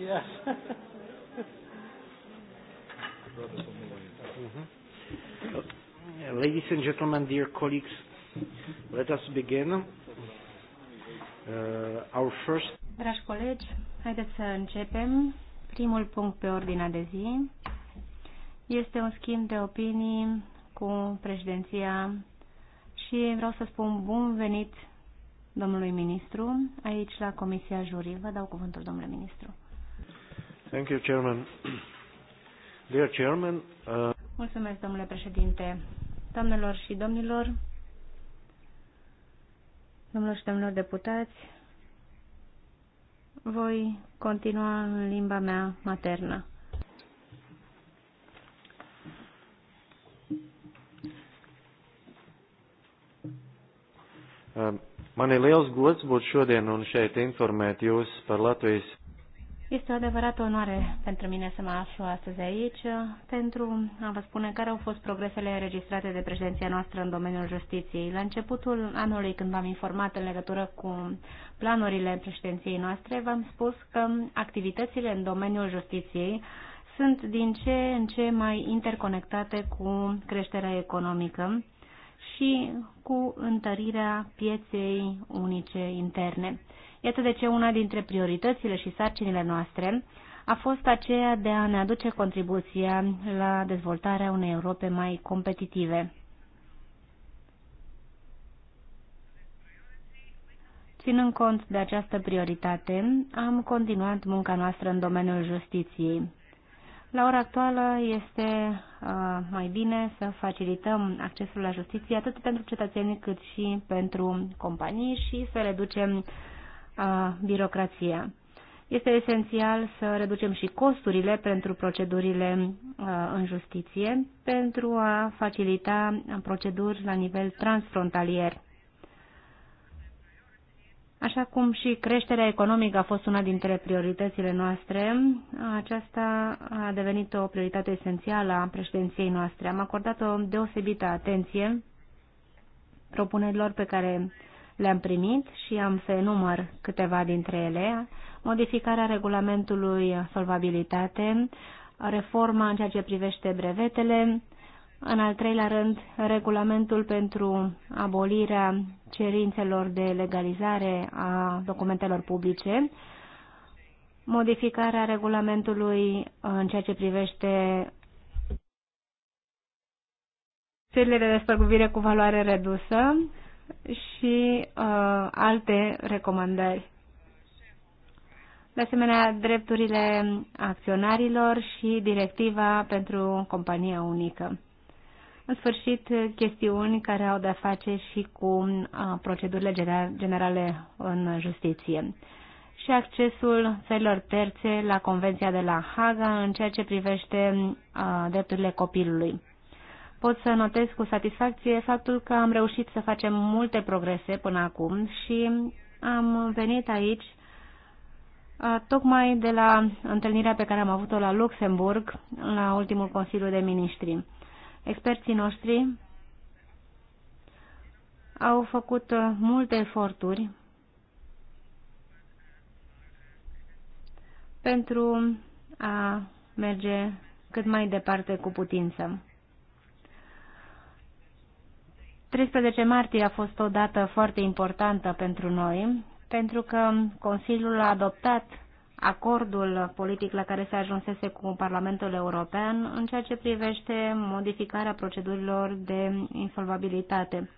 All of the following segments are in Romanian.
Yes. Mhm. Ladies and gentlemen, dear colleagues, let us begin. Uh, our first. Dragi colegi, haideți să începem. Primul punct pe ordinea de zi este un schimb de opinii cu președinția și vreau să spun bun venit domnului ministru aici la Comisia Jurii. Vă dau cuvântul, domnule ministru. Thank you, Chairman. Dear Chairman, uh... Mulțumesc, domnule președinte. Doamnelor și domnilor, domnilor și domnilor deputați, voi continua în limba mea maternă. Um, Man ir liels gods būt šodien un šeit informēt jūs par Latvijas este o adevărată onoare pentru mine să mă aflu astăzi aici pentru a vă spune care au fost progresele înregistrate de președinția noastră în domeniul justiției. La începutul anului, când v-am informat în legătură cu planurile președinției noastre, v-am spus că activitățile în domeniul justiției sunt din ce în ce mai interconectate cu creșterea economică și cu întărirea pieței unice interne. Iată de ce una dintre prioritățile și sarcinile noastre a fost aceea de a ne aduce contribuția la dezvoltarea unei Europe mai competitive. Ținând cont de această prioritate, am continuat munca noastră în domeniul justiției. La ora actuală este uh, mai bine să facilităm accesul la justiție atât pentru cetățenii cât și pentru companii și să reducem a, birocrația. Este esențial să reducem și costurile pentru procedurile uh, în justiție, pentru a facilita proceduri la nivel transfrontalier. Așa cum și creșterea economică a fost una dintre prioritățile noastre, aceasta a devenit o prioritate esențială a președinției noastre. Am acordat o deosebită atenție propunerilor pe care le-am primit și am să enumăr câteva dintre ele. Modificarea regulamentului solvabilitate, reforma în ceea ce privește brevetele, în al treilea rând, regulamentul pentru abolirea cerințelor de legalizare a documentelor publice, modificarea regulamentului în ceea ce privește țările de despăgubire cu valoare redusă și uh, alte recomandări. De asemenea, drepturile acționarilor și directiva pentru compania unică. În sfârșit, chestiuni care au de-a face și cu uh, procedurile generale în justiție și accesul țărilor terțe la Convenția de la Haga în ceea ce privește uh, drepturile copilului pot să notez cu satisfacție faptul că am reușit să facem multe progrese până acum și am venit aici tocmai de la întâlnirea pe care am avut-o la Luxemburg, la ultimul Consiliu de Ministri. Experții noștri au făcut multe eforturi pentru a merge cât mai departe cu putință. 13 martie a fost o dată foarte importantă pentru noi, pentru că Consiliul a adoptat acordul politic la care se ajunsese cu Parlamentul European în ceea ce privește modificarea procedurilor de insolvabilitate.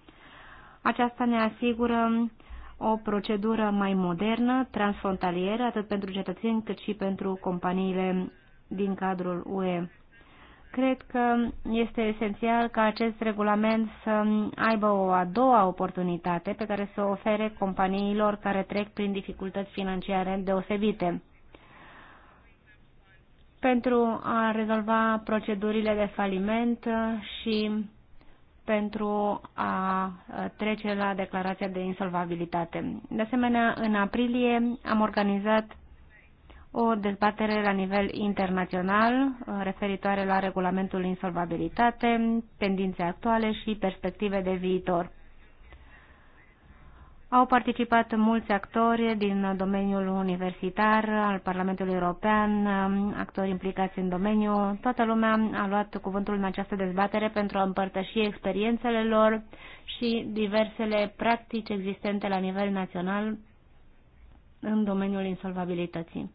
Aceasta ne asigură o procedură mai modernă, transfrontalieră, atât pentru cetățeni cât și pentru companiile din cadrul UE. Cred că este esențial ca acest regulament să aibă o a doua oportunitate pe care să o ofere companiilor care trec prin dificultăți financiare deosebite pentru a rezolva procedurile de faliment și pentru a trece la declarația de insolvabilitate. De asemenea, în aprilie am organizat o dezbatere la nivel internațional uh, referitoare la regulamentul insolvabilitate, tendințe actuale și perspective de viitor. Au participat mulți actori din domeniul universitar, al Parlamentului European, um, actori implicați în domeniu. Toată lumea a luat cuvântul în această dezbatere pentru a împărtăși experiențele lor și diversele practici existente la nivel național în domeniul insolvabilității.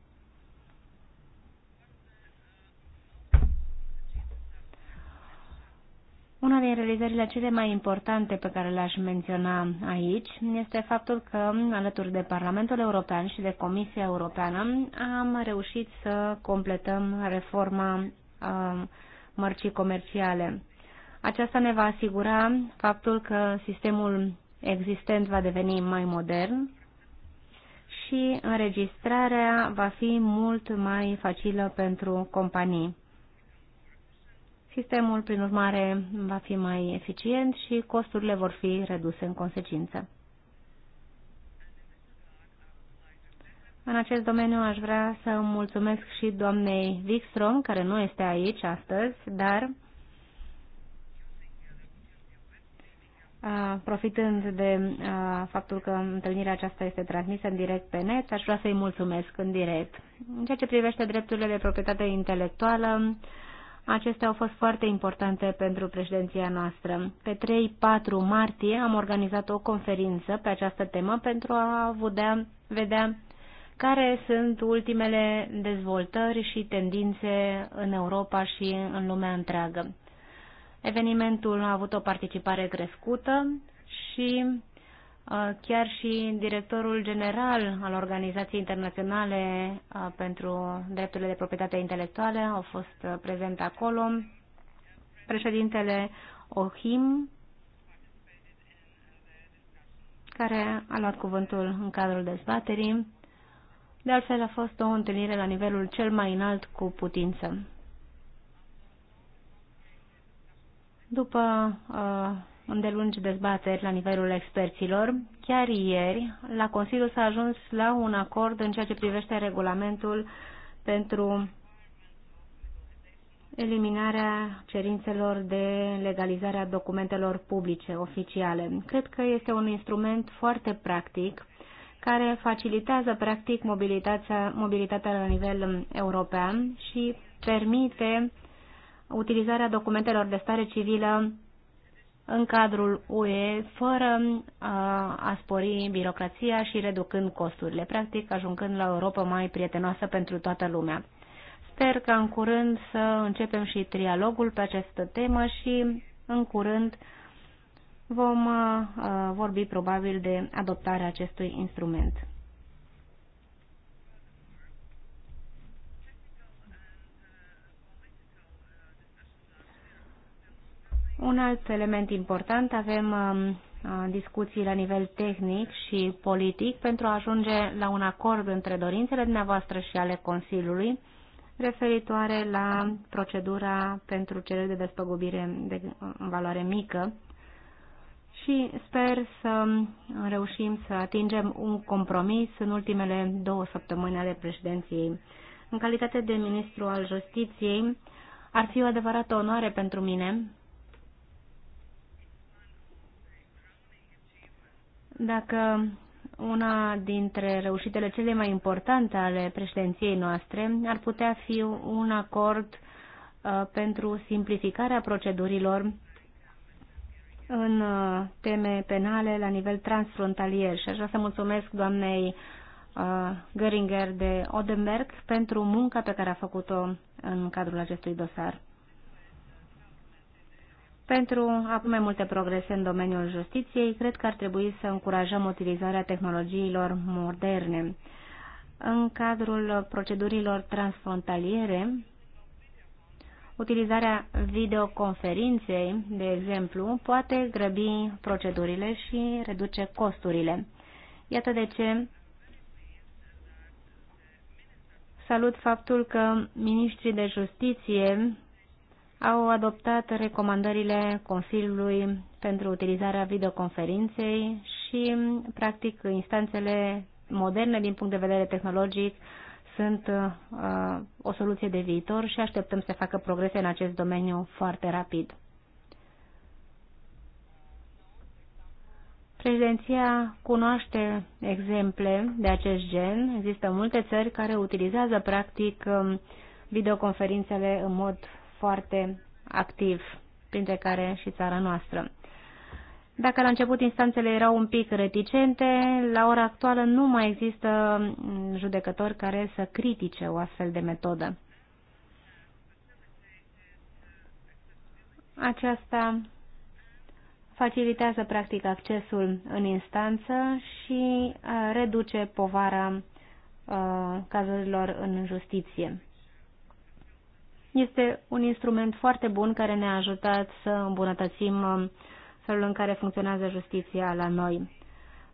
Una din realizările cele mai importante pe care le-aș menționa aici este faptul că, alături de Parlamentul European și de Comisia Europeană, am reușit să completăm reforma mărcii comerciale. Aceasta ne va asigura faptul că sistemul existent va deveni mai modern și înregistrarea va fi mult mai facilă pentru companii. Sistemul, prin urmare, va fi mai eficient și costurile vor fi reduse în consecință. În acest domeniu aș vrea să mulțumesc și doamnei Wikstrom, care nu este aici astăzi, dar profitând de faptul că întâlnirea aceasta este transmisă în direct pe net, aș vrea să-i mulțumesc în direct. În ceea ce privește drepturile de proprietate intelectuală, Acestea au fost foarte importante pentru președinția noastră. Pe 3-4 martie am organizat o conferință pe această temă pentru a vedea, vedea care sunt ultimele dezvoltări și tendințe în Europa și în lumea întreagă. Evenimentul a avut o participare crescută și Chiar și directorul general al Organizației Internaționale pentru Drepturile de Proprietate Intelectuală au fost prezent acolo. Președintele OHIM, care a luat cuvântul în cadrul dezbaterii. De altfel, a fost o întâlnire la nivelul cel mai înalt cu putință. După uh, îndelungi dezbateri la nivelul experților. Chiar ieri, la Consiliu s-a ajuns la un acord în ceea ce privește regulamentul pentru eliminarea cerințelor de legalizare a documentelor publice oficiale. Cred că este un instrument foarte practic care facilitează practic mobilitatea, mobilitatea la nivel european și permite utilizarea documentelor de stare civilă în cadrul UE, fără a spori birocrația și reducând costurile, practic ajungând la Europa mai prietenoasă pentru toată lumea. Sper că în curând să începem și trialogul pe această temă și în curând vom vorbi probabil de adoptarea acestui instrument. Un alt element important, avem um, uh, discuții la nivel tehnic și politic pentru a ajunge la un acord între dorințele dumneavoastră și ale Consiliului referitoare la procedura pentru cereri de despăgubire de valoare mică și sper să um, reușim să atingem un compromis în ultimele două săptămâni ale președinției. În calitate de ministru al justiției, ar fi o adevărată onoare pentru mine Dacă una dintre reușitele cele mai importante ale președinției noastre ar putea fi un acord uh, pentru simplificarea procedurilor în uh, teme penale la nivel transfrontalier. Și aș vrea să mulțumesc doamnei uh, Göringer de Odenberg pentru munca pe care a făcut-o în cadrul acestui dosar. Pentru a avea mai multe progrese în domeniul justiției, cred că ar trebui să încurajăm utilizarea tehnologiilor moderne. În cadrul procedurilor transfrontaliere, utilizarea videoconferinței, de exemplu, poate grăbi procedurile și reduce costurile. Iată de ce salut faptul că ministrii de justiție au adoptat recomandările Consiliului pentru utilizarea videoconferinței și, practic, instanțele moderne din punct de vedere tehnologic sunt uh, o soluție de viitor și așteptăm să facă progrese în acest domeniu foarte rapid. Președinția cunoaște exemple de acest gen. Există multe țări care utilizează practic um, videoconferințele în mod foarte activ, printre care și țara noastră. Dacă la început instanțele erau un pic reticente, la ora actuală nu mai există judecători care să critique o astfel de metodă. Aceasta facilitează practic accesul în instanță și uh, reduce povara uh, cazurilor în justiție. Este un instrument foarte bun care ne-a ajutat să îmbunătățim um, felul în care funcționează justiția la noi.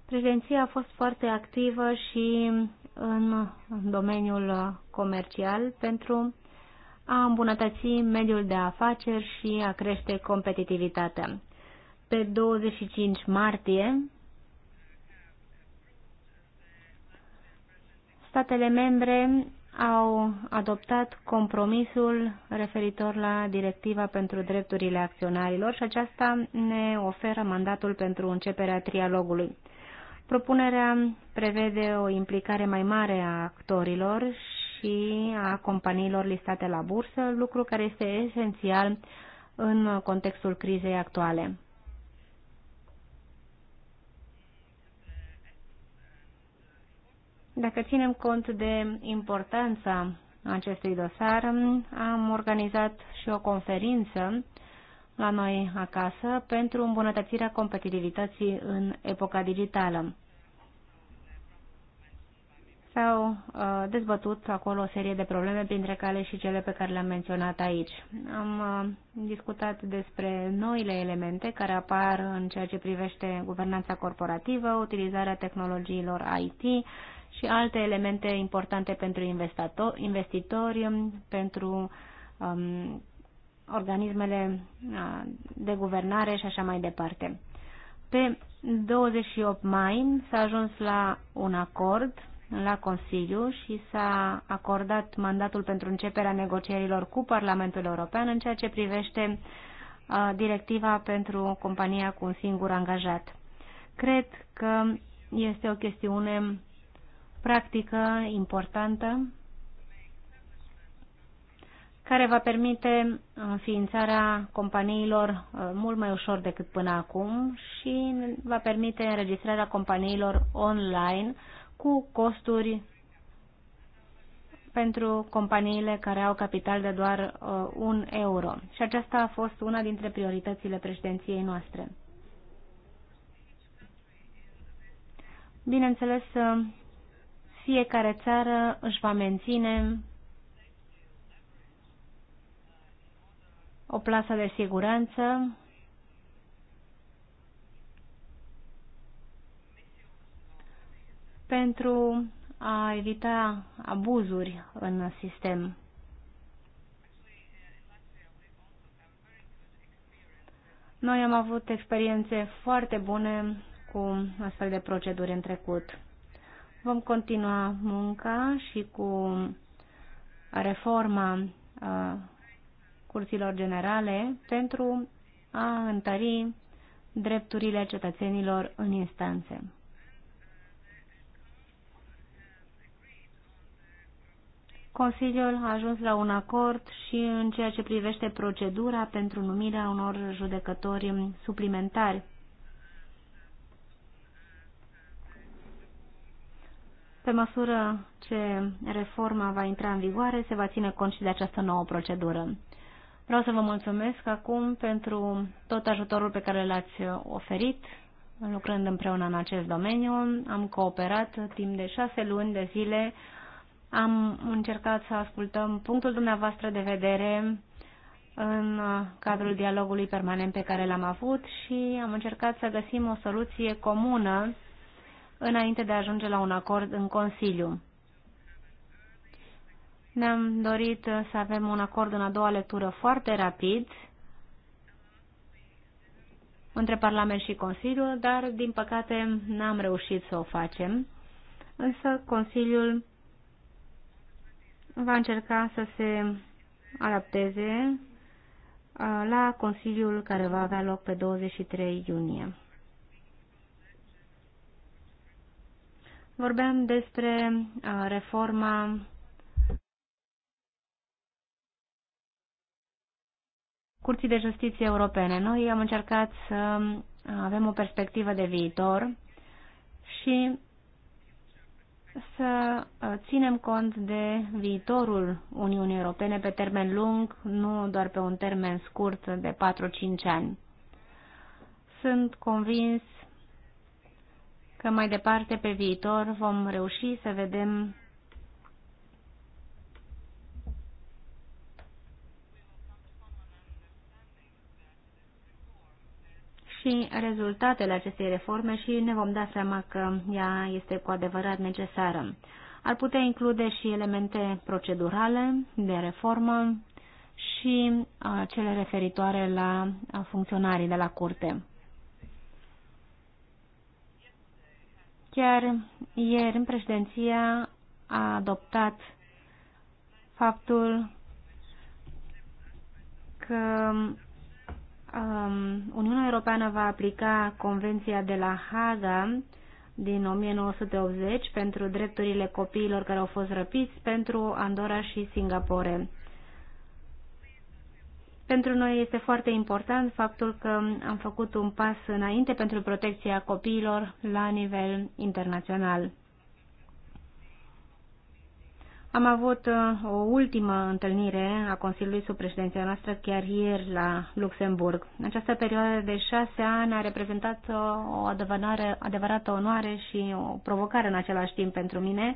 Președinția a fost foarte activă și în domeniul uh, comercial pentru a îmbunătăți mediul de afaceri și a crește competitivitatea. Pe 25 martie, statele membre au adoptat compromisul referitor la directiva pentru drepturile acționarilor și aceasta ne oferă mandatul pentru începerea trialogului. Propunerea prevede o implicare mai mare a actorilor și a companiilor listate la bursă, lucru care este esențial în contextul crizei actuale. Dacă ținem cont de importanța acestui dosar, am organizat și o conferință la noi acasă pentru îmbunătățirea competitivității în epoca digitală. S-au uh, dezbătut acolo o serie de probleme, printre care și cele pe care le-am menționat aici. Am uh, discutat despre noile elemente care apar în ceea ce privește guvernanța corporativă, utilizarea tehnologiilor IT și alte elemente importante pentru investitori, pentru um, organismele uh, de guvernare și așa mai departe. Pe 28 mai s-a ajuns la un acord la Consiliu și s-a acordat mandatul pentru începerea negocierilor cu Parlamentul European în ceea ce privește uh, directiva pentru compania cu un singur angajat. Cred că este o chestiune practică importantă care va permite uh, înființarea companiilor uh, mult mai ușor decât până acum și va permite înregistrarea companiilor online cu costuri pentru companiile care au capital de doar uh, un euro. Și aceasta a fost una dintre prioritățile președinției noastre. Bineînțeles, uh, fiecare țară își va menține o plasă de siguranță pentru a evita abuzuri în sistem. Noi am avut experiențe foarte bune cu astfel de proceduri în trecut. Vom continua munca și cu reforma curților generale pentru a întări drepturile cetățenilor în instanțe. Consiliul a ajuns la un acord și în ceea ce privește procedura pentru numirea unor judecători suplimentari. Pe măsură ce reforma va intra în vigoare, se va ține cont și de această nouă procedură. Vreau să vă mulțumesc acum pentru tot ajutorul pe care l-ați oferit lucrând împreună în acest domeniu. Am cooperat timp de șase luni de zile. Am încercat să ascultăm punctul dumneavoastră de vedere în cadrul dialogului permanent pe care l-am avut și am încercat să găsim o soluție comună înainte de a ajunge la un acord în Consiliu. Ne-am dorit să avem un acord în a doua lectură foarte rapid între Parlament și Consiliu, dar din păcate n-am reușit să o facem. Însă Consiliul va încerca să se adapteze uh, la Consiliul care va avea loc pe 23 iunie. Vorbeam despre uh, reforma Curții de Justiție Europene. Noi am încercat să uh, avem o perspectivă de viitor și să uh, ținem cont de viitorul Uniunii Europene pe termen lung, nu doar pe un termen scurt de 4-5 ani. Sunt convins că mai departe, pe viitor, vom reuși să vedem și rezultatele acestei reforme și ne vom da seama că ea este cu adevărat necesară. Ar putea include și elemente procedurale de reformă și uh, cele referitoare la funcționarii de la curte. Chiar ieri, în președinția, a adoptat faptul că um, Uniunea Europeană va aplica Convenția de la Haga din 1980 pentru drepturile copiilor care au fost răpiți pentru Andorra și Singapore. Pentru noi este foarte important faptul că am făcut un pas înainte pentru protecția copiilor la nivel internațional. Am avut uh, o ultimă întâlnire a Consiliului sub președinția noastră chiar ieri la Luxemburg. Această perioadă de șase ani a reprezentat uh, o adevărată onoare și o provocare în același timp pentru mine,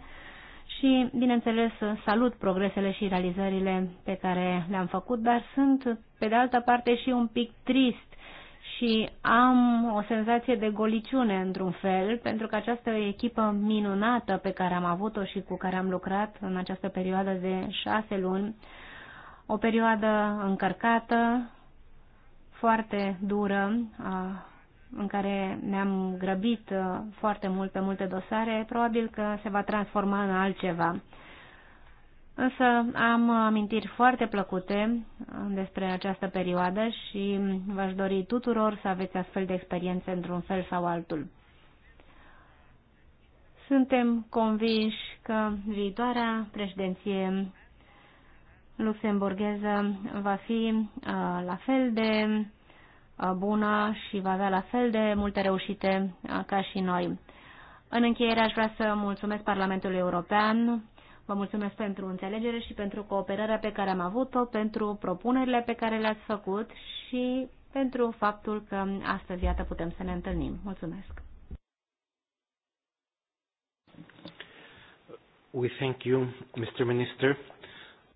și, bineînțeles, salut progresele și realizările pe care le-am făcut, dar sunt, pe de altă parte, și un pic trist și am o senzație de goliciune, într-un fel, pentru că această echipă minunată pe care am avut-o și cu care am lucrat în această perioadă de șase luni, o perioadă încărcată, foarte dură, în care ne-am grăbit uh, foarte mult pe multe dosare, probabil că se va transforma în altceva. Însă am amintiri foarte plăcute uh, despre această perioadă și v-aș dori tuturor să aveți astfel de experiențe într-un fel sau altul. Suntem convinși că viitoarea președinție luxemburgheză va fi uh, la fel de bună și va avea la fel de multe reușite ca și noi. În încheiere aș vrea să mulțumesc Parlamentului European, vă mulțumesc pentru înțelegere și pentru cooperarea pe care am avut-o, pentru propunerile pe care le-ați făcut și pentru faptul că astăzi, iată, putem să ne întâlnim. Mulțumesc! We thank you, Mr. Minister.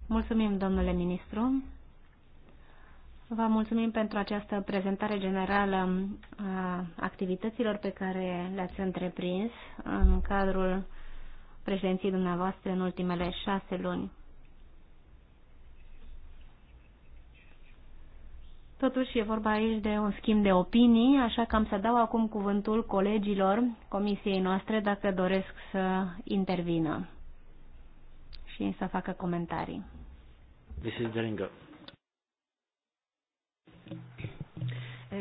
Mulțumim, domnule ministru. Vă mulțumim pentru această prezentare generală a activităților pe care le-ați întreprins în cadrul președinției dumneavoastră în ultimele șase luni. Totuși e vorba aici de un schimb de opinii, așa că am să dau acum cuvântul colegilor comisiei noastre dacă doresc să intervină și să facă comentarii. Mrs. Deringer.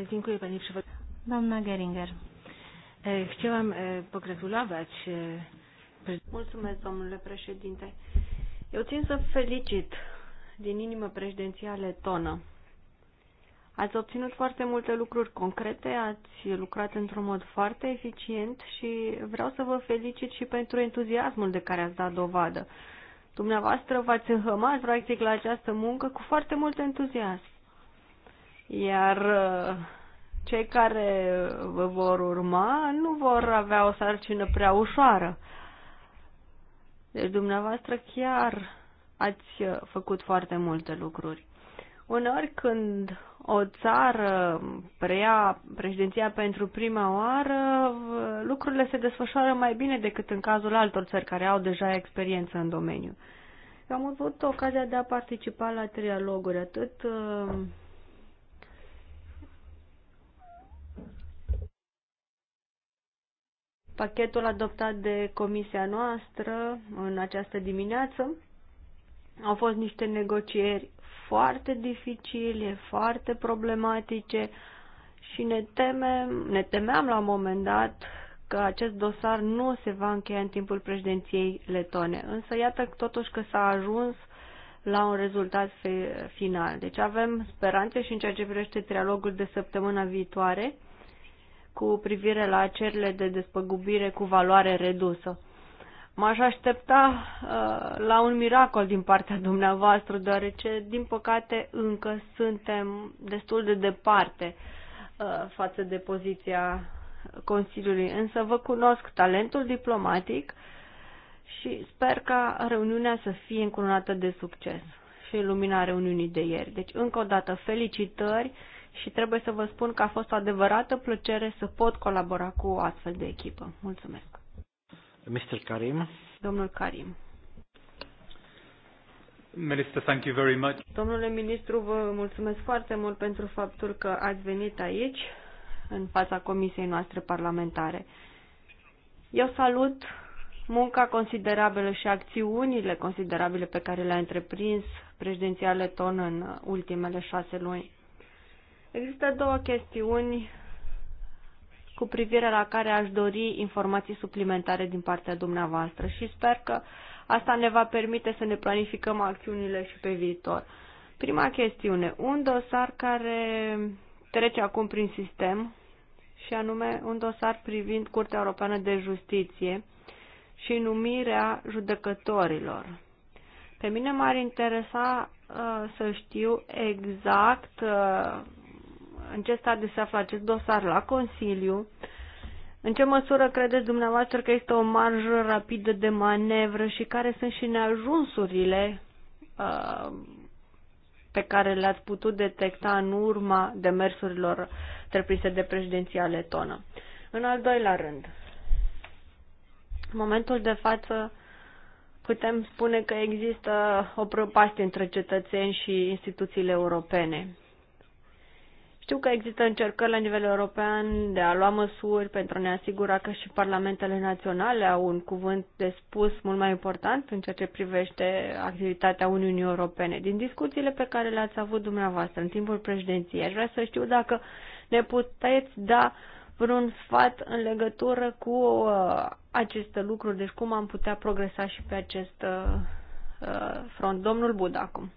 Dziękuję Pani Przewodnicząca. Doamna Geringer. Chciałam pogratulować. Mulțumesc, domnule președinte. Eu țin să felicit din inimă președinția tonă. Ați obținut foarte multe lucruri concrete, ați lucrat într-un mod foarte eficient și vreau să vă felicit și pentru entuziasmul de care ați dat dovadă. Dumneavoastră v-ați înhămat practic la această muncă cu foarte mult entuziasm. Iar uh, cei care vă vor urma nu vor avea o sarcină prea ușoară. Deci dumneavoastră chiar ați uh, făcut foarte multe lucruri. Uneori când o țară preia președinția pentru prima oară, lucrurile se desfășoară mai bine decât în cazul altor țări care au deja experiență în domeniu. am avut ocazia de a participa la trialoguri, atât uh, Pachetul adoptat de comisia noastră în această dimineață au fost niște negocieri foarte dificile, foarte problematice și ne, temem, ne temeam la un moment dat că acest dosar nu se va încheia în timpul președinției letone. Însă iată totuși că s-a ajuns la un rezultat final. Deci avem speranțe și în ceea ce privește trialogul de săptămâna viitoare cu privire la cerile de despăgubire cu valoare redusă. M-aș aștepta uh, la un miracol din partea dumneavoastră, deoarece, din păcate, încă suntem destul de departe uh, față de poziția Consiliului. Însă vă cunosc talentul diplomatic și sper ca reuniunea să fie încununată de succes și lumina reuniunii de ieri. Deci, încă o dată, felicitări și trebuie să vă spun că a fost o adevărată plăcere să pot colabora cu o astfel de echipă. Mulțumesc. Mr. Karim. Domnul Karim. Minister, thank you very much. Domnule ministru, vă mulțumesc foarte mult pentru faptul că ați venit aici, în fața comisiei noastre parlamentare. Eu salut munca considerabilă și acțiunile considerabile pe care le-a întreprins președinția letonă în ultimele șase luni. Există două chestiuni cu privire la care aș dori informații suplimentare din partea dumneavoastră și sper că asta ne va permite să ne planificăm acțiunile și pe viitor. Prima chestiune, un dosar care trece acum prin sistem și anume un dosar privind Curtea Europeană de Justiție și numirea judecătorilor. Pe mine m-ar interesa uh, să știu exact uh, în ce stadiu se află acest dosar la Consiliu, în ce măsură credeți dumneavoastră că este o marjă rapidă de manevră și care sunt și neajunsurile uh, pe care le-ați putut detecta în urma demersurilor treprise de președinția letonă? În al doilea rând, în momentul de față putem spune că există o prăpastie între cetățeni și instituțiile europene. Știu că există încercări la nivel european de a lua măsuri pentru a ne asigura că și parlamentele naționale au un cuvânt de spus mult mai important în ceea ce privește activitatea Uniunii Europene. Din discuțiile pe care le-ați avut dumneavoastră în timpul președinției, aș vrea să știu dacă ne puteți da vreun sfat în legătură cu uh, aceste lucruri, deci cum am putea progresa și pe acest uh, uh front. Domnul Buda acum.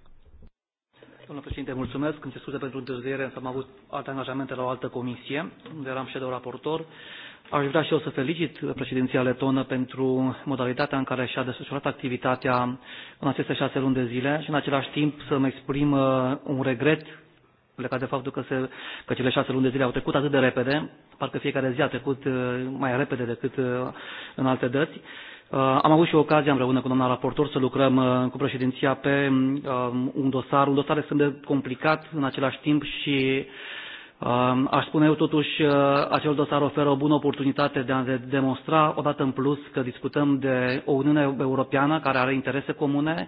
Domnule președinte, mulțumesc. Îmi se scuze pentru întârziere, însă am avut alte angajamente la o altă comisie, unde eram shadow raportor. Aș vrea și eu să felicit președinția letonă pentru modalitatea în care și-a desfășurat activitatea în aceste șase luni de zile și în același timp să-mi exprim uh, un regret legat de faptul că, se, că cele șase luni de zile au trecut atât de repede, parcă fiecare zi a trecut uh, mai repede decât uh, în alte dăți. Uh, am avut și ocazia împreună cu doamna raportor să lucrăm uh, cu președinția pe um, un dosar, un dosar extrem de complicat în același timp și um, aș spune eu totuși uh, acel dosar oferă o bună oportunitate de a demonstra odată în plus că discutăm de o Uniune Europeană care are interese comune,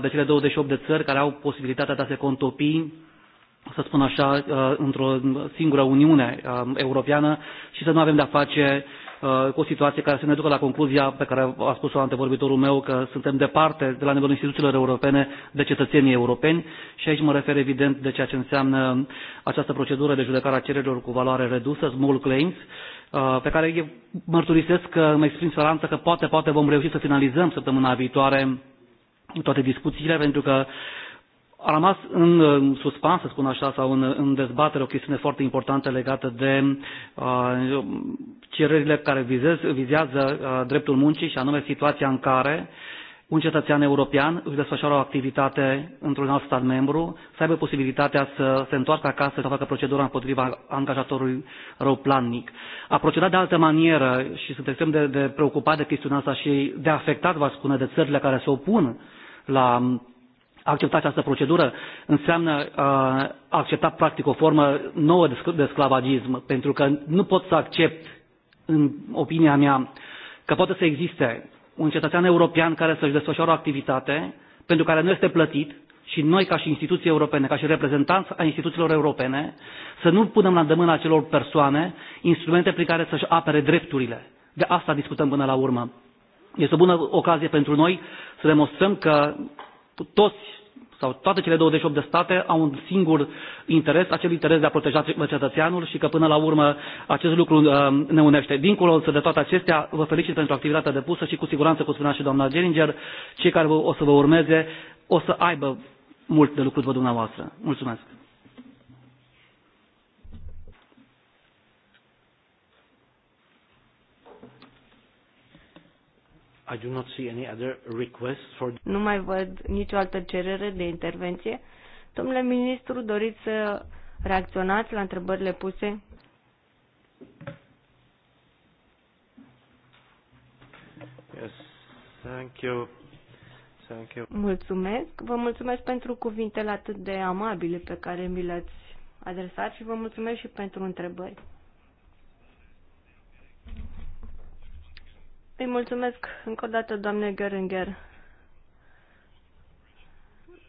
de cele 28 de țări care au posibilitatea de a se contopi să spun așa, într-o singură Uniune um, Europeană și să nu avem de-a face uh, Uh, cu o situație care să ne ducă la concluzia pe care a spus-o antevorbitorul meu că suntem departe de la nivelul instituțiilor europene de cetățenii europeni și aici mă refer evident de ceea ce înseamnă această procedură de judecare a cererilor cu valoare redusă, small claims, uh, pe care eu mărturisesc că îmi exprim speranța că poate, poate vom reuși să finalizăm săptămâna viitoare toate discuțiile, pentru că a rămas uh, în suspans, să spun așa, sau în, în dezbatere o chestiune foarte importantă legată de uh, cererile care vizez, vizează uh, dreptul muncii și anume situația în care un cetățean european își desfășoară o activitate într-un alt stat membru, să aibă posibilitatea să se întoarcă acasă și să facă procedura împotriva angajatorului rău plannic. A procedat de altă manieră și sunt extrem de, de preocupat de chestiunea asta și de afectat, vă spune, de țările care se opun la a accepta această procedură înseamnă a uh, accepta practic o formă nouă de sclavagism, pentru că nu pot să accept, în opinia mea, că poate să existe un cetățean european care să-și desfășoare o activitate pentru care nu este plătit și noi ca și instituții europene, ca și reprezentanți a instituțiilor europene, să nu punem la îndemână acelor persoane instrumente prin care să-și apere drepturile. De asta discutăm până la urmă. Este o bună ocazie pentru noi să demonstrăm că toți sau toate cele 28 de state au un singur interes, acel interes de a proteja cetățeanul și că până la urmă acest lucru um, ne unește. Dincolo însă de toate acestea, vă felicit pentru activitatea depusă și cu siguranță, cum spunea și doamna Geringer, cei care o să vă urmeze o să aibă mult de lucru după dumneavoastră. Mulțumesc! I do not see any other request for... Nu mai văd nicio altă cerere de intervenție. Domnule ministru, doriți să reacționați la întrebările puse? Yes, thank you. Thank you. Mulțumesc. Vă mulțumesc pentru cuvintele atât de amabile pe care mi le-ați adresat și vă mulțumesc și pentru întrebări. Îi mulțumesc încă o dată, doamne Göringer,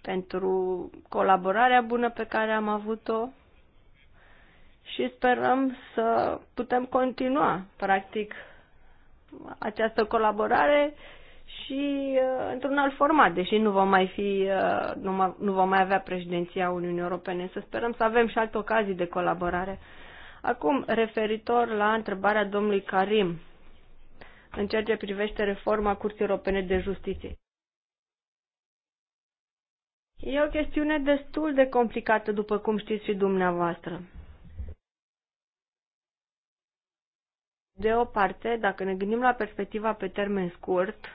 pentru colaborarea bună pe care am avut-o și sperăm să putem continua, practic, această colaborare și uh, într-un alt format, deși nu vom mai fi, uh, nu, ma, nu vom mai avea președinția Uniunii Europene. Să sperăm să avem și alte ocazii de colaborare. Acum, referitor la întrebarea domnului Karim, în ceea ce privește reforma Curții Europene de Justiție. E o chestiune destul de complicată, după cum știți și dumneavoastră. De o parte, dacă ne gândim la perspectiva pe termen scurt,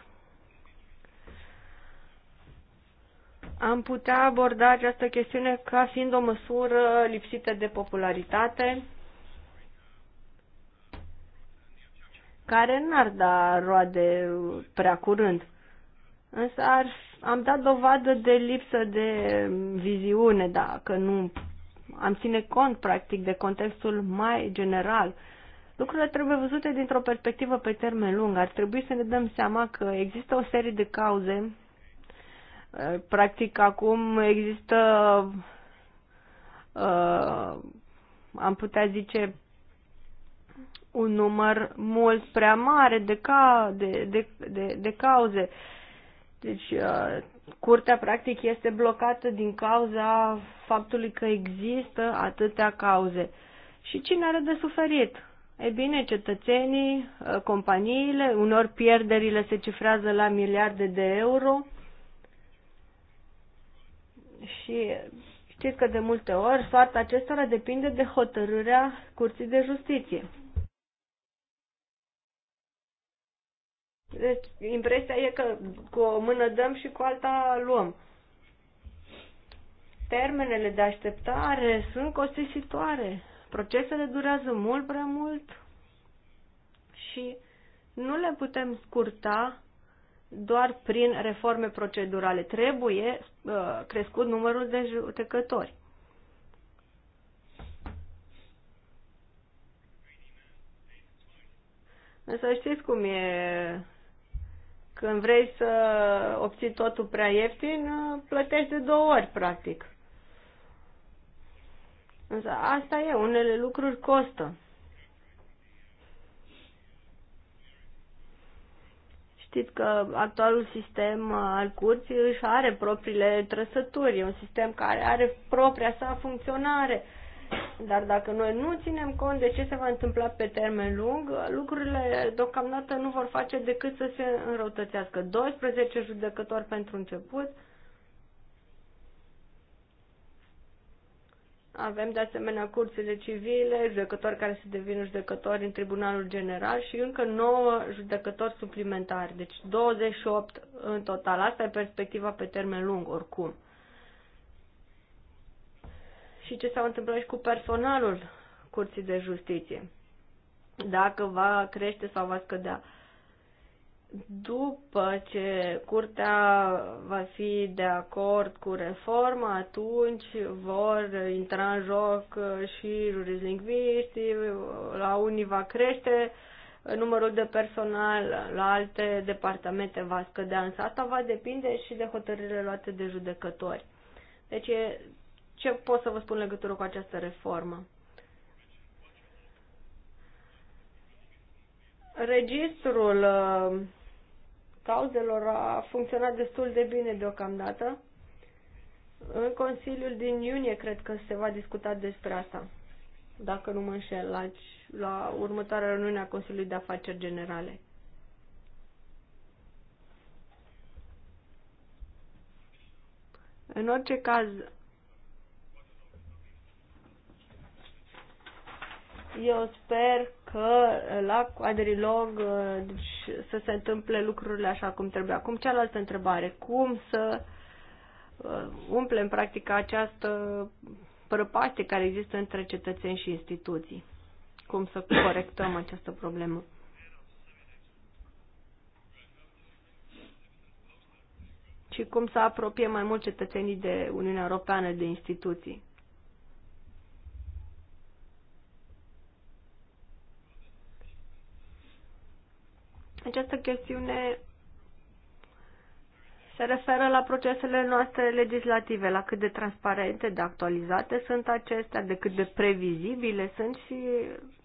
am putea aborda această chestiune ca fiind o măsură lipsită de popularitate, care n-ar da roade prea curând. Însă ar, am dat dovadă de lipsă de viziune, dacă nu am ține cont, practic, de contextul mai general. Lucrurile trebuie văzute dintr-o perspectivă pe termen lung. Ar trebui să ne dăm seama că există o serie de cauze. Eh, practic, acum există, uh, am putea zice, un număr mult prea mare de, ca, de, de, de, de cauze. Deci, uh, curtea practic este blocată din cauza faptului că există atâtea cauze. Și cine are de suferit? E bine, cetățenii, uh, companiile, unor pierderile se cifrează la miliarde de euro și știți că de multe ori soarta acestora depinde de hotărârea Curții de Justiție. Deci, impresia e că cu o mână dăm și cu alta luăm. Termenele de așteptare sunt costisitoare. Procesele durează mult prea mult și nu le putem scurta doar prin reforme procedurale. Trebuie uh, crescut numărul de judecători. Însă știți cum e când vrei să obții totul prea ieftin, plătești de două ori, practic. Însă asta e, unele lucruri costă. Știți că actualul sistem al curții își are propriile trăsături, e un sistem care are propria sa funcționare. Uh, dar dacă noi nu ținem cont de ce se va întâmpla pe termen lung, lucrurile deocamdată nu vor face decât să se înrăutățească. 12 judecători pentru început. Avem de asemenea curțile civile, judecători care se devin judecători în Tribunalul General și încă 9 judecători suplimentari, deci 28 în total. Asta e perspectiva pe termen lung, oricum și ce s-a întâmplat și cu personalul Curții de Justiție. Dacă va crește sau va scădea. După ce curtea va fi de acord cu reforma, atunci vor intra în joc și jurislingviștii, la unii va crește numărul de personal, la alte departamente va scădea, însă asta va depinde și de hotărârile luate de judecători. Deci e ce pot să vă spun legătură cu această reformă. Registrul uh, cauzelor a funcționat destul de bine deocamdată. În Consiliul din iunie cred că se va discuta despre asta, dacă nu mă înșel, la, la următoarea reuniune a Consiliului de Afaceri Generale. În orice caz, Eu sper că la quadrilog uh, să se întâmple lucrurile așa cum trebuie. Acum cealaltă întrebare, cum să uh, umplem practic această prăpastie care există între cetățeni și instituții? Cum să corectăm această problemă? Și cum să apropiem mai mult cetățenii de Uniunea Europeană de instituții? Această chestiune se referă la procesele noastre legislative, la cât de transparente, de actualizate sunt acestea, de cât de previzibile sunt și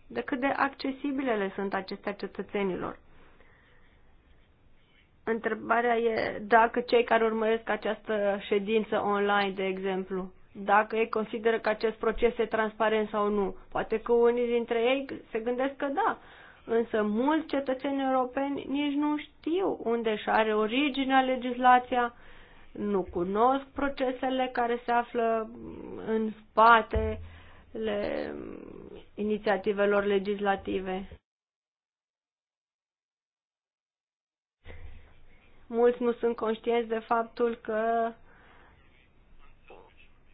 de cât de accesibile le sunt acestea cetățenilor. Întrebarea e dacă cei care urmăresc această ședință online, de exemplu, dacă ei consideră că acest proces e transparent sau nu. Poate că unii dintre ei se gândesc că da, Însă mulți cetățeni europeni nici nu știu unde și are originea legislația, nu cunosc procesele care se află în le inițiativelor legislative. Mulți nu sunt conștienți de faptul că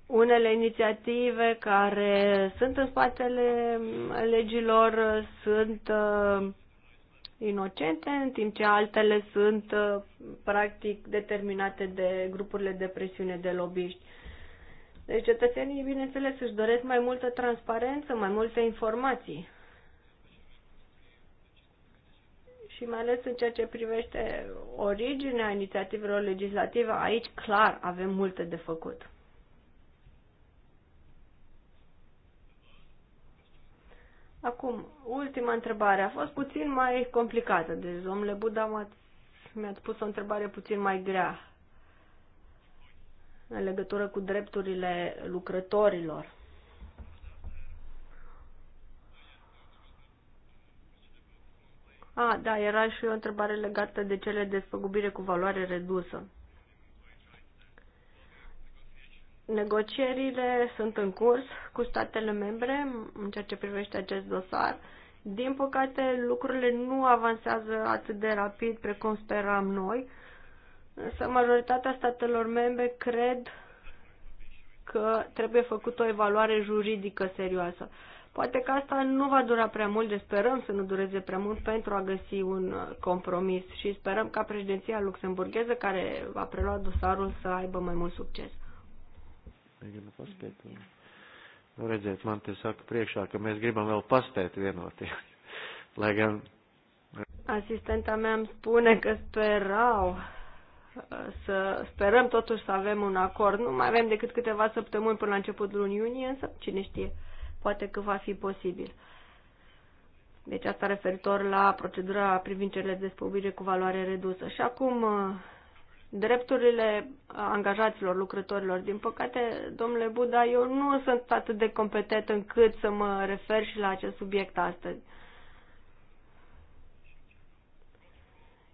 unele inițiative care sunt în spatele legilor sunt uh, inocente, în timp ce altele sunt uh, practic determinate de grupurile de presiune de lobbyști. Deci cetățenii, bineînțeles, își doresc mai multă transparență, mai multe informații. Și mai ales în ceea ce privește originea inițiativelor legislative, aici clar avem multe de făcut. Acum, ultima întrebare. A fost puțin mai complicată. Deci, domnule Buddha, mi a pus o întrebare puțin mai grea în legătură cu drepturile lucrătorilor. A, ah, da, era și o întrebare legată de cele despăgubire cu valoare redusă. Negocierile sunt în curs cu statele membre în ceea ce privește acest dosar. Din păcate, lucrurile nu avansează atât de rapid precum speram noi, însă majoritatea statelor membre cred că trebuie făcută o evaluare juridică serioasă. Poate că asta nu va dura prea mult, de deci sperăm să nu dureze prea mult pentru a găsi un compromis și sperăm ca președinția luxemburgheză care va prelua dosarul să aibă mai mult succes. Es gribu paspēt. Un... Nu redzēt, man te saka priekšā, ka mēs gribam vēl paspēt vienoties. Lai gan. Asistenta mea îmi spune că sperau să sperăm totuși să avem un acord. Nu mai avem decât câteva săptămâni până la începutul lunii iunie, însă cine știe, poate că va fi posibil. Deci asta referitor la procedura privind cele de cu valoare redusă. Și acum drepturile angajaților, lucrătorilor. Din păcate, domnule Buda, eu nu sunt atât de competent încât să mă refer și la acest subiect astăzi.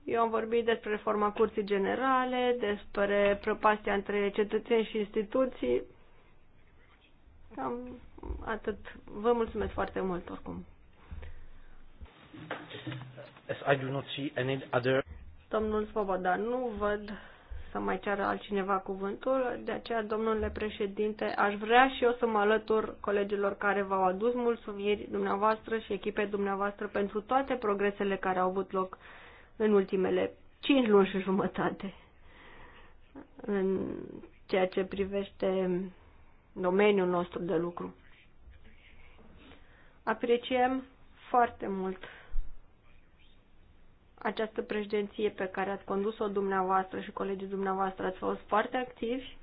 Eu am vorbit despre reforma curții generale, despre prăpastia între cetățeni și instituții. Cam atât. Vă mulțumesc foarte mult oricum. As I do not see any other... Domnul Svoboda, nu văd să mai ceară altcineva cuvântul, de aceea, domnule președinte, aș vrea și eu să mă alătur colegilor care v-au adus mulțumiri dumneavoastră și echipei dumneavoastră pentru toate progresele care au avut loc în ultimele 5 luni și jumătate în ceea ce privește domeniul nostru de lucru. Apreciem foarte mult această președinție pe care ați condus-o dumneavoastră și colegii dumneavoastră ați fost foarte activi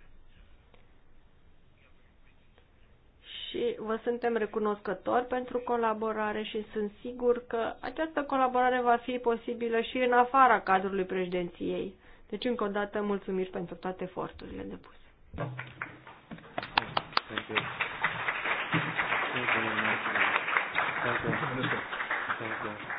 și vă suntem recunoscători pentru colaborare și sunt sigur că această colaborare va fi posibilă și în afara cadrului președinției. Deci, încă o dată, mulțumiri pentru toate eforturile depuse. Thank you. Thank you. Thank you. Thank you.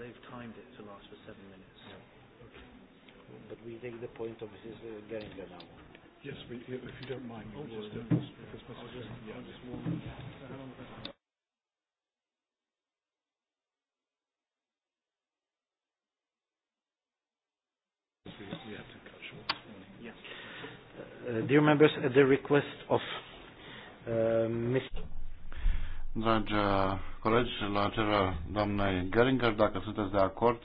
they've timed it to last for seven minutes. Yeah. Okay. But we take the point of uh, getting Geringer now. Yes, we, if you don't mind, we'll oh, just do this uh, Dear members, at the request of uh, Mr. Dragi uh, colegi, la cererea doamnei Geringer, dacă sunteți de acord,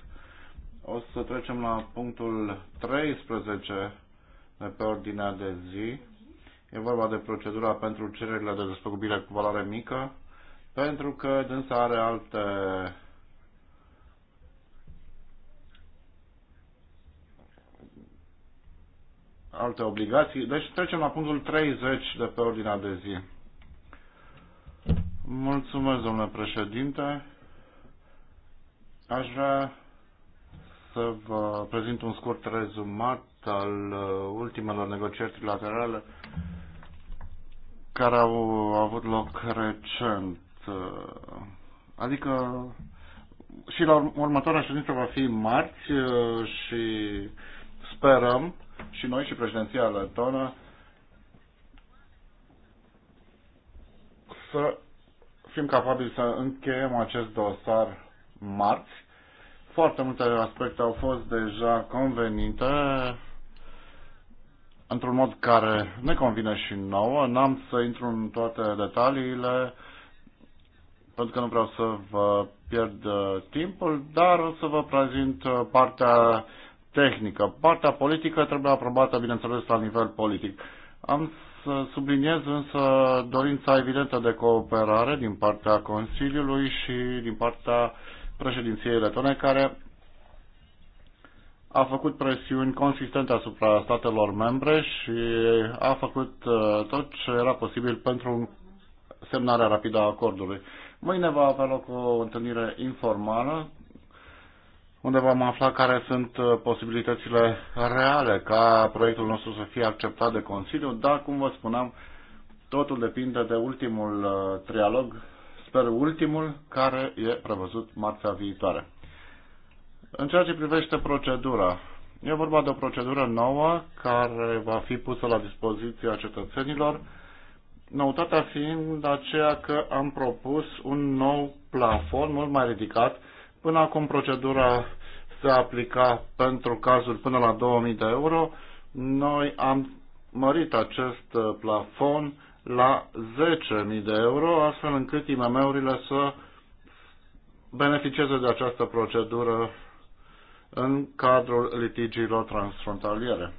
o să trecem la punctul 13 de pe ordinea de zi. E vorba de procedura pentru cererile de despăgubire cu valoare mică, pentru că dânsa are alte alte obligații. Deci trecem la punctul 30 de pe ordinea de zi. Mulțumesc, domnule președinte. Aș vrea să vă prezint un scurt rezumat al uh, ultimelor negocieri trilaterale care au avut loc recent. Uh, adică și la următoarea ședință va fi marți uh, și sperăm și noi și președinția letonă să fim capabili să încheiem acest dosar marți. Foarte multe aspecte au fost deja convenite într-un mod care ne convine și nouă. N-am să intru în toate detaliile pentru că nu vreau să vă pierd uh, timpul, dar o să vă prezint uh, partea tehnică. Partea politică trebuie aprobată, bineînțeles, la nivel politic. Am să subliniez însă dorința evidentă de cooperare din partea Consiliului și din partea președinției letone, care a făcut presiuni consistente asupra statelor membre și a făcut uh, tot ce era posibil pentru semnarea rapidă a acordului. Mâine va avea loc o întâlnire informală unde vom afla care sunt uh, posibilitățile reale ca proiectul nostru să fie acceptat de Consiliu, dar, cum vă spuneam, totul depinde de ultimul uh, trialog, sper ultimul, care e prevăzut marțea viitoare. În ceea ce privește procedura, e vorba de o procedură nouă care va fi pusă la dispoziția cetățenilor, noutatea fiind aceea că am propus un nou plafon mult mai ridicat. Până acum procedura se aplica pentru cazuri până la 2000 de euro, noi am mărit acest uh, plafon la 10.000 de euro, astfel încât IMM-urile să beneficieze de această procedură în cadrul litigiilor transfrontaliere.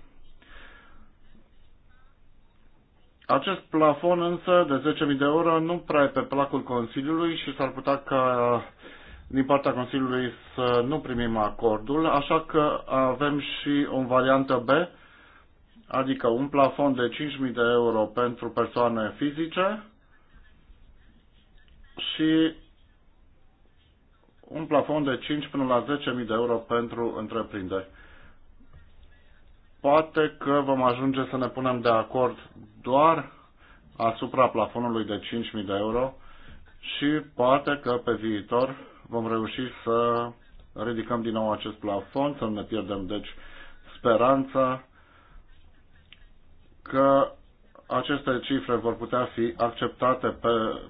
Acest plafon însă de 10.000 de euro nu prea e pe placul Consiliului și s-ar putea ca din partea Consiliului să nu primim acordul, așa că avem și o variantă B, adică un plafon de 5.000 de euro pentru persoane fizice și un plafon de 5 până la 10.000 de euro pentru întreprinderi. Poate că vom ajunge să ne punem de acord doar asupra plafonului de 5.000 de euro și poate că pe viitor vom reuși să ridicăm din nou acest plafon, să nu ne pierdem, deci, speranța că aceste cifre vor putea fi acceptate pe,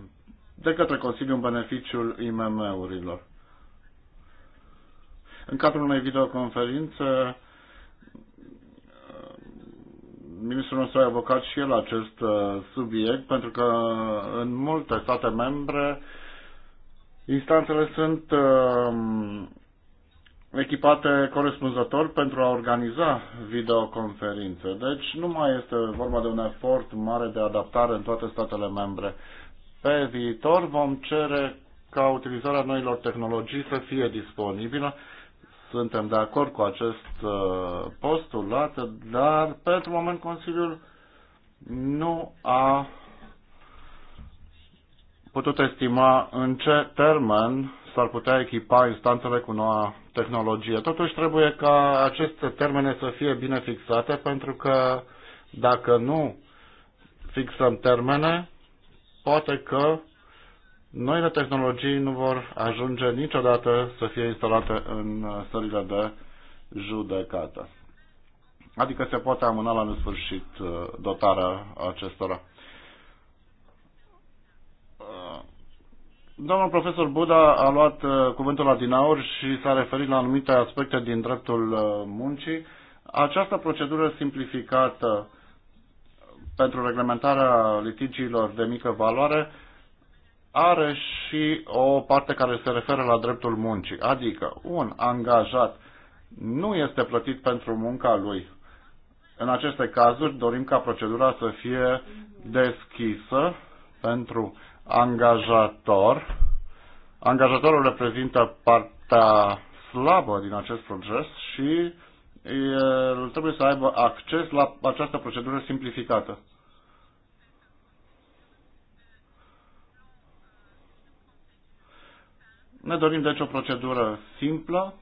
de către Consiliul în beneficiul IMM-urilor. În cadrul unei videoconferințe, ministrul nostru a evocat și el acest uh, subiect, pentru că în multe state membre Instanțele sunt um, echipate corespunzător pentru a organiza videoconferințe. Deci nu mai este vorba de un efort mare de adaptare în toate statele membre. Pe viitor vom cere ca utilizarea noilor tehnologii să fie disponibilă. Suntem de acord cu acest uh, postulat, dar pentru moment Consiliul nu a putut estima în ce termen s-ar putea echipa instanțele cu noua tehnologie. Totuși trebuie ca aceste termene să fie bine fixate pentru că dacă nu fixăm termene, poate că noile tehnologii nu vor ajunge niciodată să fie instalate în sările de judecată. Adică se poate amâna la nesfârșit uh, dotarea acestora. Domnul profesor Buda a luat uh, cuvântul la dinaur și s-a referit la anumite aspecte din dreptul uh, muncii. Această procedură simplificată pentru reglementarea litigiilor de mică valoare are și o parte care se referă la dreptul muncii, adică un angajat nu este plătit pentru munca lui. În aceste cazuri dorim ca procedura să fie deschisă pentru angajator. Angajatorul reprezintă partea slabă din acest proces și el trebuie să aibă acces la această procedură simplificată. Ne dorim deci o procedură simplă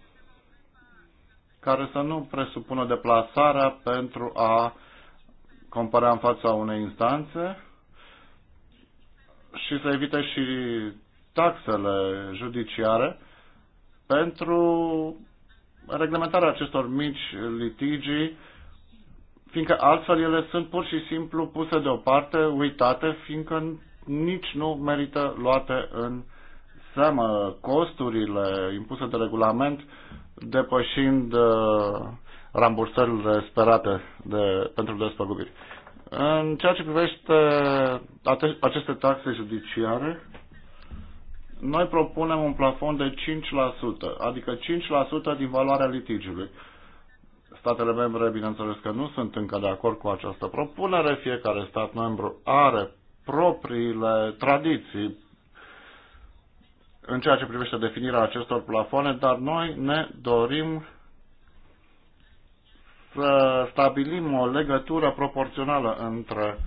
care să nu presupună deplasarea pentru a compara în fața unei instanțe și să evite și taxele judiciare pentru reglementarea acestor mici litigii, fiindcă altfel ele sunt pur și simplu puse deoparte, uitate, fiindcă nici nu merită luate în seamă costurile impuse de regulament, depășind uh, rambursările sperate de, pentru despăgubiri. În ceea ce privește aceste taxe judiciare, noi propunem un plafon de 5%, adică 5% din valoarea litigiului. Statele membre, bineînțeles că nu sunt încă de acord cu această propunere, fiecare stat membru are propriile tradiții în ceea ce privește definirea acestor plafoane, dar noi ne dorim să stabilim o legătură proporțională între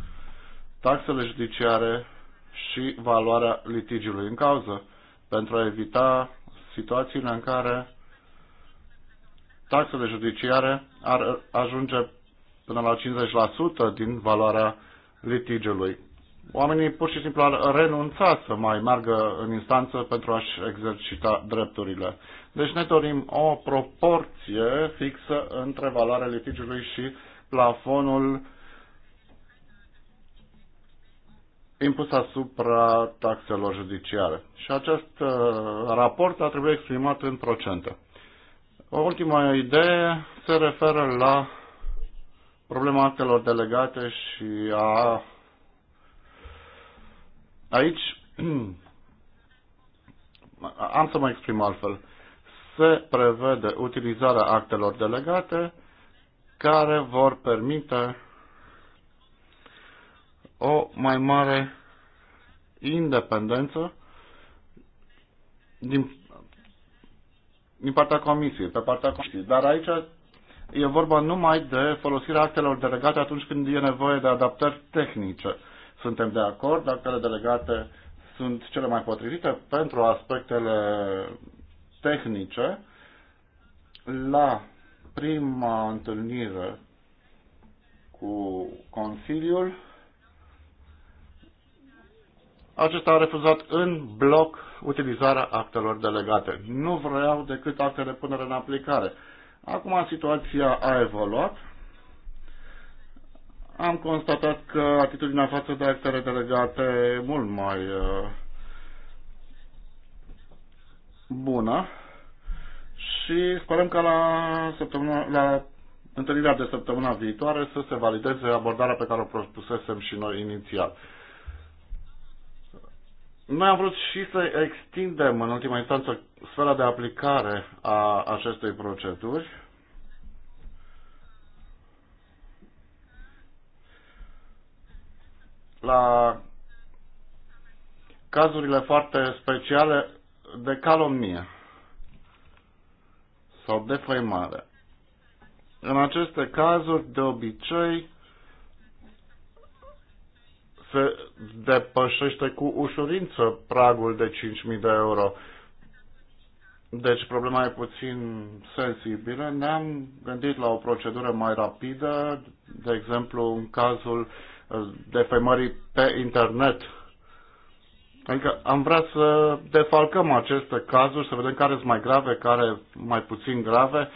taxele judiciare și valoarea litigiului în cauză, pentru a evita situațiile în care taxele judiciare ar ajunge până la 50% din valoarea litigiului oamenii pur și simplu ar renunța să mai meargă în instanță pentru a-și exercita drepturile. Deci ne dorim o proporție fixă între valoarea litigiului și plafonul impus asupra taxelor judiciare. Și acest uh, raport a trebuit exprimat în procente. O ultima idee se referă la problema actelor delegate și a Aici am să mă exprim altfel. Se prevede utilizarea actelor delegate care vor permite o mai mare independență din, din partea comisiei, pe partea comisiei. Dar aici e vorba numai de folosirea actelor delegate atunci când e nevoie de adaptări tehnice suntem de acord, dar cele delegate sunt cele mai potrivite pentru aspectele tehnice. La prima întâlnire cu Consiliul, acesta a refuzat în bloc utilizarea actelor delegate. Nu vreau decât actele punere în aplicare. Acum situația a evoluat am constatat că atitudinea față de actele delegate e mult mai uh, bună și sperăm că la, săptămâna, la întâlnirea de săptămâna viitoare să se valideze abordarea pe care o propusesem și noi inițial. Noi am vrut și să extindem în ultima instanță sfera de aplicare a acestei proceduri la cazurile foarte speciale de calomnie sau defăimare. În aceste cazuri, de obicei, se depășește cu ușurință pragul de 5.000 de euro. Deci problema e puțin sensibilă. Ne-am gândit la o procedură mai rapidă, de exemplu în cazul defăimării pe internet. Adică am vrea să defalcăm aceste cazuri, să vedem care sunt mai grave, care mai puțin grave,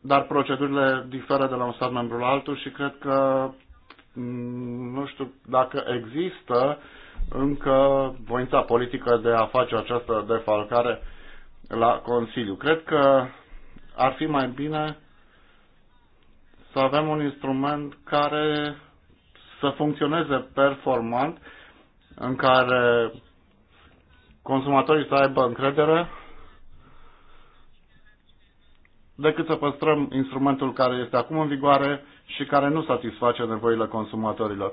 dar procedurile diferă de la un stat membru la altul și cred că mm, nu știu dacă există încă voința politică de a face această defalcare la Consiliu. Cred că ar fi mai bine să avem un instrument care să funcționeze performant, în care consumatorii să aibă încredere, decât să păstrăm instrumentul care este acum în vigoare și care nu satisface nevoile consumatorilor.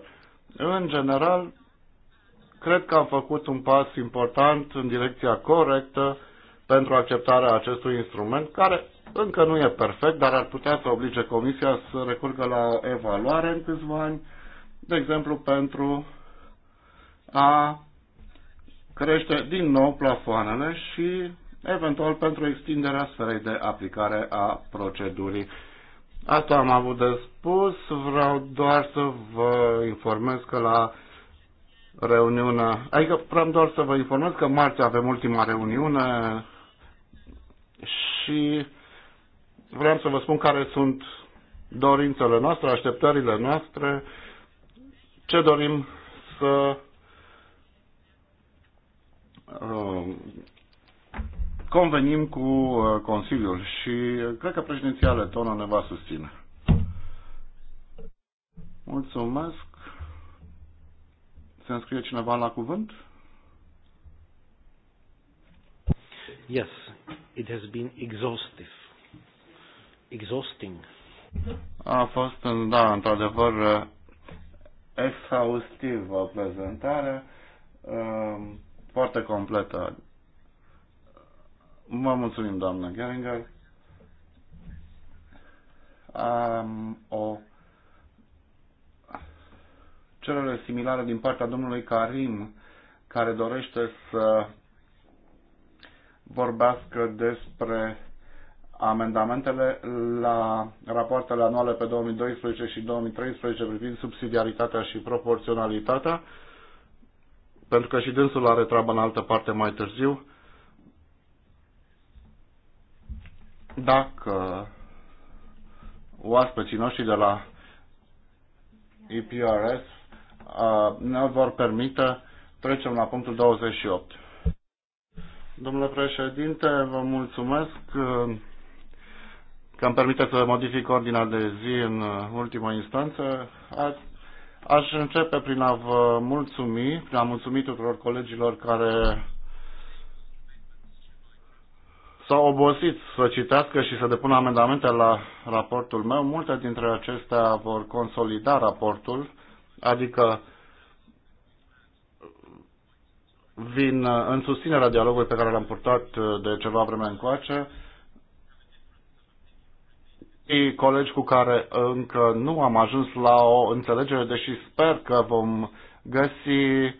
În general, cred că am făcut un pas important în direcția corectă pentru acceptarea acestui instrument, care încă nu e perfect, dar ar putea să oblige Comisia să recurgă la evaluare în câțiva ani de exemplu pentru a crește din nou plafoanele și eventual pentru extinderea sferei de aplicare a procedurii. Asta am avut de spus, vreau doar să vă informez că la reuniunea, adică vreau doar să vă informez că marți avem ultima reuniune și vreau să vă spun care sunt dorințele noastre, așteptările noastre, ce dorim să uh, convenim cu uh, Consiliul și uh, cred că președinția Letona ne va susține. Mulțumesc. Se înscrie cineva la cuvânt? Yes, it has been exhaustive. Exhausting. A fost, da, într-adevăr, exhaustivă prezentare, um, foarte completă. Mă mulțumim, doamnă Geringer. Am o cerere similară din partea domnului Karim, care dorește să vorbească despre amendamentele la rapoartele anuale pe 2012 și 2013 privind subsidiaritatea și proporționalitatea, pentru că și dânsul are treabă în altă parte mai târziu. Dacă oaspeții noștri de la EPRS uh, ne vor permite, trecem la punctul 28. Domnule președinte, vă mulțumesc. Uh, că îmi permite să modific ordinea de zi în ultima instanță. Aș începe prin a vă mulțumi, prin a mulțumi tuturor colegilor care s-au obosit să citească și să depună amendamente la raportul meu. Multe dintre acestea vor consolida raportul, adică vin în susținerea dialogului pe care l-am purtat de ceva vreme încoace și colegi cu care încă nu am ajuns la o înțelegere, deși sper că vom găsi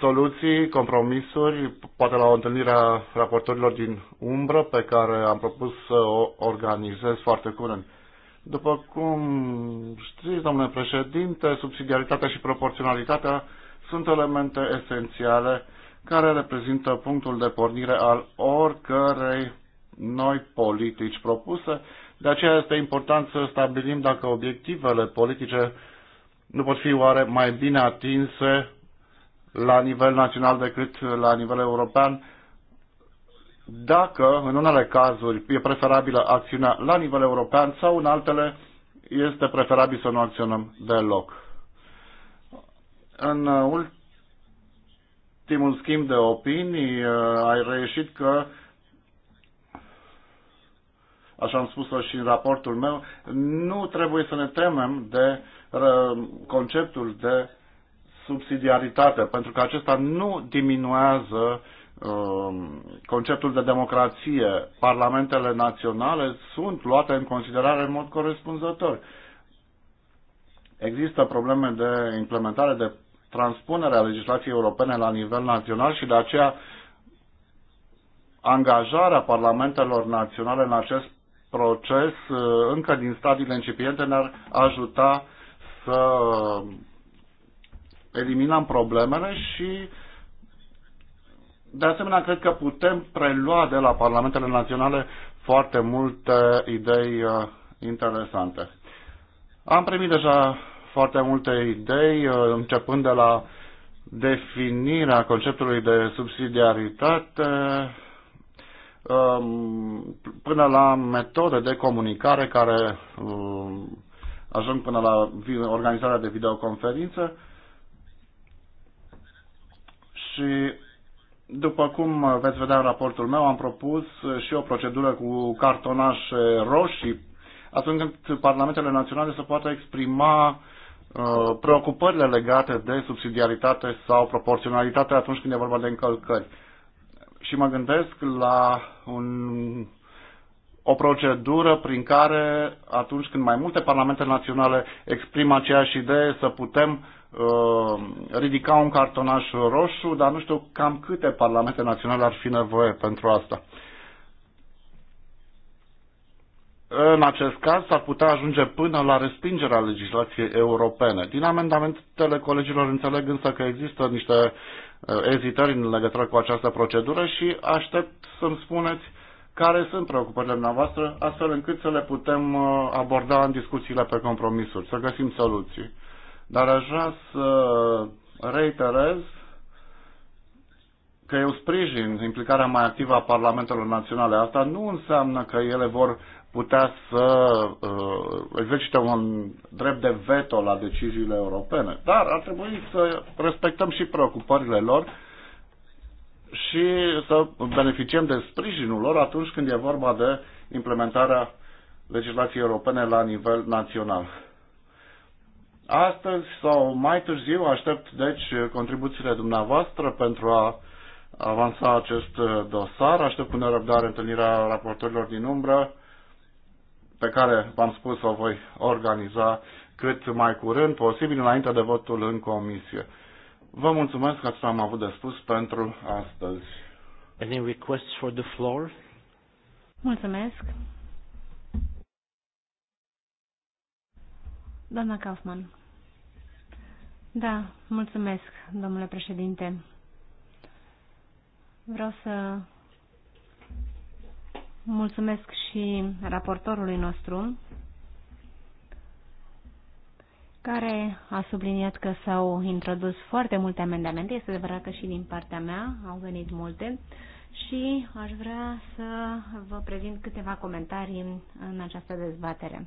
soluții, compromisuri, poate la o întâlnire a raportorilor din umbră pe care am propus să o organizez foarte curând. După cum știți, domnule președinte, subsidiaritatea și proporționalitatea sunt elemente esențiale care reprezintă punctul de pornire al oricărei noi politici propuse. De aceea este important să stabilim dacă obiectivele politice nu pot fi oare mai bine atinse la nivel național decât la nivel european, dacă în unele cazuri e preferabilă acțiunea la nivel european sau în altele este preferabil să nu acționăm deloc. În ultimul schimb de opinii ai reieșit că așa am spus-o și în raportul meu, nu trebuie să ne temem de conceptul de subsidiaritate, pentru că acesta nu diminuează um, conceptul de democrație. Parlamentele naționale sunt luate în considerare în mod corespunzător. Există probleme de implementare, de transpunere a legislației europene la nivel național și de aceea angajarea parlamentelor naționale în acest proces uh, încă din stadiile incipiente ne-ar ajuta să eliminăm problemele și de asemenea cred că putem prelua de la parlamentele naționale foarte multe idei uh, interesante. Am primit deja foarte multe idei, uh, începând de la definirea conceptului de subsidiaritate, Um, până la metode de comunicare care um, ajung până la organizarea de videoconferință și după cum veți vedea în raportul meu, am propus și o procedură cu cartonaș roșii, atunci când parlamentele naționale se poată exprima uh, preocupările legate de subsidiaritate sau proporționalitate atunci când e vorba de încălcări și mă gândesc la un, o procedură prin care atunci când mai multe parlamente naționale exprimă aceeași idee să putem uh, ridica un cartonaș roșu, dar nu știu cam câte parlamente naționale ar fi nevoie pentru asta. În acest caz s-ar putea ajunge până la respingerea legislației europene. Din amendamentele colegilor înțeleg însă că există niște Uh, ezitări în legătură cu această procedură și aștept să-mi spuneți care sunt preocupările noastre, astfel încât să le putem uh, aborda în discuțiile pe compromisuri, să găsim soluții. Dar aș vrea să reiterez că eu sprijin implicarea mai activă a parlamentelor naționale. Asta nu înseamnă că ele vor putea să uh, exercite un drept de veto la deciziile europene, dar ar trebui să respectăm și preocupările lor și să beneficiem de sprijinul lor atunci când e vorba de implementarea legislației europene la nivel național. Astăzi sau mai târziu aștept deci contribuțiile dumneavoastră pentru a avansa acest dosar. Aștept cu nerăbdare întâlnirea raportorilor din umbră pe care v-am spus o voi organiza cât mai curând posibil înainte de votul în comisie. Vă mulțumesc că am avut de spus pentru astăzi. Any requests for the floor? Mulțumesc. Doamna Kaufman. Da, mulțumesc, domnule președinte. Vreau să Mulțumesc și raportorului nostru, care a subliniat că s-au introdus foarte multe amendamente. Este adevărat că și din partea mea au venit multe și aș vrea să vă prezint câteva comentarii în această dezbatere.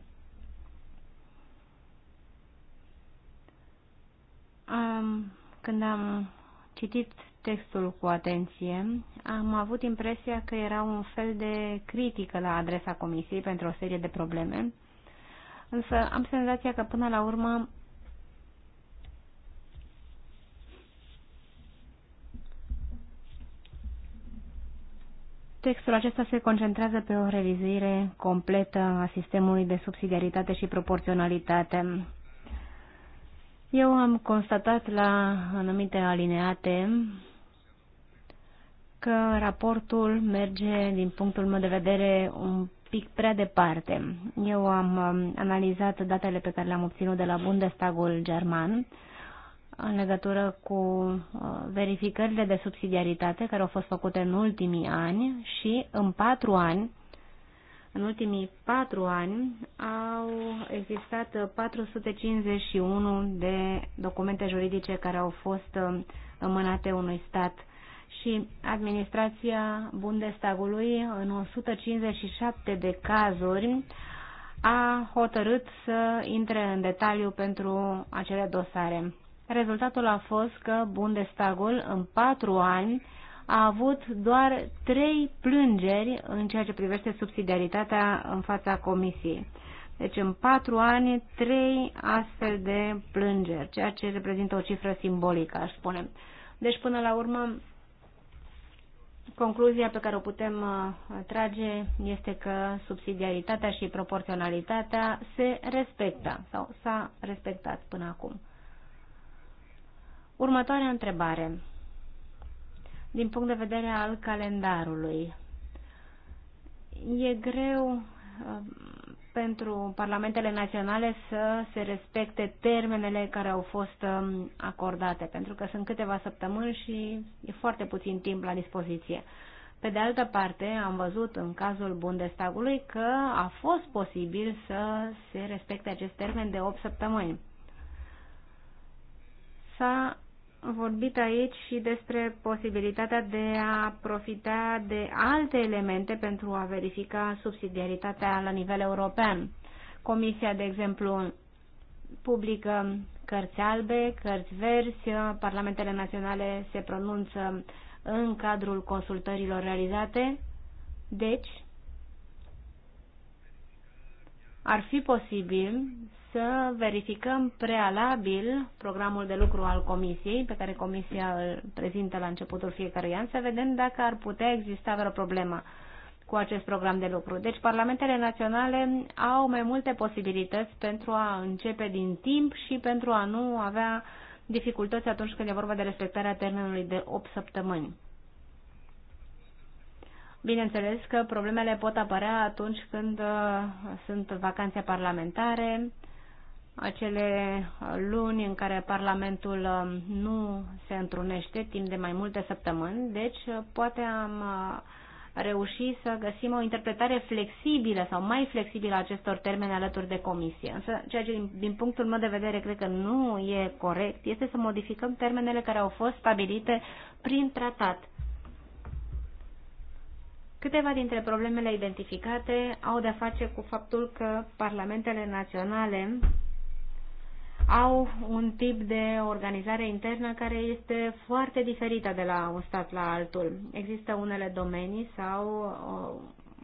Când am citit textul cu atenție, am avut impresia că era un fel de critică la adresa Comisiei pentru o serie de probleme, însă am senzația că până la urmă Textul acesta se concentrează pe o revizuire completă a sistemului de subsidiaritate și proporționalitate. Eu am constatat la anumite alineate că raportul merge, din punctul meu de vedere, un pic prea departe. Eu am um, analizat datele pe care le-am obținut de la Bundestagul german în legătură cu uh, verificările de subsidiaritate care au fost făcute în ultimii ani și în patru ani, în ultimii patru ani au existat 451 de documente juridice care au fost uh, înmânate unui stat și administrația Bundestagului în 157 de cazuri a hotărât să intre în detaliu pentru acele dosare. Rezultatul a fost că Bundestagul în patru ani a avut doar trei plângeri în ceea ce privește subsidiaritatea în fața comisiei. Deci în patru ani, trei astfel de plângeri, ceea ce reprezintă o cifră simbolică, aș spune. Deci până la urmă concluzia pe care o putem uh, trage este că subsidiaritatea și proporționalitatea se respectă sau s-a respectat până acum. Următoarea întrebare. Din punct de vedere al calendarului, e greu uh, pentru parlamentele naționale să se respecte termenele care au fost um, acordate, pentru că sunt câteva săptămâni și e foarte puțin timp la dispoziție. Pe de altă parte, am văzut în cazul Bundestagului că a fost posibil să se respecte acest termen de 8 săptămâni. S-a vorbit aici și despre posibilitatea de a profita de alte elemente pentru a verifica subsidiaritatea la nivel european. Comisia, de exemplu, publică cărți albe, cărți verzi, parlamentele naționale se pronunță în cadrul consultărilor realizate. Deci, ar fi posibil să verificăm prealabil programul de lucru al Comisiei, pe care Comisia îl prezintă la începutul fiecărui an, să vedem dacă ar putea exista vreo problemă cu acest program de lucru. Deci parlamentele naționale au mai multe posibilități pentru a începe din timp și pentru a nu avea dificultăți atunci când e vorba de respectarea termenului de 8 săptămâni. Bineînțeles că problemele pot apărea atunci când uh, sunt vacanțe parlamentare, acele uh, luni în care Parlamentul uh, nu se întrunește timp de mai multe săptămâni, deci poate am reușit să găsim o interpretare flexibilă sau mai flexibilă a acestor termene alături de comisie. Însă, ceea ce din punctul meu de vedere cred că nu e corect este să modificăm termenele care au fost stabilite prin tratat. Câteva dintre problemele identificate au de-a face cu faptul că parlamentele naționale au un tip de organizare internă care este foarte diferită de la un stat la altul. Există unele domenii sau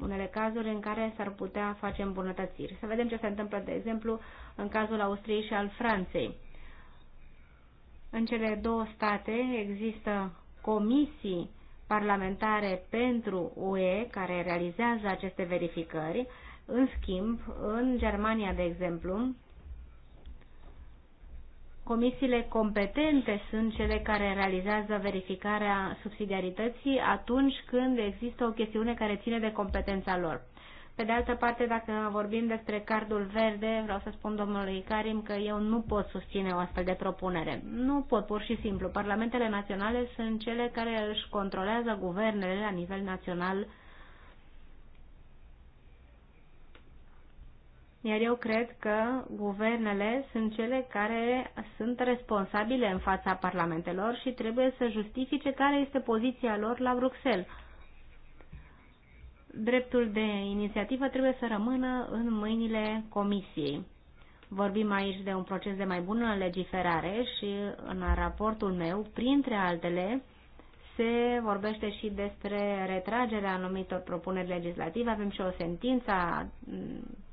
unele cazuri în care s-ar putea face îmbunătățiri. Să vedem ce se întâmplă, de exemplu, în cazul Austriei și al Franței. În cele două state există comisii parlamentare pentru UE care realizează aceste verificări. În schimb, în Germania, de exemplu, comisiile competente sunt cele care realizează verificarea subsidiarității atunci când există o chestiune care ține de competența lor. Pe de altă parte, dacă vorbim despre cardul verde, vreau să spun domnului Karim că eu nu pot susține o astfel de propunere. Nu pot, pur și simplu. Parlamentele naționale sunt cele care își controlează guvernele la nivel național. Iar eu cred că guvernele sunt cele care sunt responsabile în fața parlamentelor și trebuie să justifice care este poziția lor la Bruxelles dreptul de inițiativă trebuie să rămână în mâinile comisiei. Vorbim aici de un proces de mai bună legiferare și în raportul meu, printre altele, se vorbește și despre retragerea anumitor propuneri legislative. Avem și o sentință a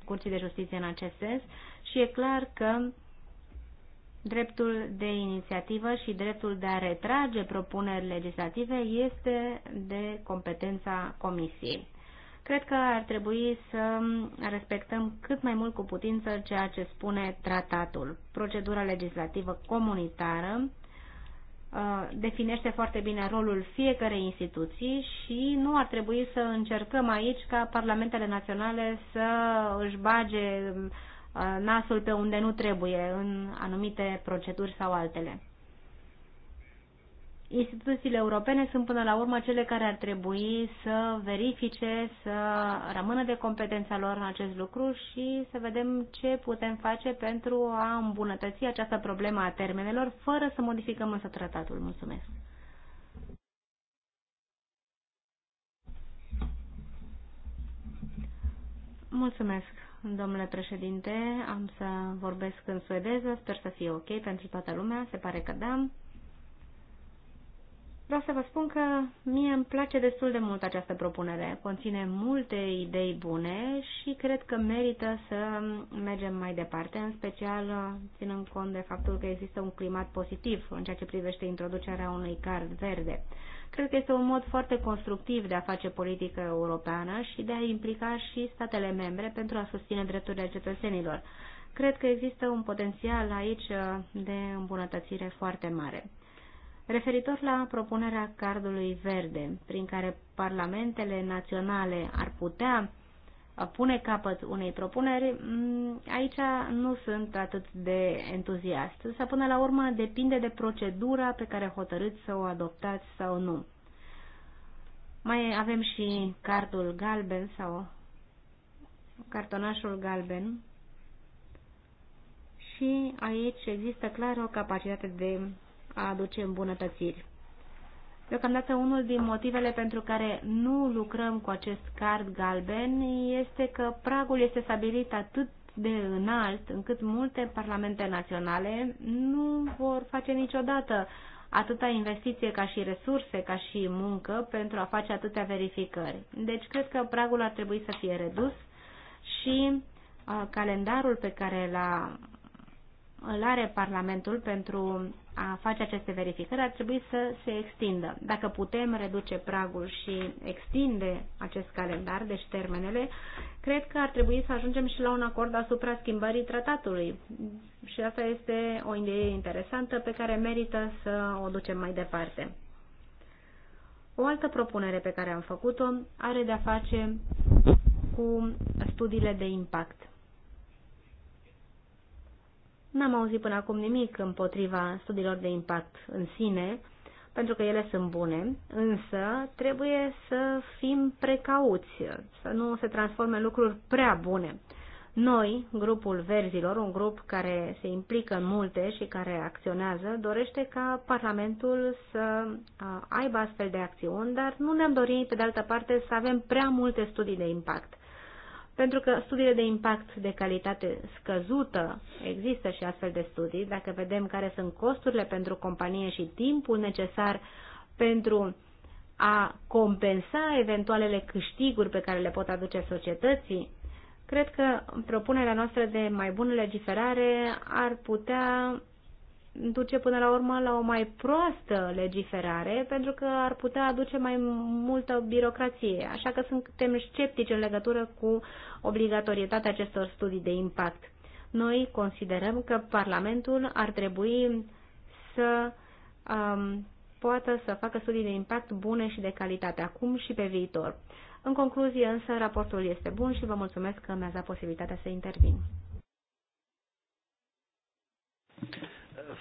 Curții de Justiție în acest sens și e clar că dreptul de inițiativă și dreptul de a retrage propuneri legislative este de competența Comisiei. Cred că ar trebui să respectăm cât mai mult cu putință ceea ce spune tratatul. Procedura legislativă comunitară uh, definește foarte bine rolul fiecarei instituții și nu ar trebui să încercăm aici ca parlamentele naționale să își bage uh, nasul pe unde nu trebuie în anumite proceduri sau altele instituțiile europene sunt până la urmă cele care ar trebui să verifice, să rămână de competența lor în acest lucru și să vedem ce putem face pentru a îmbunătăți această problemă a termenelor, fără să modificăm însă tratatul. Mulțumesc! Mulțumesc, domnule președinte. Am să vorbesc în suedeză. Sper să fie ok pentru toată lumea. Se pare că da. Vreau să vă spun că mie îmi place destul de mult această propunere. Conține multe idei bune și cred că merită să mergem mai departe, în special uh, ținând cont de faptul că există un climat pozitiv în ceea ce privește introducerea unui card verde. Cred că este un mod foarte constructiv de a face politică europeană și de a implica și statele membre pentru a susține drepturile cetățenilor. Cred că există un potențial aici uh, de îmbunătățire foarte mare. Referitor la propunerea cardului verde, prin care parlamentele naționale ar putea pune capăt unei propuneri, mm, aici nu sunt atât de entuziast. Să până la urmă depinde de procedura pe care hotărâți să o adoptați sau nu. Mai avem și cardul galben sau cartonașul galben și aici există clar o capacitate de a aduce îmbunătățiri. Deocamdată unul din motivele pentru care nu lucrăm cu acest card galben este că pragul este stabilit atât de înalt încât multe parlamente naționale nu vor face niciodată atâta investiție ca și resurse, ca și muncă pentru a face atâtea verificări. Deci cred că pragul ar trebui să fie redus și uh, calendarul pe care l-a îl are Parlamentul pentru a face aceste verificări ar trebui să se extindă. Dacă putem reduce pragul și extinde acest calendar, deci termenele, cred că ar trebui să ajungem și la un acord asupra schimbării tratatului. Și asta este o idee interesantă pe care merită să o ducem mai departe. O altă propunere pe care am făcut-o are de-a face cu studiile de impact. N-am auzit până acum nimic împotriva studiilor de impact în sine, pentru că ele sunt bune, însă trebuie să fim precauți, să nu se transforme lucruri prea bune. Noi, grupul Verzilor, un grup care se implică în multe și care acționează, dorește ca Parlamentul să aibă astfel de acțiuni, dar nu ne-am dorit, pe de altă parte, să avem prea multe studii de impact pentru că studiile de impact de calitate scăzută există și astfel de studii. Dacă vedem care sunt costurile pentru companie și timpul necesar pentru a compensa eventualele câștiguri pe care le pot aduce societății, cred că propunerea noastră de mai bună legiferare ar putea duce până la urmă la o mai proastă legiferare, pentru că ar putea aduce mai multă birocrație. Așa că suntem sceptici în legătură cu obligatorietatea acestor studii de impact. Noi considerăm că Parlamentul ar trebui să um, poată să facă studii de impact bune și de calitate acum și pe viitor. În concluzie, însă, raportul este bun și vă mulțumesc că mi-ați dat posibilitatea să intervin.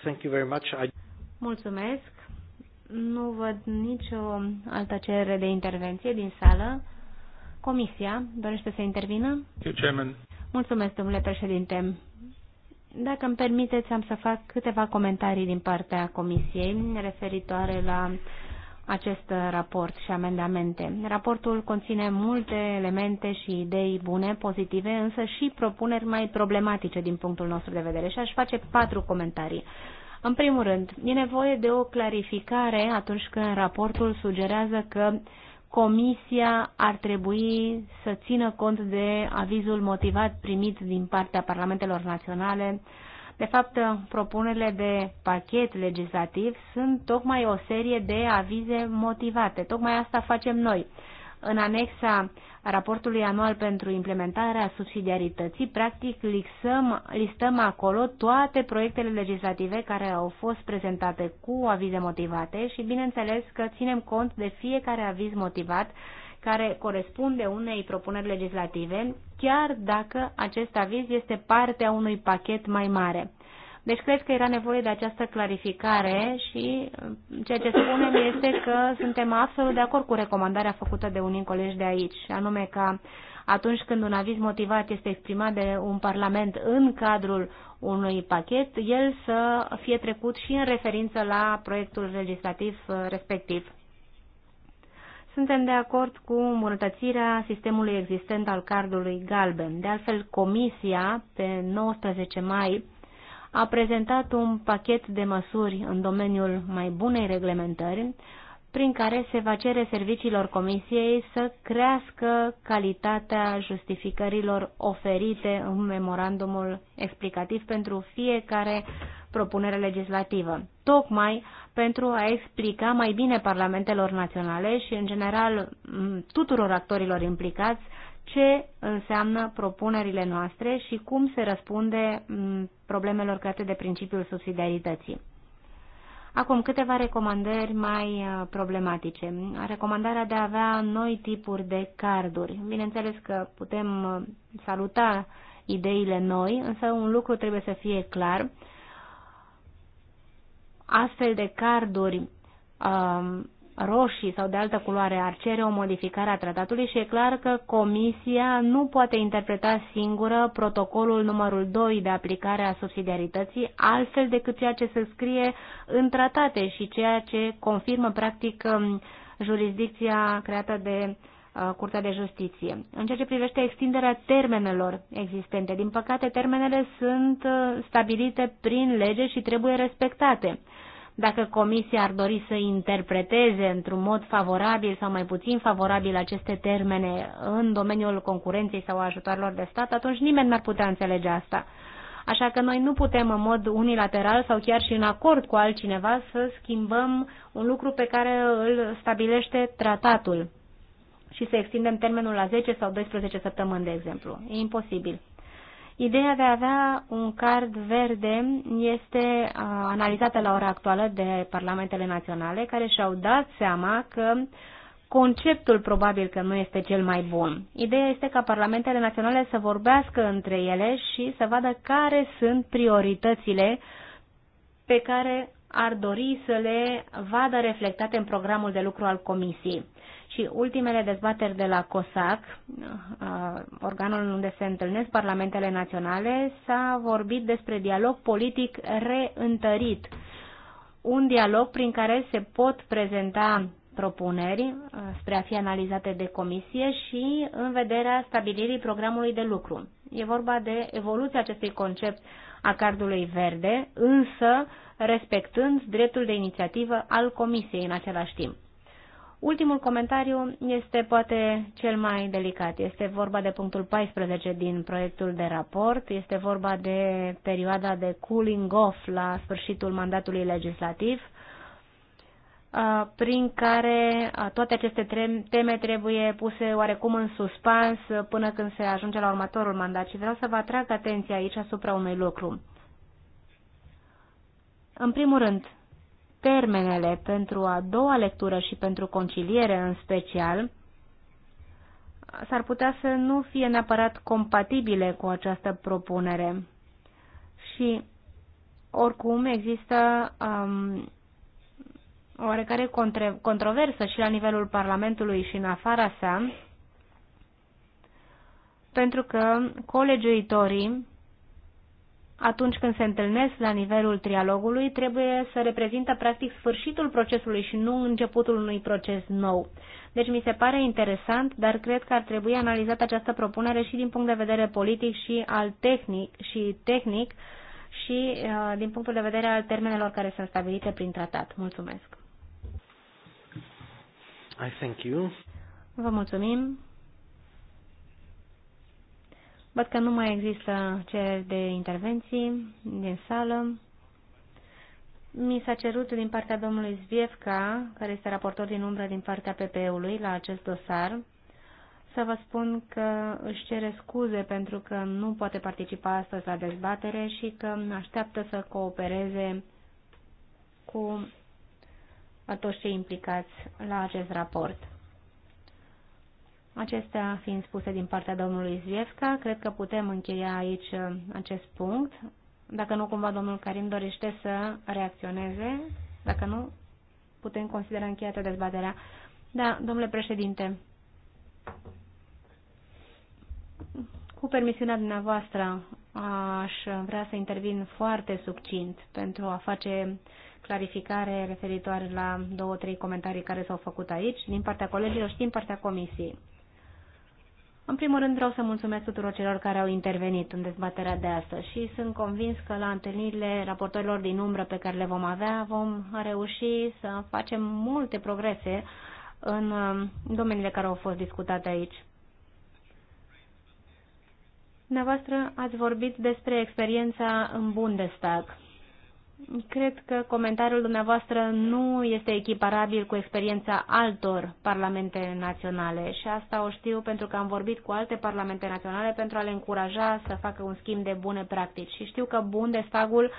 Thank you very much. I... Mulțumesc. Nu văd nicio altă cerere de intervenție din sală. Comisia dorește să intervină? Mulțumesc, domnule președinte. Dacă îmi permiteți, am să fac câteva comentarii din partea Comisiei referitoare la uh, acest raport și amendamente. Raportul conține multe elemente și idei bune, pozitive, însă și propuneri mai problematice din punctul nostru de vedere și aș face patru comentarii. În primul rând, e nevoie de o clarificare atunci când raportul sugerează că Comisia ar trebui să țină cont de avizul motivat primit din partea Parlamentelor Naționale uh, de fapt, propunerile de pachet legislativ sunt tocmai o serie de avize motivate. Tocmai asta facem noi. În anexa raportului anual pentru implementarea subsidiarității, practic lixăm, listăm acolo toate proiectele legislative care au fost prezentate cu avize motivate și bineînțeles că ținem cont de fiecare aviz motivat care corespunde unei propuneri legislative, chiar dacă acest aviz este partea unui pachet mai mare. Deci cred că era nevoie de această clarificare și uh, ceea ce spunem este că suntem absolut de acord cu recomandarea făcută de unii colegi de aici, anume că atunci când un aviz motivat este exprimat de un parlament în cadrul unui pachet, el să fie trecut și în referință la proiectul legislativ uh, respectiv. Suntem de acord cu îmbunătățirea sistemului existent al cardului galben. De altfel, Comisia, pe 19 mai, a prezentat un pachet de măsuri în domeniul mai bunei reglementări, prin care se va cere serviciilor Comisiei să crească calitatea justificărilor oferite în memorandumul explicativ pentru fiecare propunere legislativă, tocmai pentru a explica mai bine parlamentelor naționale și, în general, tuturor actorilor implicați ce înseamnă propunerile noastre și cum se răspunde problemelor create de principiul subsidiarității. Acum, câteva recomandări mai uh, problematice. Recomandarea de a avea noi tipuri de carduri. Bineînțeles că putem uh, saluta ideile noi, însă un lucru trebuie să fie clar astfel de carduri um, roșii sau de altă culoare ar cere o modificare a tratatului și e clar că Comisia nu poate interpreta singură protocolul numărul 2 de aplicare a subsidiarității altfel decât ceea ce se scrie în tratate și ceea ce confirmă practic um, jurisdicția creată de uh, Curtea de Justiție. În ceea ce privește extinderea termenelor existente, din păcate termenele sunt uh, stabilite prin lege și trebuie respectate dacă Comisia ar dori să interpreteze într-un mod favorabil sau mai puțin favorabil aceste termene în domeniul concurenței sau ajutoarelor de stat, atunci nimeni n-ar putea înțelege asta. Așa că noi nu putem în mod unilateral sau chiar și în acord cu altcineva să schimbăm un lucru pe care îl stabilește tratatul și să extindem termenul la 10 sau 12 săptămâni, de exemplu. E imposibil. Ideea de a avea un card verde este analizată la ora actuală de parlamentele naționale, care și-au dat seama că conceptul probabil că nu este cel mai bun. Ideea este ca parlamentele naționale să vorbească între ele și să vadă care sunt prioritățile pe care ar dori să le vadă reflectate în programul de lucru al Comisiei. Și ultimele dezbateri de la COSAC, uh, organul unde se întâlnesc parlamentele naționale, s-a vorbit despre dialog politic reîntărit. Un dialog prin care se pot prezenta propuneri uh, spre a fi analizate de comisie și în vederea stabilirii programului de lucru. E vorba de evoluția acestui concept a cardului verde, însă respectând dreptul de inițiativă al comisiei în același timp. Ultimul comentariu este poate cel mai delicat. Este vorba de punctul 14 din proiectul de raport. Este vorba de perioada de cooling off la sfârșitul mandatului legislativ, prin care toate aceste teme trebuie puse oarecum în suspans până când se ajunge la următorul mandat. Și vreau să vă atrag atenția aici asupra unui lucru. În primul rând, termenele pentru a doua lectură și pentru conciliere în special s-ar putea să nu fie neapărat compatibile cu această propunere. Și oricum există um, oarecare controversă și la nivelul Parlamentului și în afara sa, pentru că colegiuitorii atunci când se întâlnesc la nivelul trialogului, trebuie să reprezintă practic sfârșitul procesului și nu începutul unui proces nou. Deci mi se pare interesant, dar cred că ar trebui analizată această propunere și din punct de vedere politic și al tehnic și tehnic și uh, din punctul de vedere al termenelor care sunt stabilite prin tratat. Mulțumesc. I thank you. Vă mulțumim. Văd că nu mai există cereri de intervenții din sală. Mi s-a cerut din partea domnului Zviefka, care este raportor din umbră din partea PPE-ului la acest dosar, să vă spun că își cere scuze pentru că nu poate participa astăzi la dezbatere și că așteaptă să coopereze cu toți cei implicați la acest raport. Acestea fiind spuse din partea domnului Zviefka, cred că putem încheia aici uh, acest punct. Dacă nu, cumva domnul Karim dorește să reacționeze. Dacă nu, putem considera încheiată dezbaterea. Da, domnule președinte, cu permisiunea dumneavoastră, aș vrea să intervin foarte succint pentru a face clarificare referitoare la două, trei comentarii care s-au făcut aici, din partea colegilor și din partea comisiei. În primul rând vreau să mulțumesc tuturor celor care au intervenit în dezbaterea de astăzi și sunt convins că la întâlnirile raportorilor din umbră pe care le vom avea vom reuși să facem multe progrese în um, domeniile care au fost discutate aici. Dumneavoastră ați vorbit despre experiența în Bundestag Cred că comentariul dumneavoastră nu este echiparabil cu experiența altor parlamente naționale și asta o știu pentru că am vorbit cu alte parlamente naționale pentru a le încuraja să facă un schimb de bune practici și știu că Bundestagul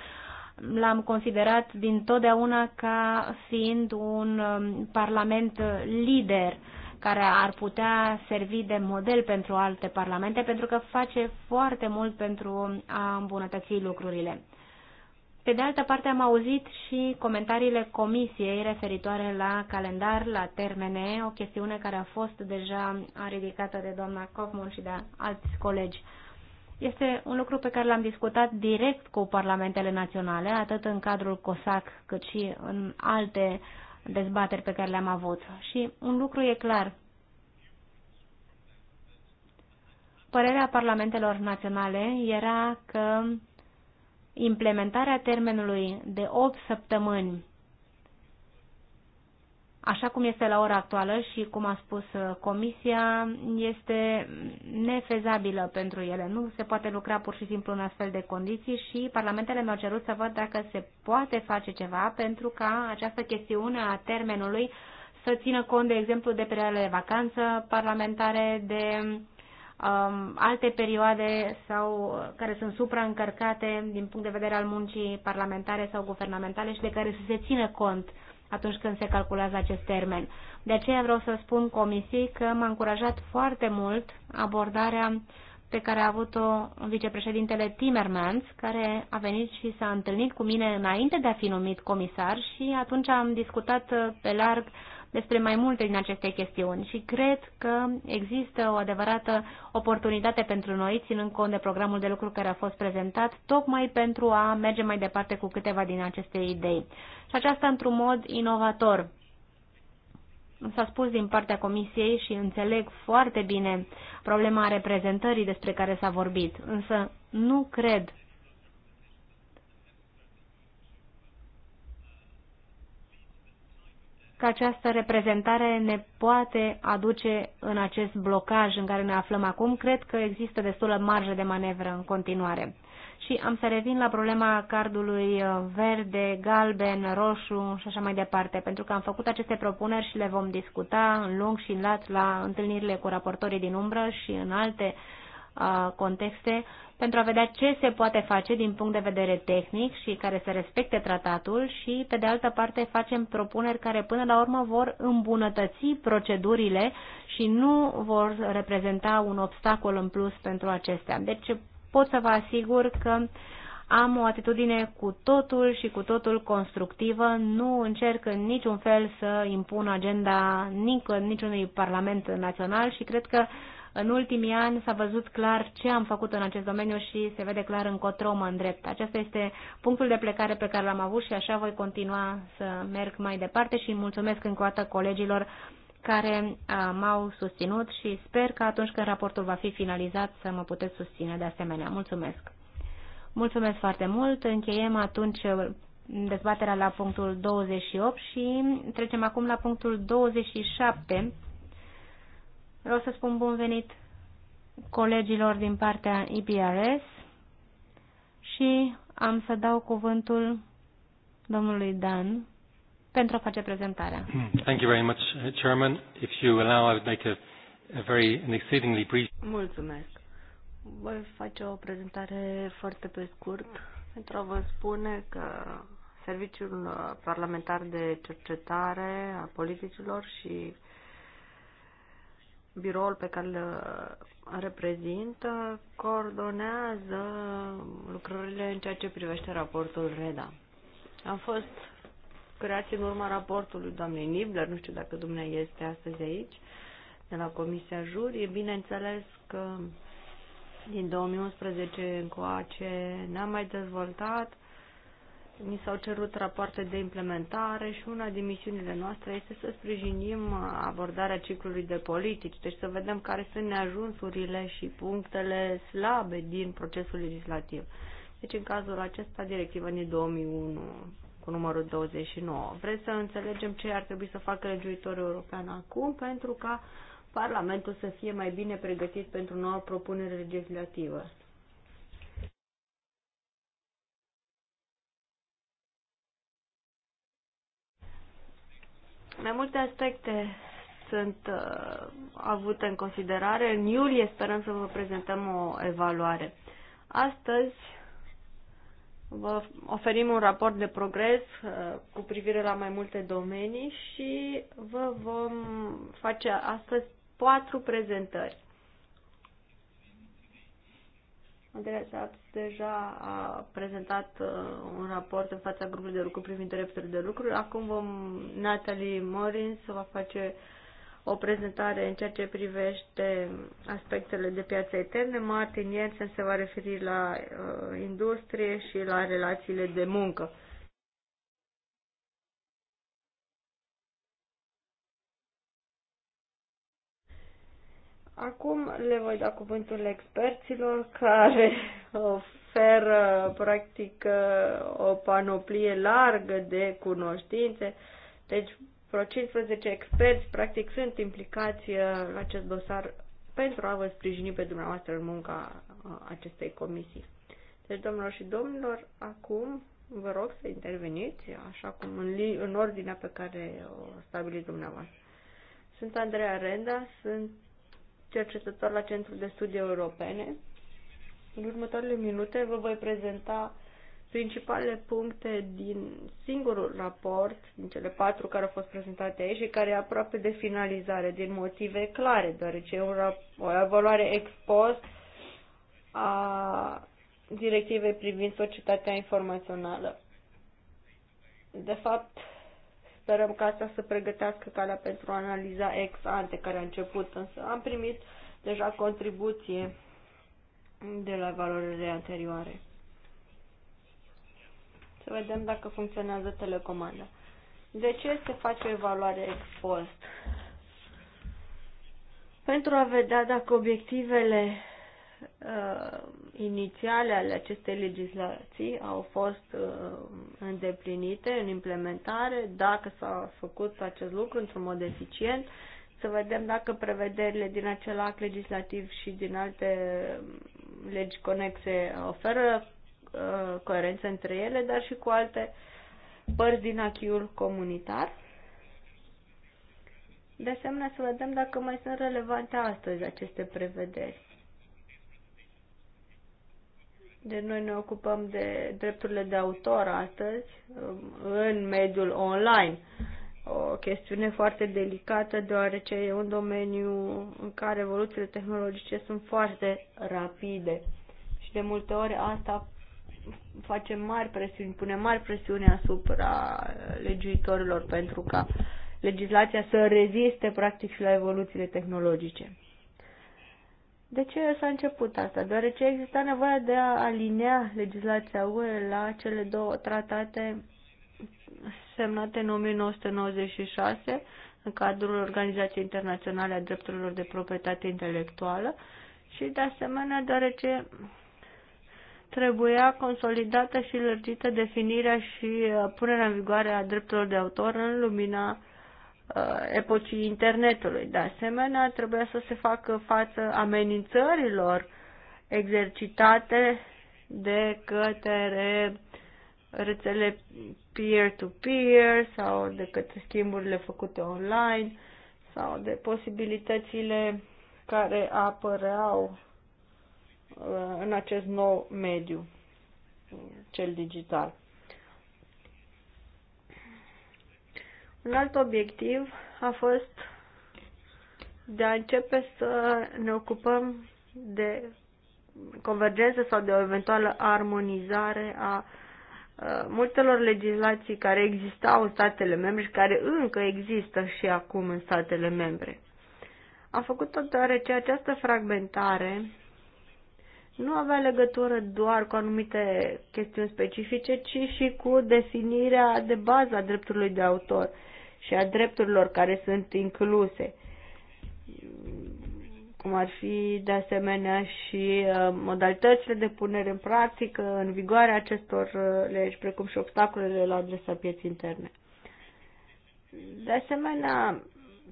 l-am considerat din totdeauna ca fiind un um, parlament lider care ar putea servi de model pentru alte parlamente pentru că face foarte mult pentru a îmbunătăți lucrurile. Pe de altă parte, am auzit și comentariile comisiei referitoare la calendar, la termene, o chestiune care a fost deja ridicată de doamna Kaufman și de alți colegi. Este un lucru pe care l-am discutat direct cu parlamentele naționale, atât în cadrul COSAC cât și în alte dezbateri pe care le-am avut. Și un lucru e clar. Părerea parlamentelor naționale era că implementarea termenului de 8 săptămâni, așa cum este la ora actuală și cum a spus uh, Comisia, este nefezabilă pentru ele. Nu se poate lucra pur și simplu în astfel de condiții și parlamentele mi-au cerut să văd dacă se poate face ceva pentru ca această chestiune a termenului să țină cont, de exemplu, de perioadele de vacanță parlamentare, de uh, um, alte perioade sau care sunt supraîncărcate din punct de vedere al muncii parlamentare sau guvernamentale și de care să se țină cont atunci când se calculează acest termen. De aceea vreau să spun comisiei că m-a încurajat foarte mult abordarea pe care a avut-o vicepreședintele Timmermans, care a venit și s-a întâlnit cu mine înainte de a fi numit comisar și atunci am discutat pe larg uh, despre mai multe din aceste chestiuni și cred că există o adevărată oportunitate pentru noi, ținând cont de programul de lucru care a fost prezentat, tocmai pentru a merge mai departe cu câteva din aceste idei. Și aceasta într-un mod inovator. S-a spus din partea Comisiei și înțeleg foarte bine problema reprezentării despre care s-a vorbit, însă nu cred că această reprezentare ne poate aduce în acest blocaj în care ne aflăm acum. Cred că există destulă marjă de manevră în continuare. Și am să revin la problema cardului uh, verde, galben, roșu și așa mai departe, pentru că am făcut aceste propuneri și le vom discuta în lung și în lat la întâlnirile cu raportorii din umbră și în alte uh, contexte pentru a vedea ce se poate face din punct de vedere tehnic și care să respecte tratatul și, pe de altă parte, facem propuneri care până la urmă vor îmbunătăți procedurile și nu vor reprezenta un obstacol în plus pentru acestea. Deci pot să vă asigur că am o atitudine cu totul și cu totul constructivă, nu încerc în niciun fel să impun agenda niciunui parlament național și cred că uh, în ultimii ani s-a văzut clar ce am făcut în acest domeniu și se vede clar încotro mă îndrept. Acesta este punctul de plecare pe care l-am avut și așa voi continua să merg mai departe și mulțumesc încă o dată colegilor care m-au susținut și sper că atunci când raportul va fi finalizat să mă puteți susține de asemenea. Mulțumesc! Mulțumesc foarte mult! Încheiem atunci uh, dezbaterea la punctul 28 și trecem acum la punctul 27 Vreau să spun bun venit colegilor din partea IBRS și am să dau cuvântul domnului Dan pentru a face prezentarea. Thank you very much, uh, Chairman. If you allow, I would make a, a very an exceedingly brief. Mulțumesc. Voi face o prezentare foarte pe scurt pentru a vă spune că Serviciul uh, Parlamentar de Cercetare a Politicilor și biroul pe care uh, îl reprezintă coordonează lucrările în ceea ce privește raportul REDA. Am fost creați în urma raportului doamnei Nibler, nu știu dacă dumneavoastră este astăzi aici, de la Comisia Juri. E bineînțeles că din 2011 încoace n-am mai dezvoltat mi s-au cerut rapoarte de implementare și una din misiunile noastre este să sprijinim abordarea ciclului de politici, deci să vedem care sunt neajunsurile și punctele slabe din procesul legislativ. Deci în cazul acesta directiva din 2001 cu numărul 29. Vreți să înțelegem ce ar trebui să facă legiuitorul european acum pentru ca Parlamentul să fie mai bine pregătit pentru noua propunere legislativă. Mai multe aspecte sunt uh, avute în considerare. În iulie sperăm să vă prezentăm o evaluare. Astăzi vă oferim un raport de progres uh, cu privire la mai multe domenii și vă vom face astăzi patru prezentări. Andreea Șaps deja a prezentat uh, un raport în fața grupului de lucru privind drepturile de lucru. Acum vom, Natalie să va face o prezentare în ceea ce privește aspectele de piață eterne. Martin Jensen se va referi la uh, industrie și la relațiile de muncă. Acum le voi da cuvântul experților care oferă practic uh, o panoplie largă de cunoștințe. Deci vreo 15 experți practic sunt implicați uh, în acest dosar pentru a vă sprijini pe dumneavoastră în munca uh, acestei comisii. Deci, domnilor și domnilor, acum vă rog să interveniți așa cum în, în ordinea pe care o stabiliți dumneavoastră. Sunt Andreea Renda, sunt cercetător la Centrul de Studii Europene. În următoarele minute vă voi prezenta principalele puncte din singurul raport, din cele patru care au fost prezentate aici și care e aproape de finalizare, din motive clare, deoarece e o evaluare ex post a directivei privind societatea informațională. De fapt, Sperăm ca asta să pregătească calea pentru analiza ex ante care a început, însă am primit deja contribuție de la valorile anterioare. Să vedem dacă funcționează telecomanda. De ce se face o evaluare ex post? Pentru a vedea dacă obiectivele uh, inițiale ale acestei legislații au fost uh, îndeplinite în implementare, dacă s-a făcut acest lucru într-un mod eficient, să vedem dacă prevederile din acel act legislativ și din alte um, legi conexe oferă uh, coerență între ele, dar și cu alte părți din achiul comunitar. De asemenea, să vedem dacă mai sunt relevante astăzi aceste prevederi. De noi ne ocupăm de drepturile de autor astăzi um, în mediul online. O chestiune foarte delicată deoarece e un domeniu în care evoluțiile tehnologice sunt foarte rapide și de multe ori asta face mari presiuni, pune mari presiuni asupra legiuitorilor pentru ca legislația să reziste practic și la evoluțiile tehnologice. De ce s-a început asta? Deoarece exista nevoie de a alinea legislația UE la cele două tratate semnate în 1996 în cadrul Organizației Internaționale a Drepturilor de Proprietate Intelectuală și, de asemenea, deoarece trebuia consolidată și lărgită definirea și uh, punerea în vigoare a drepturilor de autor în lumina Uh, epocii internetului. De asemenea, trebuia să se facă față amenințărilor exercitate de către rețele peer-to-peer -peer sau de către schimburile făcute online sau de posibilitățile care apăreau uh, în acest nou mediu, cel digital. Un alt obiectiv a fost de a începe să ne ocupăm de convergență sau de o eventuală armonizare a uh, multelor legislații care existau în statele membre și care încă există și acum în statele membre. Am făcut tot deoarece această fragmentare nu avea legătură doar cu anumite chestiuni specifice, ci și cu definirea de bază a dreptului de autor și a drepturilor care sunt incluse, cum ar fi de asemenea și uh, modalitățile de punere în practică, în vigoare acestor uh, legi, precum și obstacolele la adresa pieții interne. De asemenea,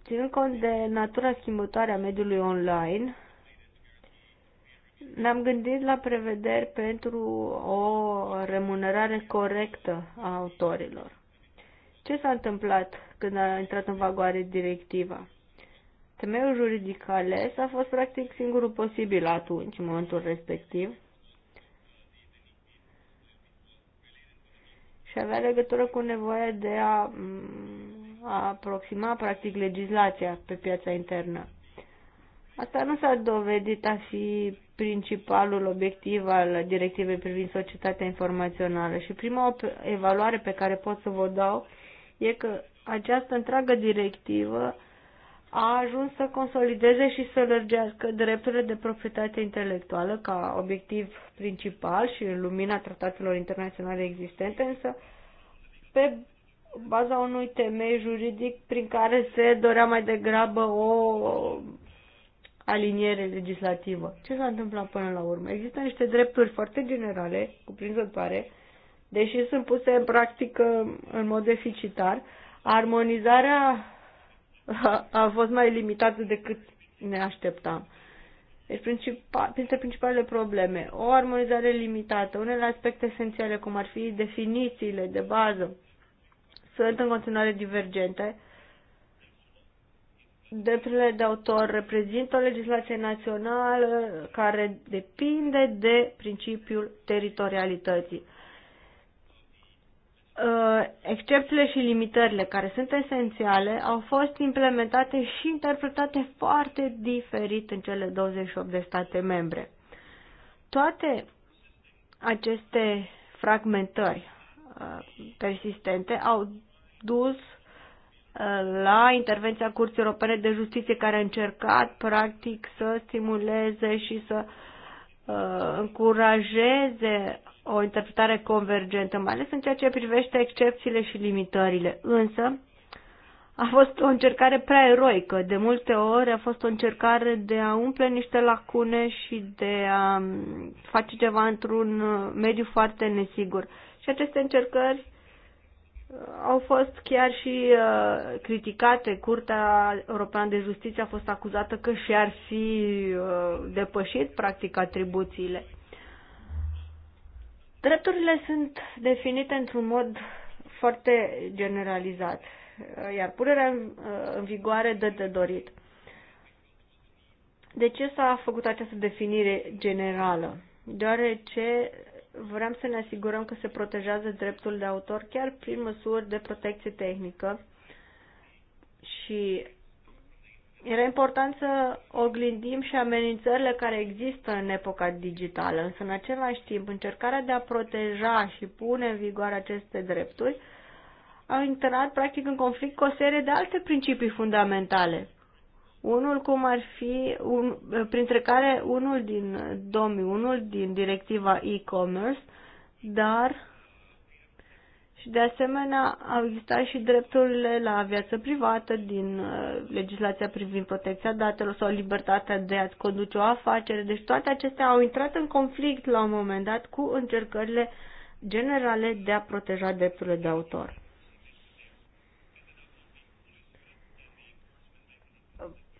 ținând cont de natura schimbătoare a mediului online, ne-am gândit la prevederi pentru o remunerare corectă a autorilor. Ce s-a întâmplat când a intrat în vagoare directiva. Temeiul juridic ales a fost practic singurul posibil atunci, în momentul respectiv, și avea legătură cu nevoia de a, mm, a aproxima practic legislația pe piața internă. Asta nu s-a dovedit a fi principalul obiectiv al directivei privind societatea informațională și prima evaluare pe care pot să vă dau e că această întreagă directivă a ajuns să consolideze și să lărgească drepturile de proprietate intelectuală ca obiectiv principal și în lumina tratatelor internaționale existente, însă pe baza unui temei juridic prin care se dorea mai degrabă o aliniere legislativă. Ce s-a întâmplat până la urmă? Există niște drepturi foarte generale, cuprinzătoare, deși sunt puse în practică în mod deficitar, Armonizarea a fost mai limitată decât ne așteptam. Deci, principal, printre principalele probleme, o armonizare limitată, unele aspecte esențiale, cum ar fi definițiile de bază, sunt în continuare divergente. Drepturile de autor reprezintă o legislație națională care depinde de principiul teritorialității. Uh, excepțiile și limitările care sunt esențiale au fost implementate și interpretate foarte diferit în cele 28 de state membre. Toate aceste fragmentări uh, persistente au dus uh, la intervenția Curții Europene de Justiție care a încercat practic să stimuleze și să încurajeze o interpretare convergentă, mai ales în ceea ce privește excepțiile și limitările. Însă, a fost o încercare prea eroică. De multe ori a fost o încercare de a umple niște lacune și de a mm, face ceva într-un uh, mediu foarte nesigur. Și aceste încercări uh, au fost chiar și uh, criticate. Curtea Europeană de Justiție a fost acuzată că și-ar fi uh, depășit, practic, atribuțiile. Drepturile sunt definite într-un mod foarte generalizat, iar punerea în vigoare dă de dorit. De ce s-a făcut această definire generală? Deoarece vrem să ne asigurăm că se protejează dreptul de autor chiar prin măsuri de protecție tehnică și era important să oglindim și amenințările care există în epoca digitală, însă în același timp încercarea de a proteja și pune în vigoare aceste drepturi a intrat practic în conflict cu o serie de alte principii fundamentale. Unul cum ar fi, un, printre care unul din DOMI, unul din directiva e-commerce, dar și de asemenea au existat și drepturile la viață privată din uh, legislația privind protecția datelor sau libertatea de a-ți conduce o afacere. Deci toate acestea au intrat în conflict la un moment dat cu încercările generale de a proteja drepturile de autor.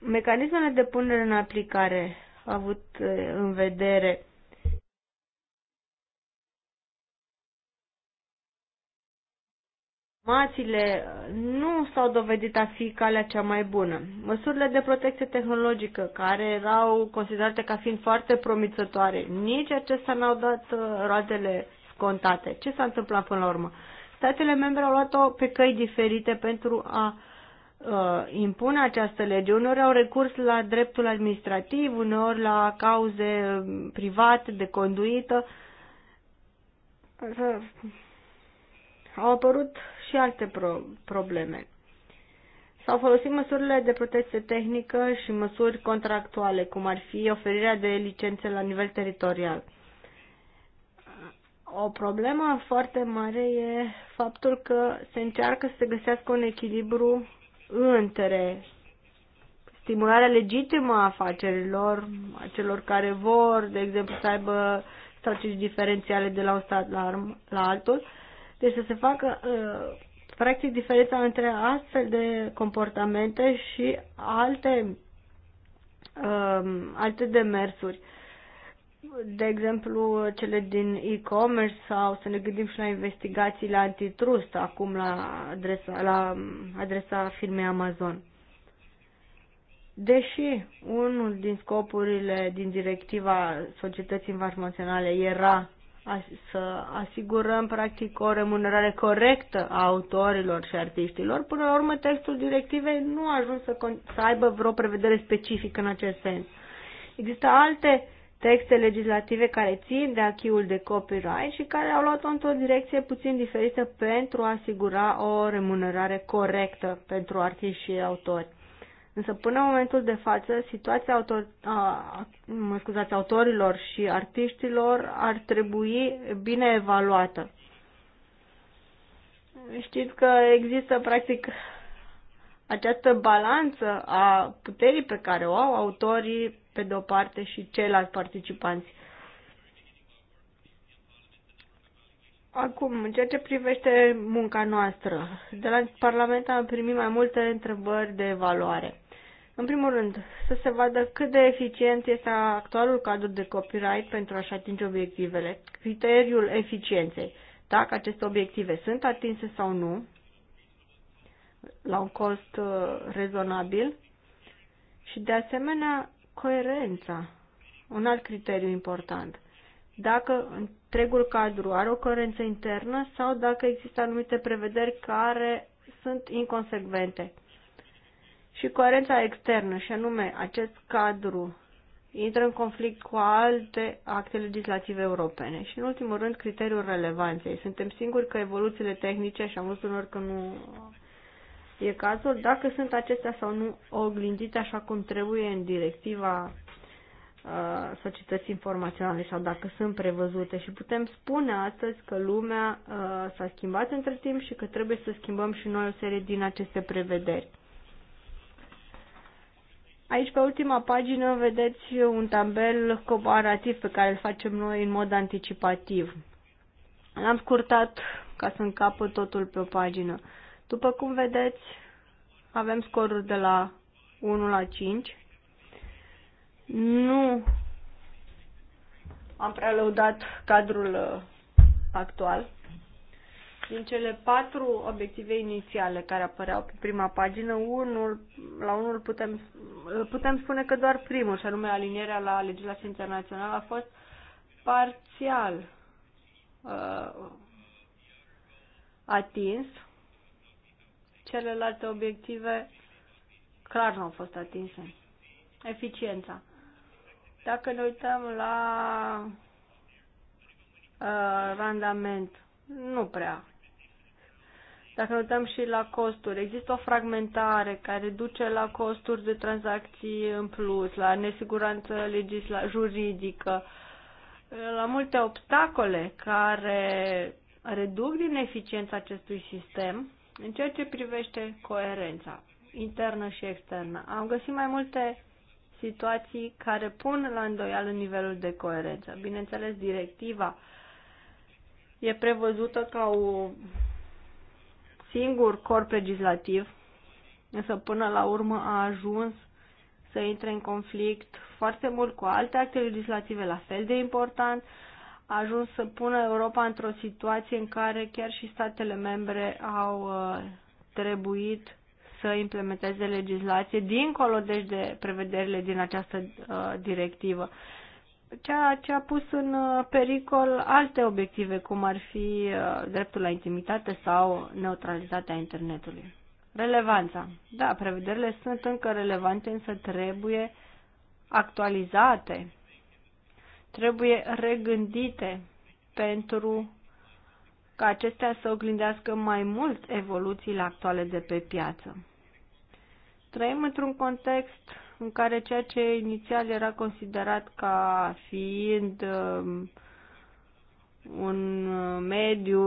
Mecanismele de punere în aplicare au avut uh, în vedere informațiile uh, nu s-au dovedit a fi calea cea mai bună. Măsurile de protecție tehnologică, care erau considerate ca fiind foarte promițătoare, nici acestea n-au dat uh, roadele scontate. Ce s-a întâmplat până la urmă? Statele membre au luat-o pe căi diferite pentru a uh, impune această lege. Uneori au recurs la dreptul administrativ, uneori la cauze uh, private de conduită. Au apărut și alte pro- probleme. S-au folosit măsurile de protecție tehnică și măsuri contractuale, cum ar fi oferirea de licențe la nivel teritorial. O problemă foarte mare e faptul că se încearcă să se găsească un echilibru între stimularea legitimă a afacerilor, a celor care vor, de exemplu, să aibă strategii diferențiale de la un stat la, la altul, deci să se facă uh, practic diferența între astfel de comportamente și alte, um, alte demersuri. De exemplu, cele din e-commerce sau să ne gândim și la investigațiile antitrust acum la adresa, la adresa firmei Amazon. Deși unul din scopurile din directiva societății informaționale era să asigurăm practic o remunerare corectă a autorilor și artiștilor. Până la urmă, textul directivei nu a ajuns să, să aibă vreo prevedere specifică în acest sens. Există alte texte legislative care țin de achiul de copyright și care au luat-o într-o direcție puțin diferită pentru a asigura o remunerare corectă pentru artiști și autori. Însă până în momentul de față, situația autor, a, mă scuzați, autorilor și artiștilor ar trebui bine evaluată. Știți că există practic această balanță a puterii pe care o au autorii pe de o parte și ceilalți participanți. Acum, în ceea ce privește munca noastră, de la Parlament am primit mai multe întrebări de evaluare. În primul rând, să se vadă cât de eficient este actualul cadru de copyright pentru a-și atinge obiectivele, criteriul eficienței, dacă aceste obiective sunt atinse sau nu, la un cost uh, rezonabil, și de asemenea coerența, un alt criteriu important. Dacă întregul cadru are o coerență internă sau dacă există anumite prevederi care sunt inconsecvente și coerența externă, și anume acest cadru intră în conflict cu alte acte legislative europene. Și în ultimul rând, criteriul relevanței. Suntem singuri că evoluțiile tehnice, și am văzut unor că nu e cazul, dacă sunt acestea sau nu oglindite așa cum trebuie în directiva uh, societății informaționale sau dacă sunt prevăzute și putem spune astăzi că lumea uh, s-a schimbat între timp și că trebuie să schimbăm și noi o serie din aceste prevederi. Aici, pe ultima pagină, vedeți un tabel comparativ pe care îl facem noi în mod anticipativ. L-am scurtat ca să încapă totul pe o pagină. După cum vedeți, avem scoruri de la 1 la 5. Nu am prea lăudat cadrul uh, actual. Din cele patru obiective inițiale care apăreau pe prima pagină, unul, la unul putem, putem spune că doar primul, și anume alinierea la legislația internațională, a fost parțial uh, atins. Celelalte obiective clar nu au fost atinse. Eficiența. Dacă ne uităm la uh, randament, nu prea dacă ne uităm și la costuri, există o fragmentare care duce la costuri de tranzacții în plus, la nesiguranță legisla- juridică, la multe obstacole care reduc din eficiența acestui sistem în ceea ce privește coerența internă și externă. Am găsit mai multe situații care pun la îndoială nivelul de coerență. Bineînțeles, directiva e prevăzută ca o singur corp legislativ, însă până la urmă a ajuns să intre în conflict foarte mult cu alte acte legislative la fel de important, a ajuns să pună Europa într-o situație în care chiar și statele membre au uh, trebuit să implementeze legislație dincolo deci de prevederile din această uh, directivă ceea ce a pus în uh, pericol alte obiective, cum ar fi uh, dreptul la intimitate sau neutralitatea internetului. Relevanța. Da, prevederile sunt încă relevante, însă trebuie actualizate, trebuie regândite pentru ca acestea să oglindească mai mult evoluțiile actuale de pe piață. Trăim într-un context în care ceea ce inițial era considerat ca fiind um, un mediu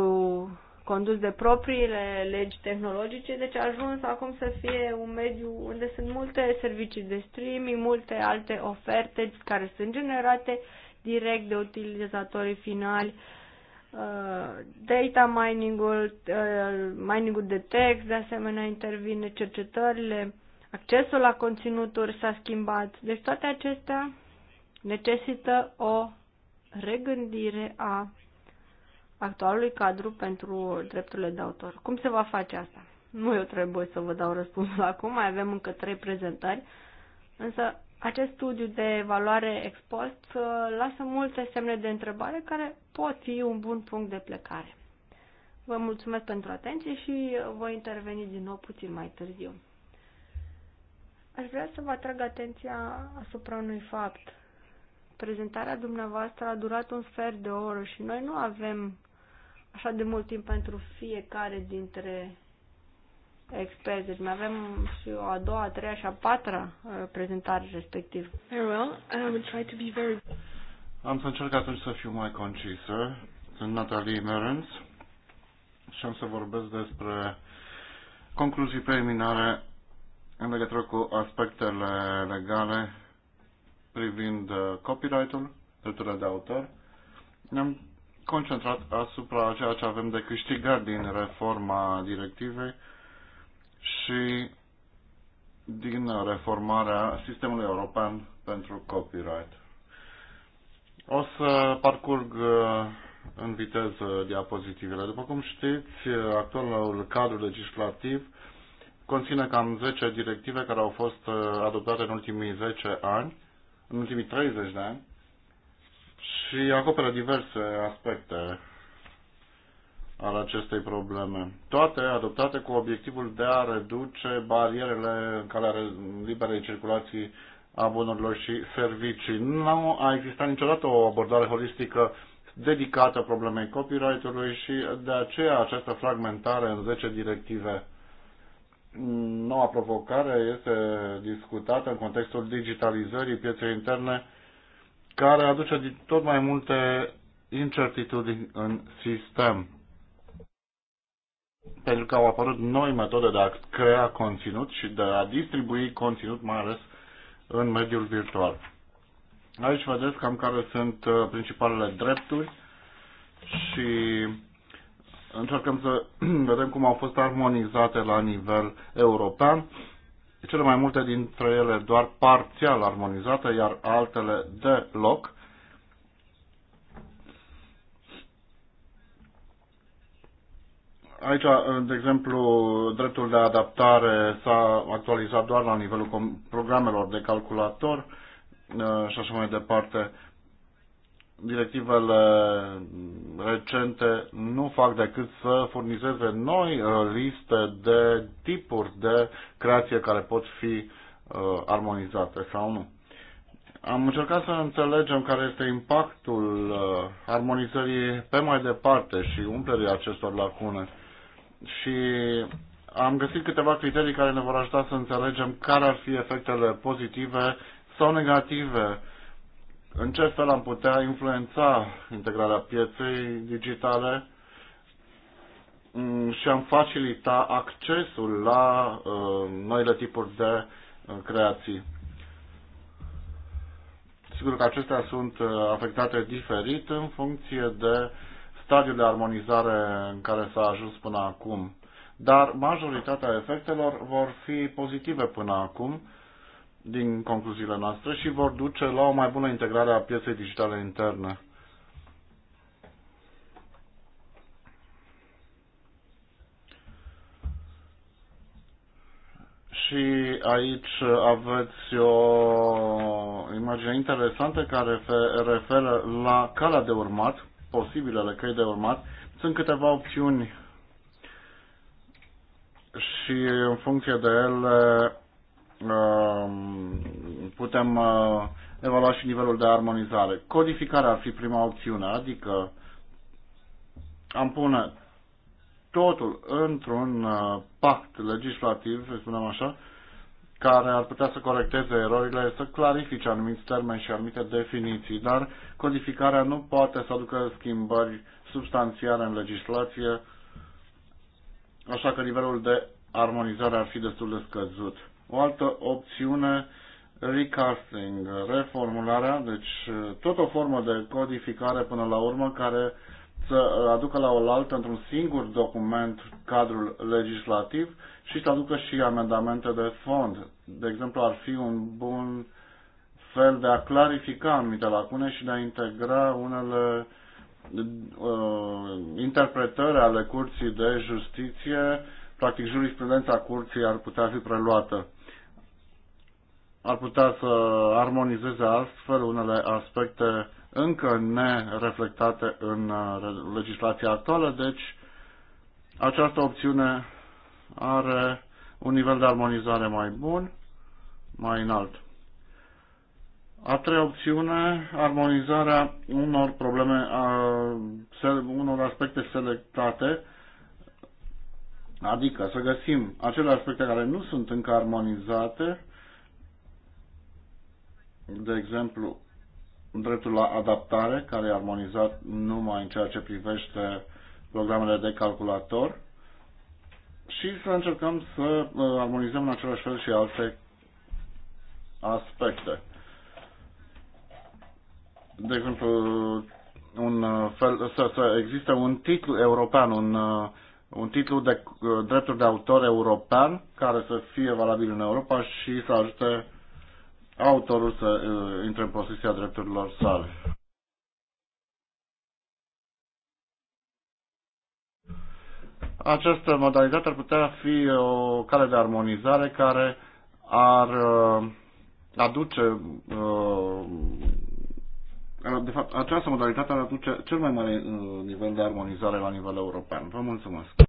condus de propriile legi tehnologice, deci a ajuns acum să fie un mediu unde sunt multe servicii de streaming, multe alte oferte care sunt generate direct de utilizatorii finali, uh, data mining-ul, uh, mining-ul de text, de asemenea intervine cercetările, accesul la conținuturi s-a schimbat. Deci toate acestea necesită o regândire a actualului cadru pentru drepturile de autor. Cum se va face asta? Nu eu trebuie să vă dau răspunsul acum, mai avem încă trei prezentări, însă acest studiu de evaluare expost uh, lasă multe semne de întrebare care pot fi un bun punct de plecare. Vă mulțumesc pentru atenție și voi interveni din nou puțin mai târziu. Aș vrea să vă atrag atenția asupra unui fapt. Prezentarea dumneavoastră a durat un sfert de oră și noi nu avem așa de mult timp pentru fiecare dintre experți. mai avem și o a doua, a treia și a patra uh, prezentare respectiv. Very well. I um, will try to be very... Am să încerc atunci să fiu mai concisă. Sunt Natalie Merens și am să vorbesc despre concluzii preliminare în legătură cu aspectele legale privind uh, copyright-ul, drepturile de autor, ne-am concentrat asupra ceea ce avem de câștigat din reforma directivei și din reformarea sistemului european pentru copyright. O să parcurg uh, în viteză diapozitivele. După cum știți, actualul cadru legislativ conține cam 10 directive care au fost uh, adoptate în ultimii 10 ani, în ultimii 30 de ani și acoperă diverse aspecte al acestei probleme. Toate adoptate cu obiectivul de a reduce barierele în calea liberei circulații a bunurilor și servicii. Nu a existat niciodată o abordare holistică dedicată problemei copyright-ului și de aceea această fragmentare în 10 directive noua provocare este discutată în contextul digitalizării pieței interne, care aduce tot mai multe incertitudini în sistem. Pentru că au apărut noi metode de a crea conținut și de a distribui conținut, mai ales în mediul virtual. Aici vedeți cam care sunt uh, principalele drepturi și încercăm să vedem cum au fost armonizate la nivel european. Cele mai multe dintre ele doar parțial armonizate, iar altele deloc. Aici, de exemplu, dreptul de adaptare s-a actualizat doar la nivelul programelor de calculator uh, și așa mai departe directivele recente nu fac decât să furnizeze noi uh, liste de tipuri de creație care pot fi uh, armonizate sau nu. Am încercat să înțelegem care este impactul uh, armonizării pe mai departe și umplerii acestor lacune și am găsit câteva criterii care ne vor ajuta să înțelegem care ar fi efectele pozitive sau negative în ce fel am putea influența integrarea pieței digitale mm, și am facilita accesul la uh, noile tipuri de uh, creații. Sigur că acestea sunt uh, afectate diferit în funcție de stadiul de armonizare în care s-a ajuns până acum. Dar majoritatea efectelor vor fi pozitive până acum, din concluziile noastre și vor duce la o mai bună integrare a pieței digitale interne. și aici aveți o imagine interesantă care referă la calea de urmat, posibilele căi de urmat. Sunt câteva opțiuni și în funcție de ele Um, putem uh, evalua și nivelul de armonizare. Codificarea ar fi prima opțiune, adică am pune totul într-un uh, pact legislativ, să spunem așa, care ar putea să corecteze erorile, să clarifice anumiți termeni și anumite definiții, dar codificarea nu poate să aducă schimbări substanțiale în legislație, așa că nivelul de armonizare ar fi destul de scăzut. O altă opțiune, recasting, reformularea, deci uh, tot o formă de codificare până la urmă care să uh, aducă la oaltă într-un singur document cadrul legislativ și să aducă și amendamente de fond. De exemplu, ar fi un bun fel de a clarifica anumite lacune și de a integra unele uh, interpretări ale curții de justiție. Practic, jurisprudența curții ar putea fi preluată ar putea să armonizeze astfel unele aspecte încă nereflectate în uh, legislația actuală, deci această opțiune are un nivel de armonizare mai bun, mai înalt. A treia opțiune, armonizarea unor probleme, uh, unor aspecte selectate, adică să găsim acele aspecte care nu sunt încă armonizate de exemplu, dreptul la adaptare, care e armonizat numai în ceea ce privește programele de calculator și să încercăm să uh, armonizăm în același fel și alte aspecte. De exemplu, un uh, fel, să, să existe un titlu european, un, uh, un titlu de drepturi de autor european care să fie valabil în Europa și să ajute autorul să uh, intre în posesia drepturilor sale. Această modalitate ar putea fi o cale de armonizare care ar uh, aduce uh, de fapt, această modalitate ar aduce cel mai mare uh, nivel de armonizare la nivel european. Vă mulțumesc!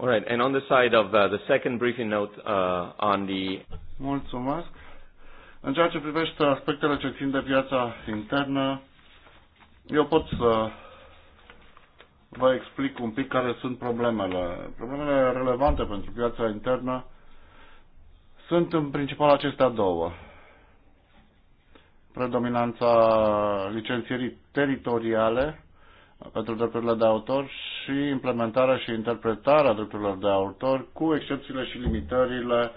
All right. And on the side of uh, the second briefing note uh, on the... Mulțumesc. În ceea ce privește aspectele ce țin de piața internă, eu pot să vă explic un pic care sunt problemele. Problemele relevante pentru piața internă sunt în principal acestea două. Predominanța licențierii teritoriale pentru drepturile de autor și implementarea și interpretarea drepturilor de autor, cu excepțiile și limitările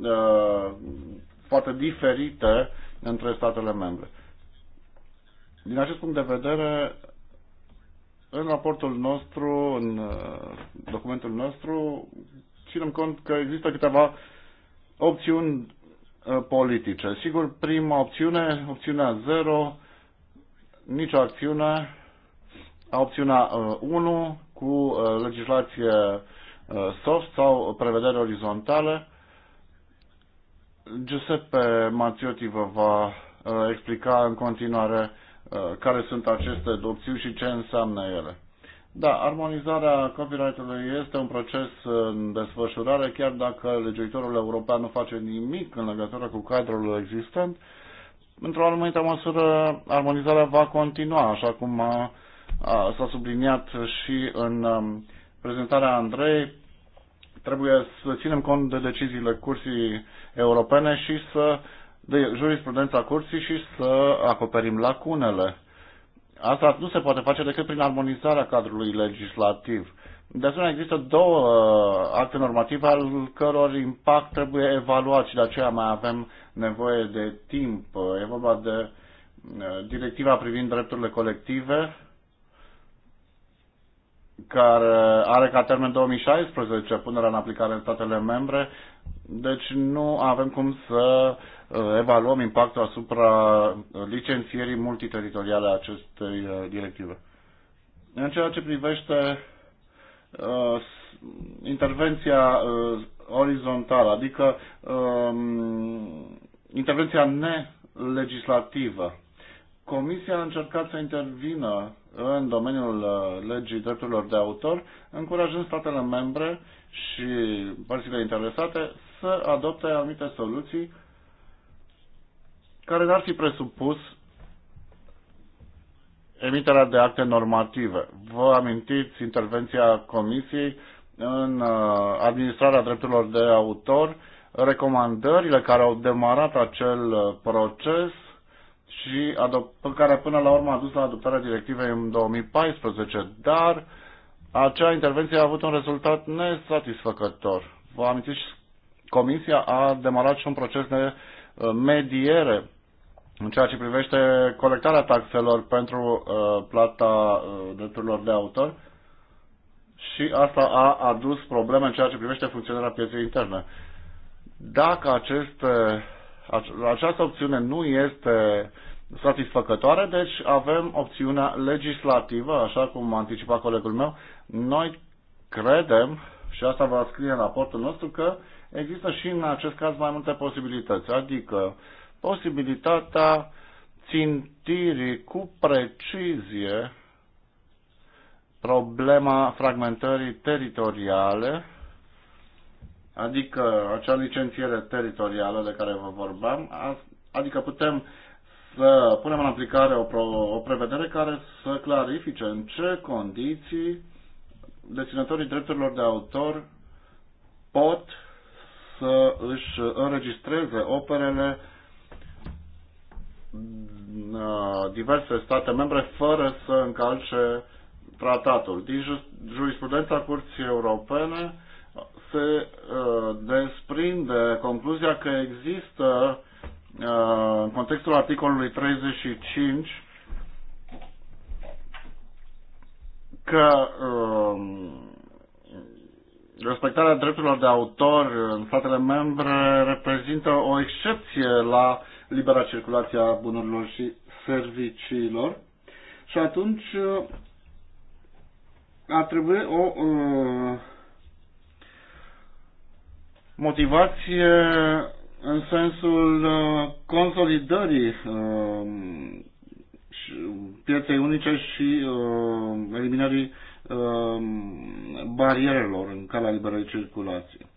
uh, foarte diferite între statele membre. Din acest punct de vedere, în raportul nostru, în uh, documentul nostru, ținem cont că există câteva opțiuni uh, politice. Sigur, prima opțiune, opțiunea 0, nicio acțiune, opțiunea 1 uh, cu uh, legislație uh, soft sau prevedere orizontală. Giuseppe Mazziotti vă va explica în continuare care sunt aceste opțiuni și ce înseamnă ele. Da, armonizarea copyright-ului este un proces în desfășurare, chiar dacă legiuitorul european nu face nimic în legătură cu cadrul existent. Într-o anumită măsură, armonizarea va continua, așa cum a s-a subliniat și în um, prezentarea Andrei, trebuie să ținem cont de deciziile curții europene și să de jurisprudența curții și să acoperim lacunele. Asta nu se poate face decât prin armonizarea cadrului legislativ. De asemenea, există două uh, acte normative al căror impact trebuie evaluat și de aceea mai avem nevoie de timp. E vorba de uh, directiva privind drepturile colective care are ca termen 2016 punerea în aplicare în statele membre, deci nu avem cum să uh, evaluăm impactul asupra licențierii multiteritoriale a acestei uh, directive. În ceea ce privește uh, intervenția uh, orizontală, adică uh, intervenția nelegislativă, Comisia a încercat să intervină în domeniul uh, legii drepturilor de autor, încurajând statele membre și părțile interesate să adopte anumite soluții care n-ar fi presupus emiterea de acte normative. Vă amintiți intervenția Comisiei în uh, administrarea drepturilor de autor, recomandările care au demarat acel uh, proces și care până la urmă a dus la adoptarea directivei în 2014, dar acea intervenție a avut un rezultat nesatisfăcător. Vă amintiți, Comisia a demarat și un proces de uh, mediere în ceea ce privește colectarea taxelor pentru uh, plata uh, drepturilor de autor și asta a adus probleme în ceea ce privește funcționarea pieței interne. Dacă aceste această opțiune nu este satisfăcătoare, deci avem opțiunea legislativă, așa cum anticipat colegul meu. Noi credem, și asta va scrie în raportul nostru, că există și în acest caz mai multe posibilități, adică posibilitatea țintirii cu precizie problema fragmentării teritoriale adică acea licențiere teritorială de care vă vorbeam, adică putem să punem în aplicare o, pro, o prevedere care să clarifice în ce condiții deținătorii drepturilor de autor pot să își înregistreze operele în diverse state membre fără să încalce tratatul. Din jurisprudența Curții Europene se uh, desprinde concluzia că există uh, în contextul articolului 35 că um, respectarea drepturilor de autor în statele membre reprezintă o excepție la libera circulație a bunurilor și serviciilor și atunci uh, ar trebui o uh, motivați în sensul consolidării pieței unice și eliminării barierelor în calea liberei circulații.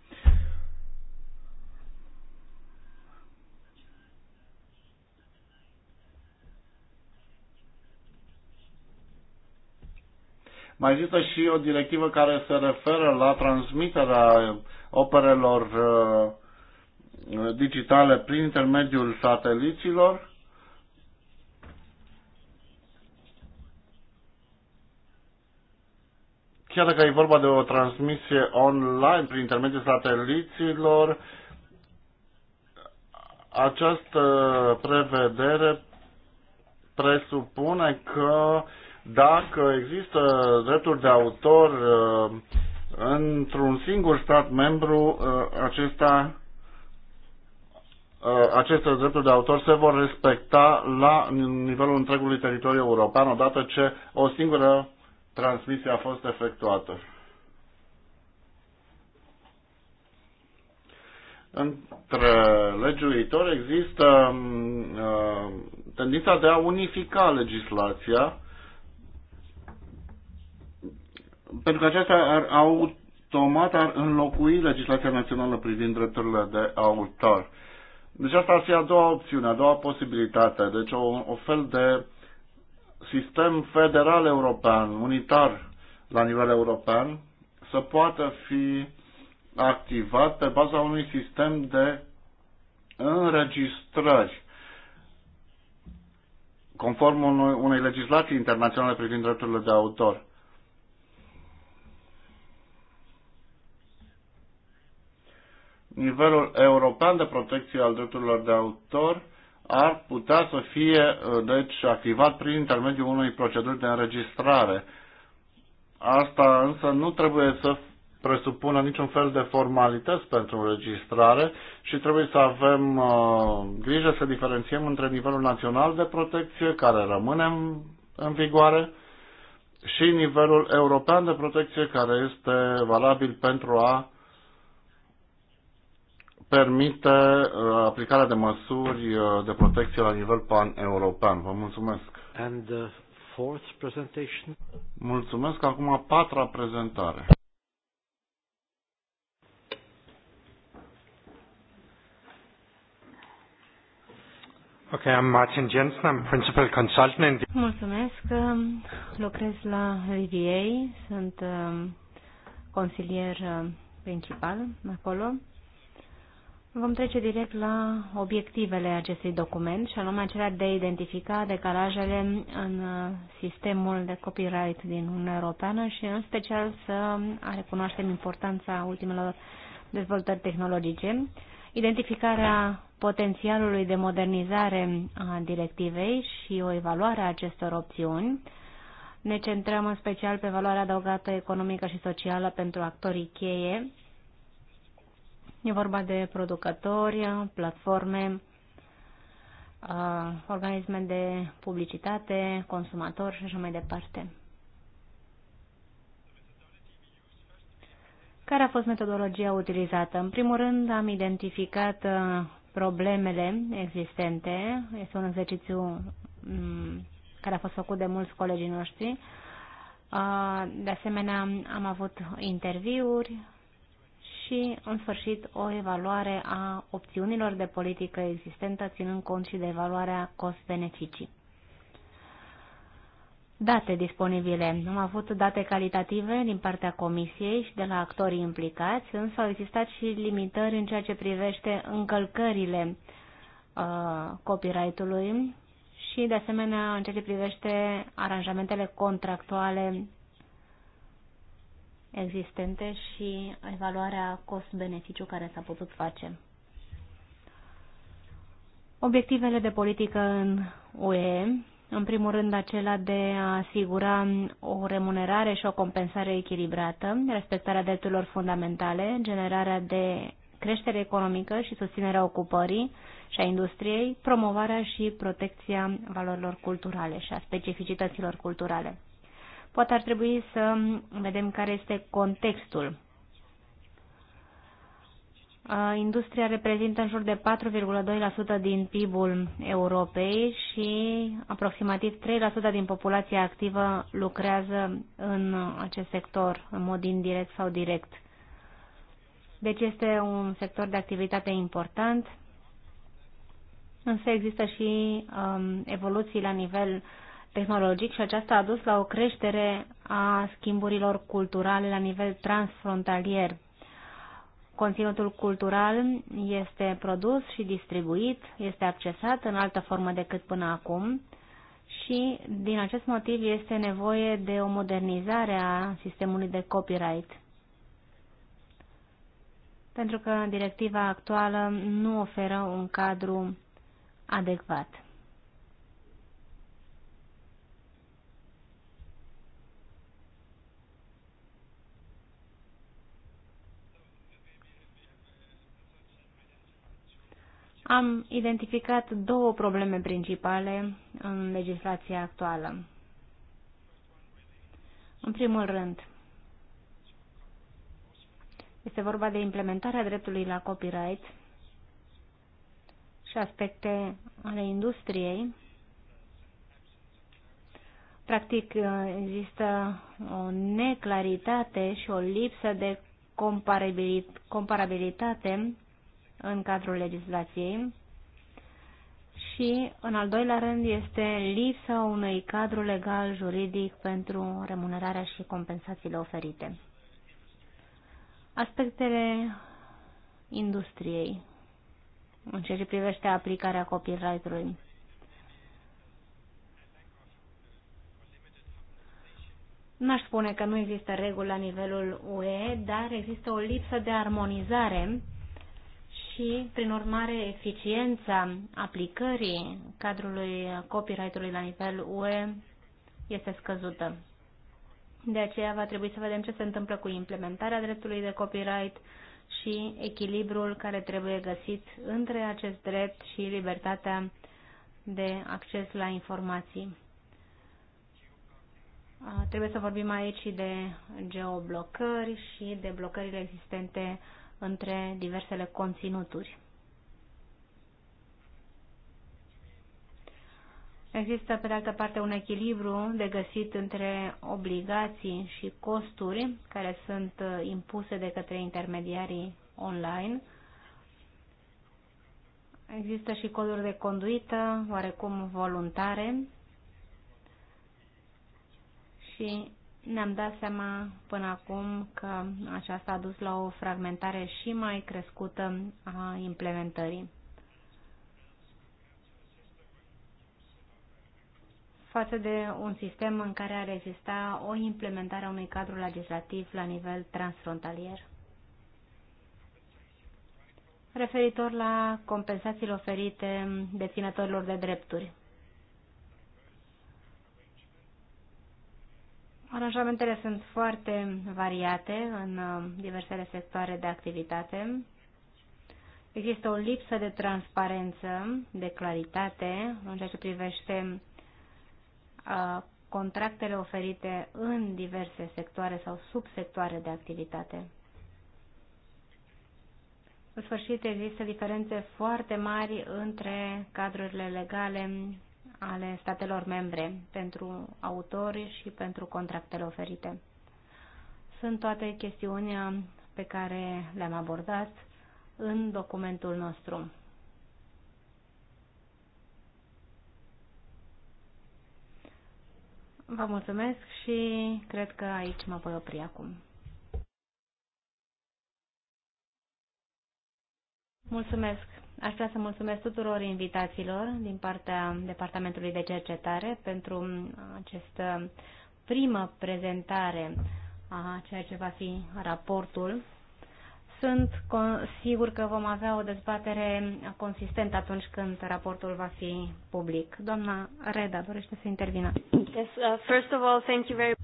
Mai există și o directivă care se referă la transmiterea operelor uh, digitale prin intermediul sateliților. Chiar dacă e vorba de o transmisie online prin intermediul sateliților, această prevedere presupune că dacă există drepturi de autor uh, într-un singur stat membru uh, acesta, uh, aceste drepturi de autor se vor respecta la nivelul întregului teritoriu european odată ce o singură transmisie a fost efectuată. Între legiuitori există mm, uh, tendința de a unifica legislația pentru că acestea ar, automat ar înlocui legislația națională privind drepturile de autor. Deci asta ar fi a doua opțiune, a doua posibilitate, deci o, o fel de sistem federal european, unitar la nivel european, să poată fi activat pe baza unui sistem de înregistrări conform unui, unei legislații internaționale privind drepturile de autor. nivelul european de protecție al drepturilor de autor ar putea să fie uh, deci activat prin intermediul unui proceduri de înregistrare. Asta însă nu trebuie să presupună niciun fel de formalități pentru înregistrare și trebuie să avem uh, grijă să diferențiem între nivelul național de protecție, care rămâne în, în vigoare, și nivelul european de protecție, care este valabil pentru a permite uh, aplicarea de măsuri uh, de protecție la nivel pan-european. Vă mulțumesc! And the fourth presentation. Mulțumesc! Acum a patra prezentare. Okay, I'm Martin Jensen, I'm principal consultant in Mulțumesc, um, lucrez la VBA, sunt um, consilier um, principal acolo Vom trece direct la obiectivele acestui document și anume acelea de a identifica decalajele în uh, sistemul de copyright din Uniunea Europeană și în special să recunoaștem importanța ultimelor dezvoltări tehnologice, identificarea potențialului de modernizare a directivei și o evaluare a acestor opțiuni. Ne centrăm în special pe valoarea adăugată economică și socială pentru actorii cheie E vorba de producători, platforme, organisme de publicitate, consumatori și așa mai departe. Care a fost metodologia utilizată? În primul rând am identificat problemele existente. Este un exercițiu care a fost făcut de mulți colegii noștri. De asemenea, am avut interviuri și, în sfârșit, o evaluare a opțiunilor de politică existentă, ținând cont și de evaluarea cost-beneficii. Date disponibile. Am avut date calitative din partea comisiei și de la actorii implicați, însă au existat și limitări în ceea ce privește încălcările uh, copyright-ului și, de asemenea, în ceea ce privește aranjamentele contractuale existente și evaluarea cost-beneficiu care s-a putut face. Obiectivele de politică în UE, în primul rând acela de a asigura o remunerare și o compensare echilibrată, respectarea drepturilor fundamentale, generarea de creștere economică și susținerea ocupării și a industriei, promovarea și protecția valorilor culturale și a specificităților culturale. Poate ar trebui să vedem care este contextul. Industria reprezintă în jur de 4,2% din PIB-ul Europei și aproximativ 3% din populația activă lucrează în acest sector, în mod indirect sau direct. Deci este un sector de activitate important, însă există și um, evoluții la nivel tehnologic și aceasta a dus la o creștere a schimburilor culturale la nivel transfrontalier. Conținutul cultural este produs și distribuit, este accesat în altă formă decât până acum și din acest motiv este nevoie de o modernizare a sistemului de copyright. Pentru că directiva actuală nu oferă un cadru adecvat. Am identificat două probleme principale în legislația actuală. În primul rând, este vorba de implementarea dreptului la copyright și aspecte ale industriei. Practic, există o neclaritate și o lipsă de comparabilitate în cadrul legislației și, în al doilea rând, este lipsa unui cadru legal juridic pentru remunerarea și compensațiile oferite. Aspectele industriei în ceea ce privește aplicarea copyright-ului. N-aș spune că nu există reguli la nivelul UE, dar există o lipsă de armonizare și, prin urmare, eficiența aplicării cadrului copyright-ului la nivel UE este scăzută. De aceea va trebui să vedem ce se întâmplă cu implementarea dreptului de copyright și echilibrul care trebuie găsit între acest drept și libertatea de acces la informații. Trebuie să vorbim aici și de geoblocări și de blocările existente între diversele conținuturi. Există, pe de altă parte, un echilibru de găsit între obligații și costuri care sunt uh, impuse de către intermediarii online. Există și coduri de conduită, oarecum voluntare, și ne-am dat seama până acum că aceasta a dus la o fragmentare și mai crescută a implementării. față de un sistem în care ar exista o implementare a unui cadru legislativ la nivel transfrontalier. Referitor la compensațiile oferite deținătorilor de drepturi. Aranjamentele sunt foarte variate în uh, diversele sectoare de activitate. Există o lipsă de transparență, de claritate în ceea ce privește uh, contractele oferite în diverse sectoare sau subsectoare de activitate. În sfârșit, există diferențe foarte mari între cadrurile legale ale statelor membre pentru autori și pentru contractele oferite. Sunt toate chestiunea pe care le-am abordat în documentul nostru. Vă mulțumesc și cred că aici mă voi opri acum. Mulțumesc, Aș vrea să mulțumesc tuturor invitațiilor din partea Departamentului de Cercetare pentru această primă prezentare a ceea ce va fi raportul. Sunt sigur că vom avea o dezbatere consistentă atunci când raportul va fi public. Doamna Reda dorește să intervină. Yes, uh, first of all, thank you very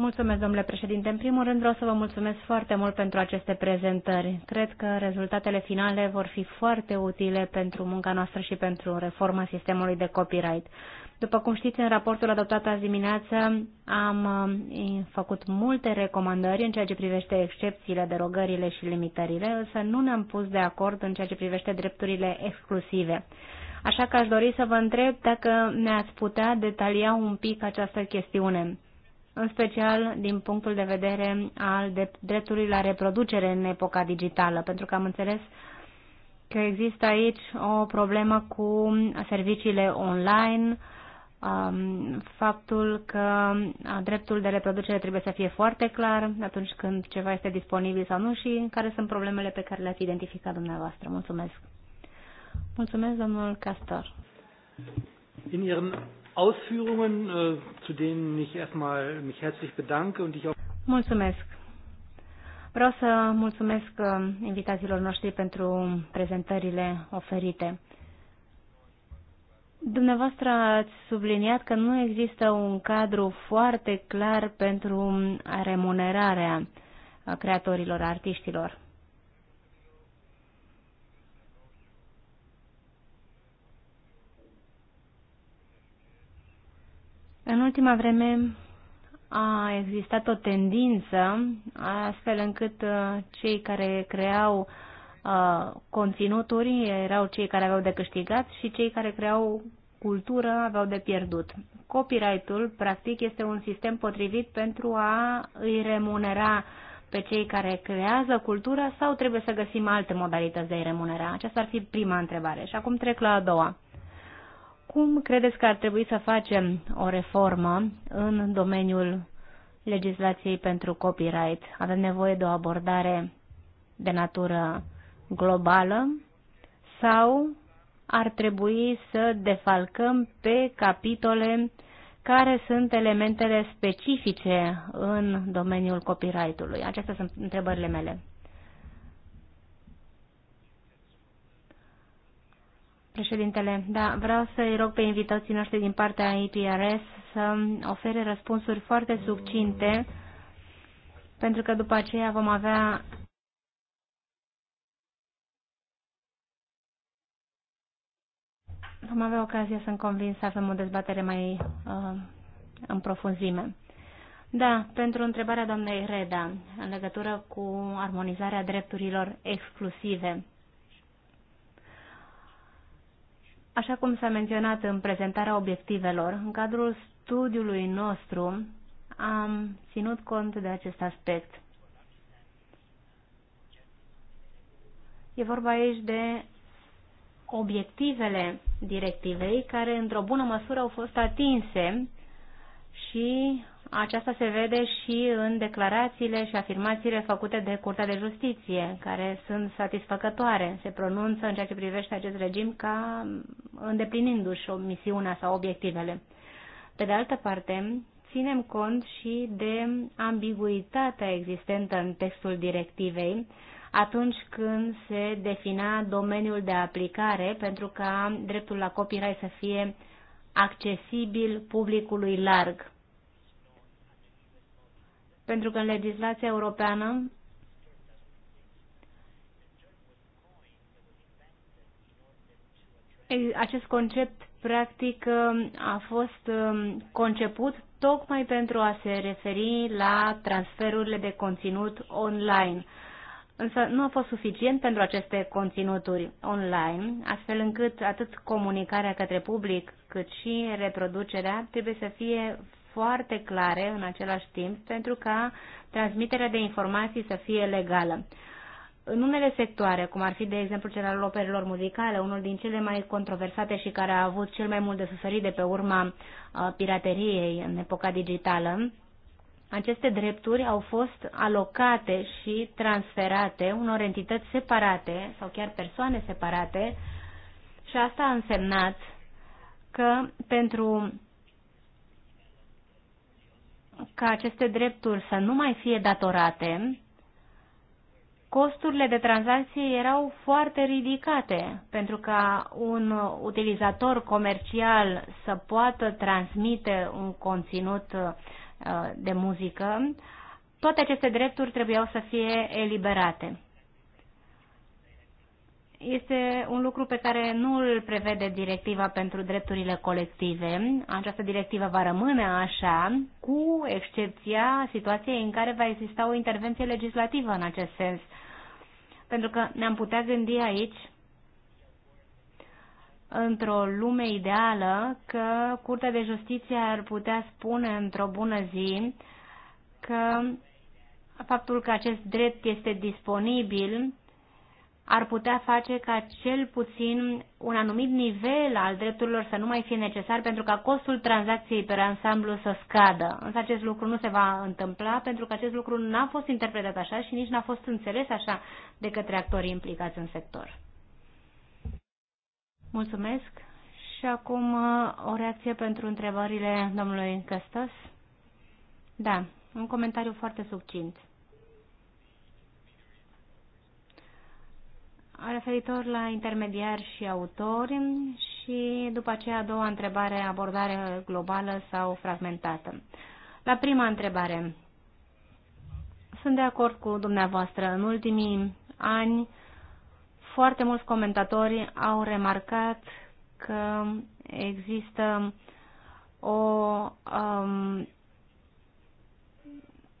Mulțumesc, domnule președinte. În primul rând vreau să vă mulțumesc foarte mult pentru aceste prezentări. Cred că rezultatele finale vor fi foarte utile pentru munca noastră și pentru reforma sistemului de copyright. După cum știți, în raportul adoptat azi dimineață am eh, făcut multe recomandări în ceea ce privește excepțiile, derogările și limitările, însă nu ne-am pus de acord în ceea ce privește drepturile exclusive. Așa că aș dori să vă întreb dacă ne-ați putea detalia un pic această chestiune în special din punctul de vedere al dreptului la reproducere în epoca digitală, pentru că am înțeles că există aici o problemă cu serviciile online, um, faptul că uh, dreptul de reproducere trebuie să fie foarte clar atunci când ceva este disponibil sau nu și care sunt problemele pe care le-ați identificat dumneavoastră. Mulțumesc. Mulțumesc, domnul Castor. In Ihren Ausführungen, äh, zu denen ich erstmal mich herzlich bedanke und ich auch Mulțumesc. Vreau să mulțumesc uh, invitațiilor noștri pentru prezentările oferite. Dumneavoastră ați subliniat că nu există un cadru foarte clar pentru remunerarea uh, creatorilor, artiștilor. În ultima vreme a existat o tendință astfel încât uh, cei care creau uh, conținuturi erau cei care aveau de câștigat și cei care creau cultură aveau de pierdut. Copyright-ul, practic, este un sistem potrivit pentru a îi remunera pe cei care creează cultura sau trebuie să găsim alte modalități de a-i remunera? Aceasta ar fi prima întrebare. Și acum trec la a doua. Cum credeți că ar trebui să facem o reformă în domeniul legislației pentru copyright? Avem nevoie de o abordare de natură globală sau ar trebui să defalcăm pe capitole care sunt elementele specifice în domeniul copyright-ului? Acestea sunt întrebările mele. Președintele, da, vreau să-i rog pe invitații noștri din partea IPRS să ofere răspunsuri foarte succinte, pentru că după aceea vom avea vom avea ocazia, să să-mi convins, să avem o dezbatere mai uh, în profunzime. Da, pentru întrebarea doamnei Reda, în legătură cu armonizarea drepturilor exclusive Așa cum s-a menționat în prezentarea obiectivelor, în cadrul studiului nostru am ținut cont de acest aspect. E vorba aici de obiectivele directivei care într-o bună măsură au fost atinse și aceasta se vede și în declarațiile și afirmațiile făcute de Curtea de Justiție, care sunt satisfăcătoare. Se pronunță în ceea ce privește acest regim ca îndeplinindu-și misiunea sau obiectivele. Pe de altă parte, ținem cont și de ambiguitatea existentă în textul directivei atunci când se defina domeniul de aplicare pentru ca dreptul la copyright să fie accesibil publicului larg pentru că în legislația europeană acest concept practic a fost conceput tocmai pentru a se referi la transferurile de conținut online. Însă nu a fost suficient pentru aceste conținuturi online, astfel încât atât comunicarea către public cât și reproducerea trebuie să fie foarte clare în același timp pentru ca transmiterea de informații să fie legală. În unele sectoare, cum ar fi de exemplu cel al operelor muzicale, unul din cele mai controversate și care a avut cel mai mult de suferit de pe urma uh, pirateriei în epoca digitală, aceste drepturi au fost alocate și transferate unor entități separate sau chiar persoane separate și asta a însemnat că pentru ca aceste drepturi să nu mai fie datorate, costurile de tranzacție erau foarte ridicate, pentru ca un utilizator comercial să poată transmite un conținut uh, de muzică, toate aceste drepturi trebuiau să fie eliberate este un lucru pe care nu îl prevede directiva pentru drepturile colective. Această directivă va rămâne așa, cu excepția situației în care va exista o intervenție legislativă în acest sens. Pentru că ne-am putea gândi aici, într-o lume ideală, că Curtea de Justiție ar putea spune într-o bună zi că faptul că acest drept este disponibil ar putea face ca cel puțin un anumit nivel al drepturilor să nu mai fie necesar pentru ca costul tranzacției pe ansamblu să scadă. Însă acest lucru nu se va întâmpla pentru că acest lucru n-a fost interpretat așa și nici n-a fost înțeles așa de către actorii implicați în sector. Mulțumesc și acum uh, o reacție pentru întrebările domnului Căstăs. Da, un comentariu foarte succint. referitor la intermediari și autori și după aceea a doua întrebare, abordare globală sau fragmentată. La prima întrebare, sunt de acord cu dumneavoastră. În ultimii ani, foarte mulți comentatori au remarcat că există o um,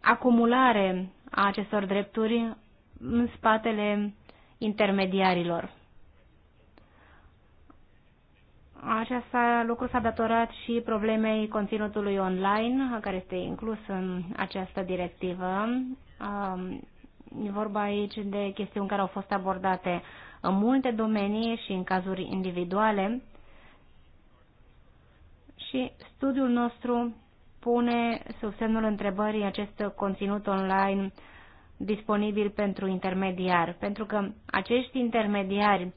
acumulare a acestor drepturi în spatele intermediarilor. Aceasta lucru s-a datorat și problemei conținutului online, care este inclus în această directivă. Um, e vorba aici de chestiuni care au fost abordate în multe domenii și în cazuri individuale. Și studiul nostru pune sub semnul întrebării acest conținut online uh, disponibil pentru intermediar, pentru că acești intermediari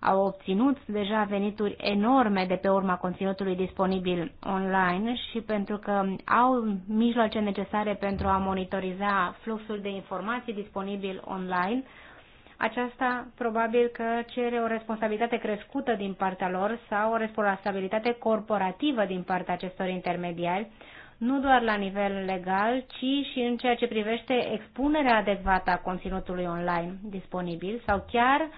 au obținut deja venituri enorme de pe urma conținutului disponibil online și pentru că au mijloace necesare pentru a monitoriza fluxul de informații disponibil online, aceasta probabil că cere o responsabilitate crescută din partea lor sau o responsabilitate corporativă din partea acestor intermediari, nu doar la nivel legal, ci și în ceea ce privește expunerea adecvată a conținutului online disponibil sau chiar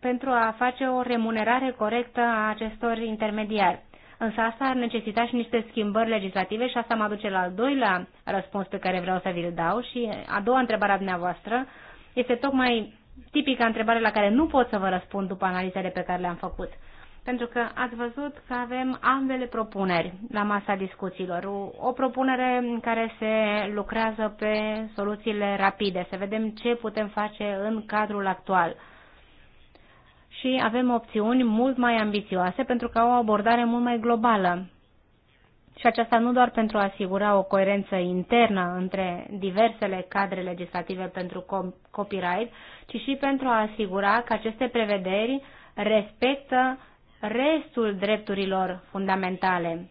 pentru a face o remunerare corectă a acestor intermediari. Însă asta ar necesita și niște schimbări legislative și asta mă aduce la al doilea răspuns pe care vreau să vi-l dau și a doua întrebare a dumneavoastră este tocmai tipica întrebare la care nu pot să vă răspund după analizele pe care le-am făcut. Pentru că ați văzut că avem ambele propuneri la masa discuțiilor. O propunere în care se lucrează pe soluțiile rapide, să vedem ce putem face în cadrul actual și avem opțiuni mult mai ambițioase pentru că au o abordare mult mai globală. Și aceasta nu doar pentru a asigura o coerență internă între diversele cadre legislative pentru copyright, ci și pentru a asigura că aceste prevederi respectă restul drepturilor fundamentale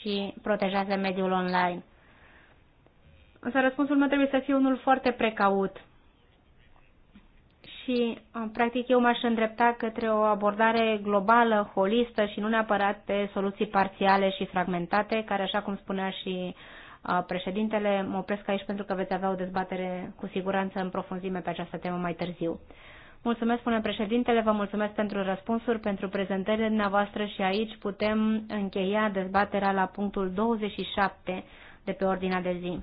și protejează mediul online. Însă răspunsul meu trebuie să fie unul foarte precaut. Și, uh, practic, eu m-aș îndrepta către o abordare globală, holistă și nu neapărat pe soluții parțiale și fragmentate, care, așa cum spunea și uh, președintele, mă opresc aici pentru că veți avea o dezbatere cu siguranță în profunzime pe această temă mai târziu. Mulțumesc, spune președintele, vă mulțumesc pentru răspunsuri, pentru prezentările dumneavoastră și aici putem încheia dezbaterea la punctul 27 de pe ordinea de zi.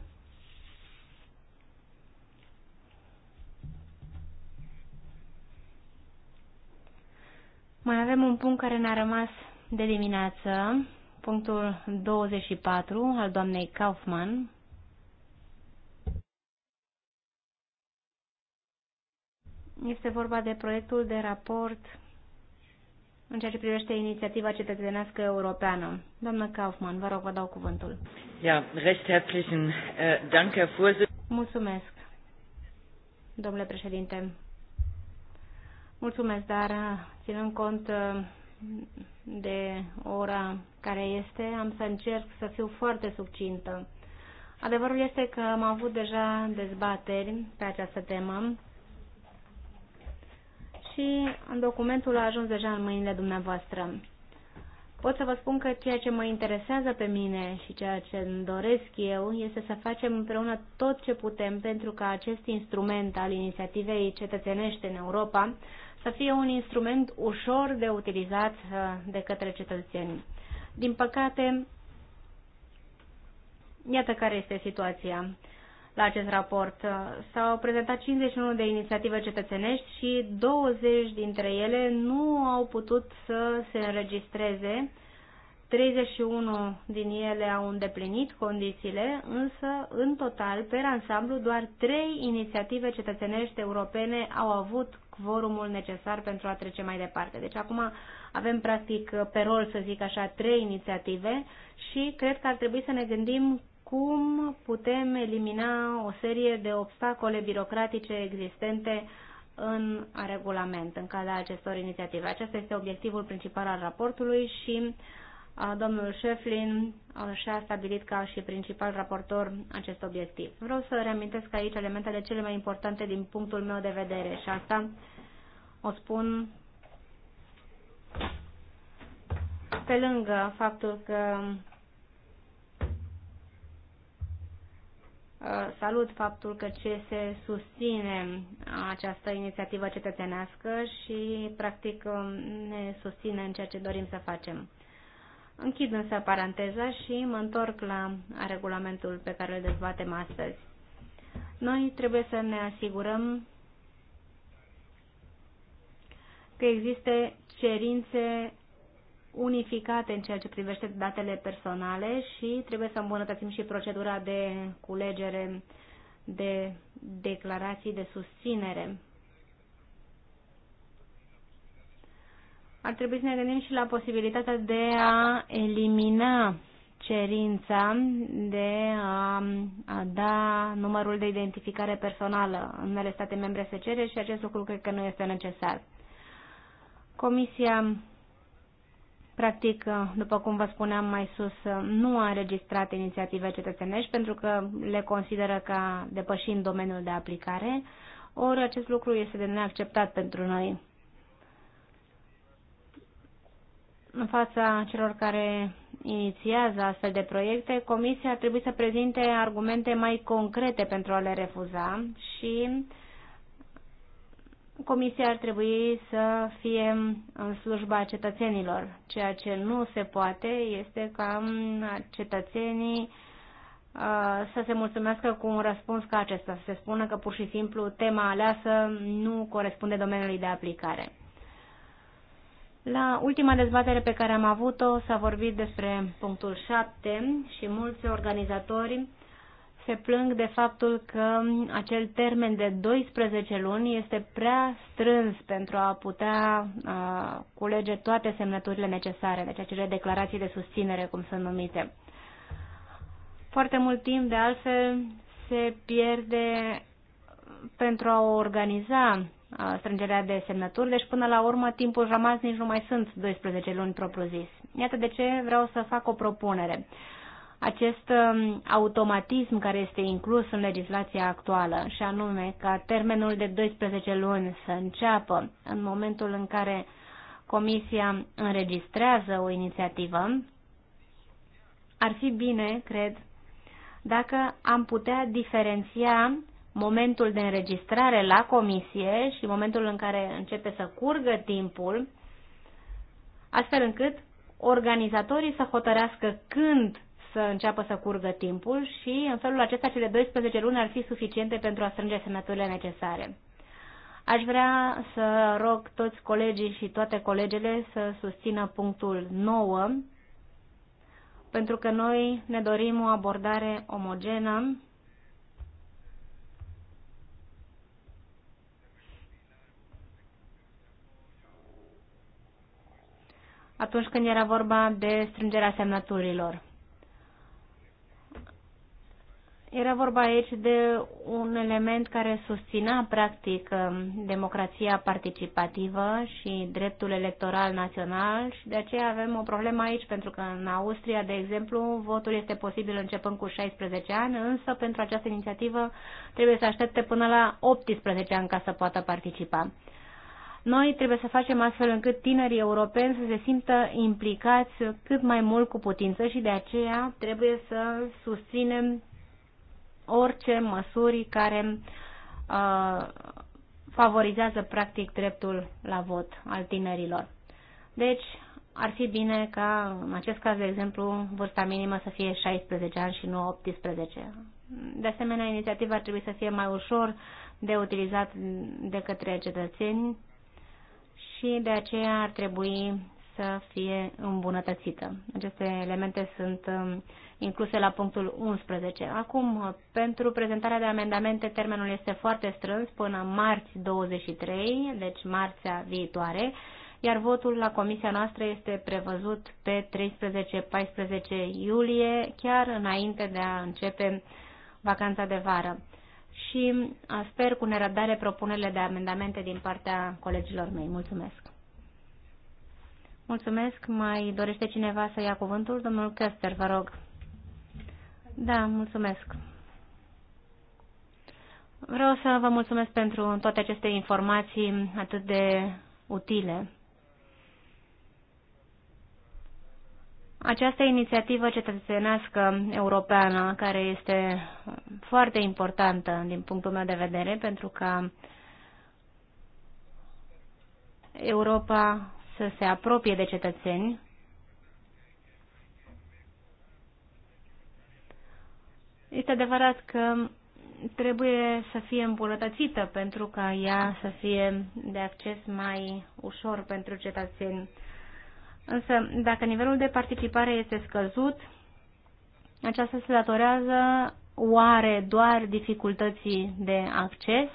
Mai avem un punct care ne-a rămas de dimineață, punctul 24 al doamnei Kaufman. Este vorba de proiectul de raport în ceea ce privește inițiativa cetățenească europeană. Doamnă Kaufmann, vă rog, vă dau cuvântul. Ja, recht herzlichen äh, Dank, Herr Vorsitz. Mulțumesc, domnule președinte. Mulțumesc, dar ținând cont uh, de ora care este, am să încerc să fiu foarte succintă. Adevărul este că am avut deja dezbateri pe această temă și documentul a ajuns deja în mâinile dumneavoastră. Pot să vă spun că ceea ce mă interesează pe mine și ceea ce îmi doresc eu este să facem împreună tot ce putem pentru ca acest instrument al inițiativei cetățenești în Europa să fie un instrument ușor de utilizat uh, de către cetățeni. Din păcate, iată care este situația la acest raport. S-au prezentat 51 de inițiative cetățenești și 20 dintre ele nu au putut să se înregistreze. 31 din ele au îndeplinit condițiile, însă, în total, pe ansamblu, doar 3 inițiative cetățenești europene au avut quorumul necesar pentru a trece mai departe. Deci acum avem practic pe rol, să zic așa, trei inițiative și cred că ar trebui să ne gândim cum putem elimina o serie de obstacole birocratice existente în regulament, în calea acestor inițiative. Acesta este obiectivul principal al raportului și domnul Șeflin și-a stabilit ca și principal raportor acest obiectiv. Vreau să reamintesc aici elementele cele mai importante din punctul meu de vedere și asta o spun pe lângă faptul că Uh, salut faptul că ce se susține această inițiativă cetățenească și, practic, um, ne susține în ceea ce dorim să facem. Închid însă paranteza și mă întorc la regulamentul pe care îl dezbatem astăzi. Noi trebuie să ne asigurăm că există cerințe unificate în ceea ce privește datele personale și trebuie să îmbunătățim și procedura de culegere de declarații de susținere. Ar trebui să ne gândim și la posibilitatea de a elimina cerința de a, a da numărul de identificare personală. În unele state membre se cere și acest lucru cred că nu este necesar. Comisia practic, după cum vă spuneam mai sus, nu a înregistrat inițiative cetățenești pentru că le consideră ca depășind domeniul de aplicare, ori acest lucru este de neacceptat pentru noi. În fața celor care inițiază astfel de proiecte, Comisia ar trebui să prezinte argumente mai concrete pentru a le refuza și uh, Comisia ar trebui să fie în slujba cetățenilor. Ceea ce nu se poate este ca mm, cetățenii uh, să se mulțumească cu un răspuns ca acesta, să se spună că pur și simplu tema aleasă nu corespunde domeniului de aplicare. La ultima dezbatere pe care am avut-o s-a vorbit despre punctul 7 și mulți organizatori se plâng de faptul că acel termen de 12 luni este prea strâns pentru a putea a, culege toate semnăturile necesare, deci acele declarații de susținere, cum sunt numite. Foarte mult timp, de altfel, se pierde pentru a organiza strângerea de semnături, deci până la urmă timpul rămas nici nu mai sunt 12 luni propriu-zis. Iată de ce vreau să fac o propunere. Uh, acest um, automatism care este inclus în legislația actuală, și anume ca termenul de 12 luni să înceapă în momentul în care Comisia înregistrează o inițiativă, ar fi bine, cred, dacă am putea diferenția momentul de înregistrare la comisie și momentul în care începe să curgă timpul, astfel încât organizatorii să hotărească când să înceapă să curgă timpul și în felul acesta cele 12 luni ar fi suficiente pentru a strânge semnăturile necesare. Aș vrea să rog toți colegii și toate colegele să susțină punctul 9, pentru că noi ne dorim o abordare omogenă atunci când era vorba de strângerea semnăturilor. Era vorba aici de un element care susținea practic um, democrația participativă și dreptul electoral național și de aceea avem o problemă aici pentru că în Austria, de exemplu, votul este posibil începând cu 16 ani, însă pentru această inițiativă trebuie să aștepte până la 18 ani ca să poată participa. Noi trebuie să facem astfel încât tinerii europeni să se simtă implicați cât mai mult cu putință și de aceea trebuie să susținem orice măsuri care uh, favorizează practic dreptul la vot al tinerilor. Deci, ar fi bine ca, în acest caz, de exemplu, vârsta minimă să fie 16 ani și nu 18. De asemenea, inițiativa ar trebui să fie mai ușor de utilizat de către cetățeni și de aceea ar trebui să fie îmbunătățită. Aceste elemente sunt um, incluse la punctul 11. Acum, uh, pentru prezentarea de amendamente, termenul este foarte strâns până marți 23, deci marțea viitoare, iar votul la comisia noastră este prevăzut pe 13-14 iulie, chiar înainte de a începe vacanța de vară. Și uh, sper cu nerăbdare propunerile de amendamente din partea colegilor mei. Mulțumesc! Mulțumesc. Mai dorește cineva să ia cuvântul? Domnul Căster, vă rog. Da, mulțumesc. Vreau să vă mulțumesc pentru toate aceste informații atât de utile. Această inițiativă cetățenească europeană, care este foarte importantă din punctul meu de vedere, pentru că Europa să se apropie de cetățeni, Este adevărat că trebuie să fie îmbunătățită pentru ca ea să fie de acces mai ușor pentru cetățeni. Însă, dacă nivelul de participare este scăzut, aceasta se datorează oare doar dificultății de acces?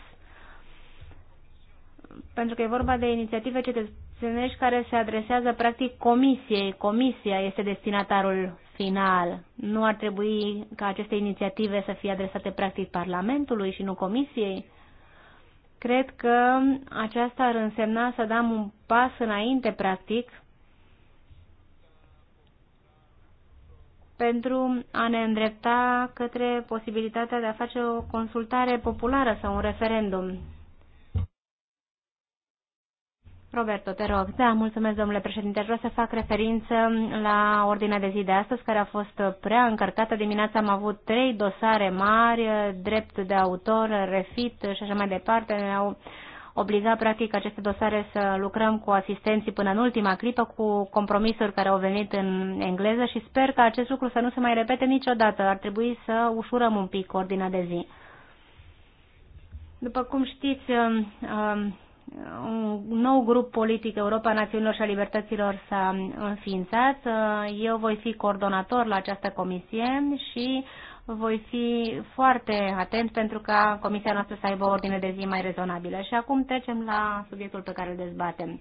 Pentru că e vorba de inițiative cetățenești care se adresează practic comisiei. Comisia este destinatarul final. Nu ar trebui ca aceste inițiative să fie adresate practic Parlamentului și nu Comisiei? Cred că aceasta ar însemna să dăm un pas înainte, practic, pentru a ne îndrepta către posibilitatea de a face o consultare populară sau un referendum Roberto, te rog. Da, mulțumesc, domnule președinte. Vreau să fac referință la ordinea de zi de astăzi, care a fost prea încărcată. Dimineața am avut trei dosare mari, drept de autor, refit și așa mai departe. Ne-au obligat, practic, aceste dosare să lucrăm cu asistenții până în ultima clipă, cu compromisuri care au venit în engleză și sper că acest lucru să nu se mai repete niciodată. Ar trebui să ușurăm un pic ordinea de zi. După cum știți, um, um, un nou grup politic Europa Națiunilor și a Libertăților s-a înființat. Eu voi fi coordonator la această comisie și voi fi foarte atent pentru ca comisia noastră să aibă o ordine de zi mai rezonabilă. Și acum trecem la subiectul pe care îl dezbatem.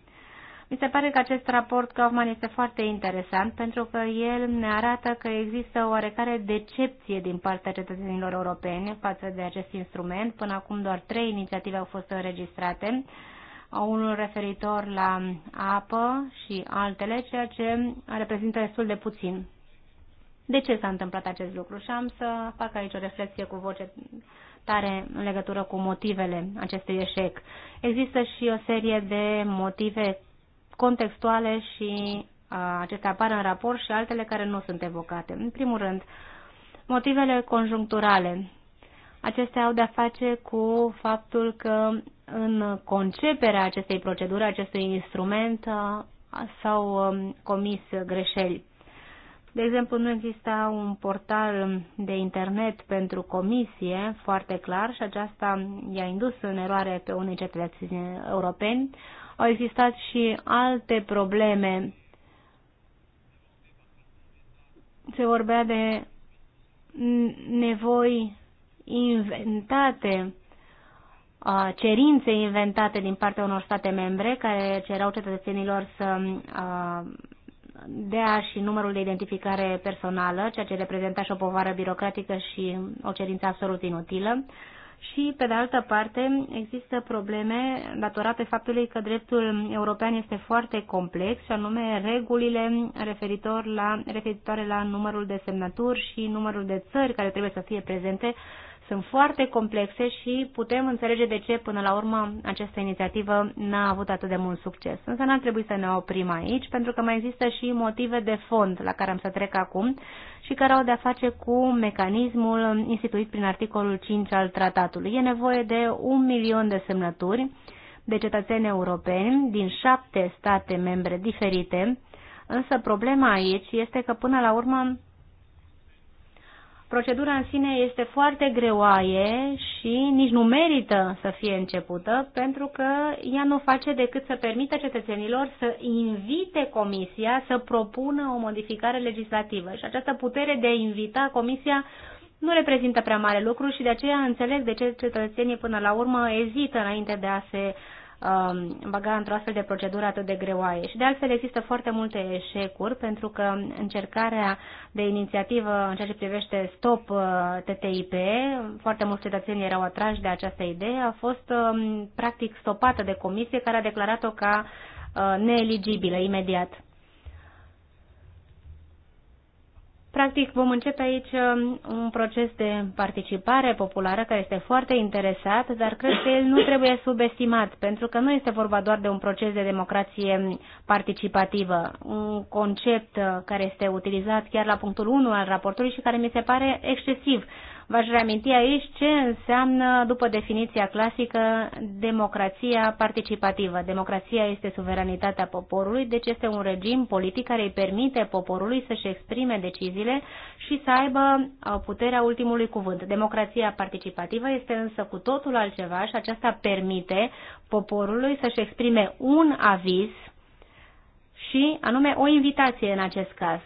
Mi se pare că acest raport Kaufman este foarte interesant pentru că el ne arată că există oarecare decepție din partea cetățenilor europeni față de acest instrument. Până acum doar trei inițiative au fost înregistrate, unul referitor la apă și altele, ceea ce reprezintă destul de puțin. De ce s-a întâmplat acest lucru? Și am să fac aici o reflexie cu voce tare în legătură cu motivele acestui eșec. Există și o serie de motive contextuale și acestea apar în raport și altele care nu sunt evocate. În primul rând, motivele conjuncturale. Acestea au de-a face cu faptul că în conceperea acestei proceduri, acestui instrument, s-au comis greșeli. De exemplu, nu exista un portal de internet pentru comisie foarte clar și aceasta i-a indus în eroare pe unii cetățeni europeni au existat și alte probleme. Se vorbea de nevoi inventate, cerințe inventate din partea unor state membre care cerau cetățenilor să dea și numărul de identificare personală, ceea ce reprezenta și o povară birocratică și o cerință absolut inutilă și, pe de altă parte, există probleme datorate faptului că dreptul european este foarte complex, și anume regulile referitor la, referitoare la numărul de semnături și numărul de țări care trebuie să fie prezente sunt foarte complexe și putem înțelege de ce, până la urmă, această inițiativă n-a avut atât de mult succes. Însă n-ar trebui să ne oprim aici, pentru că mai există și motive de fond la care am să trec acum și care au de-a face cu mecanismul instituit prin articolul 5 al tratatului. E nevoie de un milion de semnături de cetățeni europeni din șapte state membre diferite, însă problema aici este că până la urmă Procedura în sine este foarte greoaie și nici nu merită să fie începută, pentru că ea nu face decât să permită cetățenilor să invite Comisia să propună o modificare legislativă. Și această putere de a invita Comisia nu reprezintă prea mare lucru și de aceea înțeleg de ce cetățenii până la urmă ezită înainte de a se Um, baga într-o astfel de procedură atât de greoaie. Și de altfel există foarte multe eșecuri pentru că încercarea de inițiativă în ceea ce privește Stop uh, TTIP, foarte mulți cetățeni erau atrași de această idee, a fost um, practic stopată de comisie care a declarat-o ca uh, neeligibilă imediat. Practic, vom începe aici um, un proces de participare populară care este foarte interesat, dar cred că el nu trebuie subestimat, pentru că nu este vorba doar de un proces de democrație participativă, un concept uh, care este utilizat chiar la punctul 1 al raportului și care mi se pare excesiv V-aș reaminti aici ce înseamnă, după definiția clasică, democrația participativă. Democrația este suveranitatea poporului, deci este un regim politic care îi permite poporului să-și exprime deciziile și să aibă uh, puterea ultimului cuvânt. Democrația participativă este însă cu totul altceva și aceasta permite poporului să-și exprime un aviz și anume o invitație în acest caz.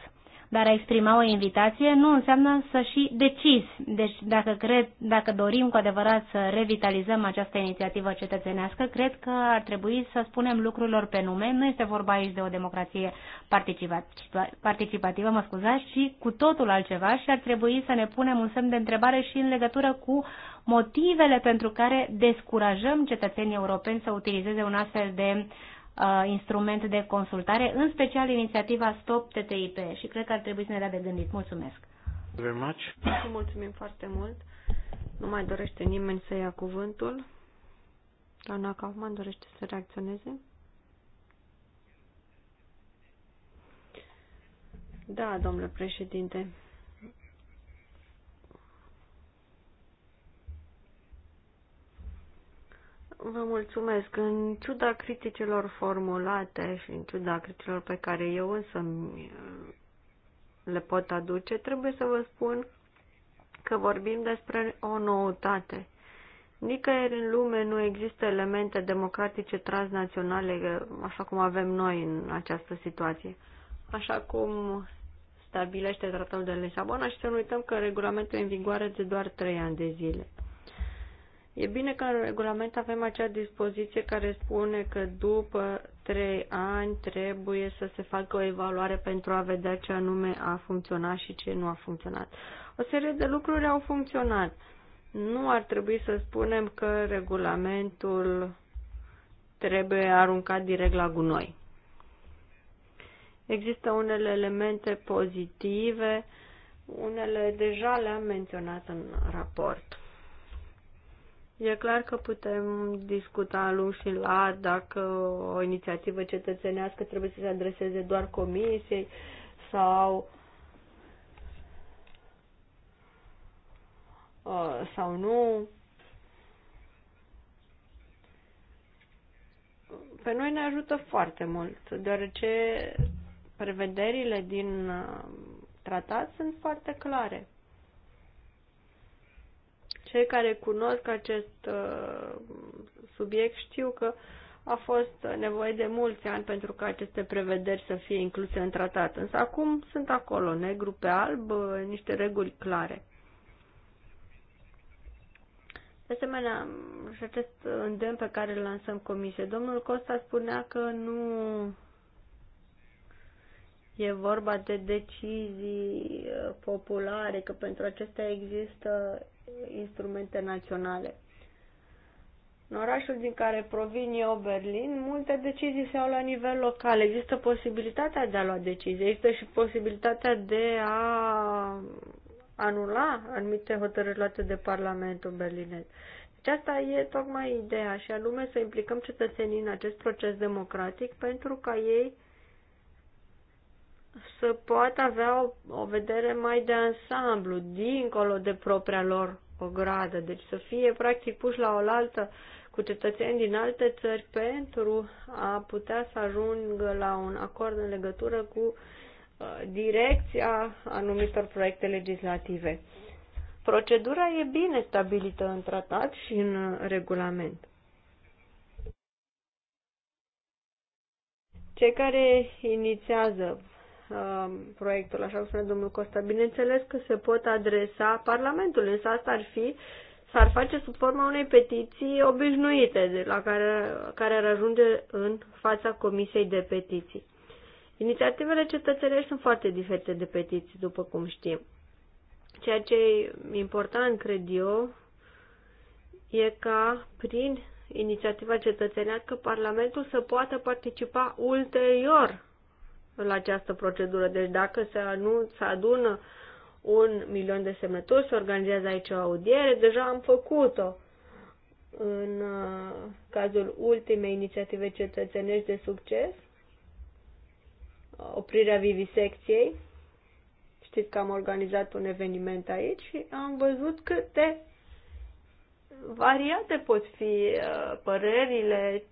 Dar a exprima o invitație nu înseamnă să și decizi. Deci dacă, cred, dacă dorim cu adevărat să revitalizăm această inițiativă cetățenească, cred că ar trebui să spunem lucrurilor pe nume. Nu este vorba aici de o democrație participativă, mă scuzați, ci cu totul altceva și ar trebui să ne punem un semn de întrebare și în legătură cu motivele pentru care descurajăm cetățenii europeni să utilizeze un astfel de uh, Uh, instrument de consultare, în special inițiativa Stop TTIP și cred că ar trebui să ne dea de gândit. Mulțumesc! Very much. Mulțumim foarte mult! Nu mai dorește nimeni să ia cuvântul. Doamna Kaufman dorește să reacționeze? Da, domnule președinte. Vă mulțumesc. În ciuda criticilor formulate și în ciuda criticilor pe care eu însă le pot aduce, trebuie să vă spun că vorbim despre o noutate. Nicăieri în lume nu există elemente democratice transnaționale așa cum avem noi în această situație. Așa cum stabilește tratatul de Lisabona și să nu uităm că regulamentul e în vigoare de doar 3 ani de zile. E bine că în regulament avem acea dispoziție care spune că după trei ani trebuie să se facă o evaluare pentru a vedea ce anume a funcționat și ce nu a funcționat. O serie de lucruri au funcționat. Nu ar trebui să spunem că regulamentul trebuie aruncat direct la gunoi. Există unele elemente pozitive, unele deja le-am menționat în raport. E clar că putem discuta lung și la dacă o inițiativă cetățenească trebuie să se adreseze doar comisiei sau ă, sau nu. Pe noi ne ajută foarte mult, deoarece prevederile din ă, tratat sunt foarte clare cei care cunosc acest uh, subiect știu că a fost nevoie de mulți ani pentru ca aceste prevederi să fie incluse în tratat. Însă acum sunt acolo, negru pe alb, uh, niște reguli clare. De asemenea, și acest îndemn pe care îl lansăm comisie, domnul Costa spunea că nu e vorba de decizii uh, populare, că pentru acestea există instrumente naționale. În orașul din care provin eu, Berlin, multe decizii se au la nivel local. Există posibilitatea de a lua decizii, există și posibilitatea de a anula anumite hotărâri luate de Parlamentul berlinez. Deci asta e tocmai ideea și anume să implicăm cetățenii în acest proces democratic pentru ca ei să poată avea o, o vedere mai de ansamblu, dincolo de propria lor ogradă, deci să fie practic puși la oaltă cu cetățeni din alte țări pentru a putea să ajungă la un acord în legătură cu uh, direcția anumitor proiecte legislative. Procedura e bine stabilită în tratat și în regulament. Cei care inițiază Um, proiectul, așa cum spune domnul Costa. Bineînțeles că se pot adresa Parlamentului, însă asta ar fi s-ar face sub forma unei petiții obișnuite, de la care, care ar ajunge în fața Comisiei de Petiții. Inițiativele cetățenești sunt foarte diferite de petiții, după cum știm. Ceea ce e important, cred eu, e ca prin inițiativa cetățenească Parlamentul să poată participa ulterior la această procedură. Deci dacă se, anunț, se adună un milion de semnături, se organizează aici o audiere, deja am făcut-o în uh, cazul ultimei inițiative cetățenești de succes, oprirea vivisecției. Știți că am organizat un eveniment aici și am văzut câte variate pot fi uh, părerile,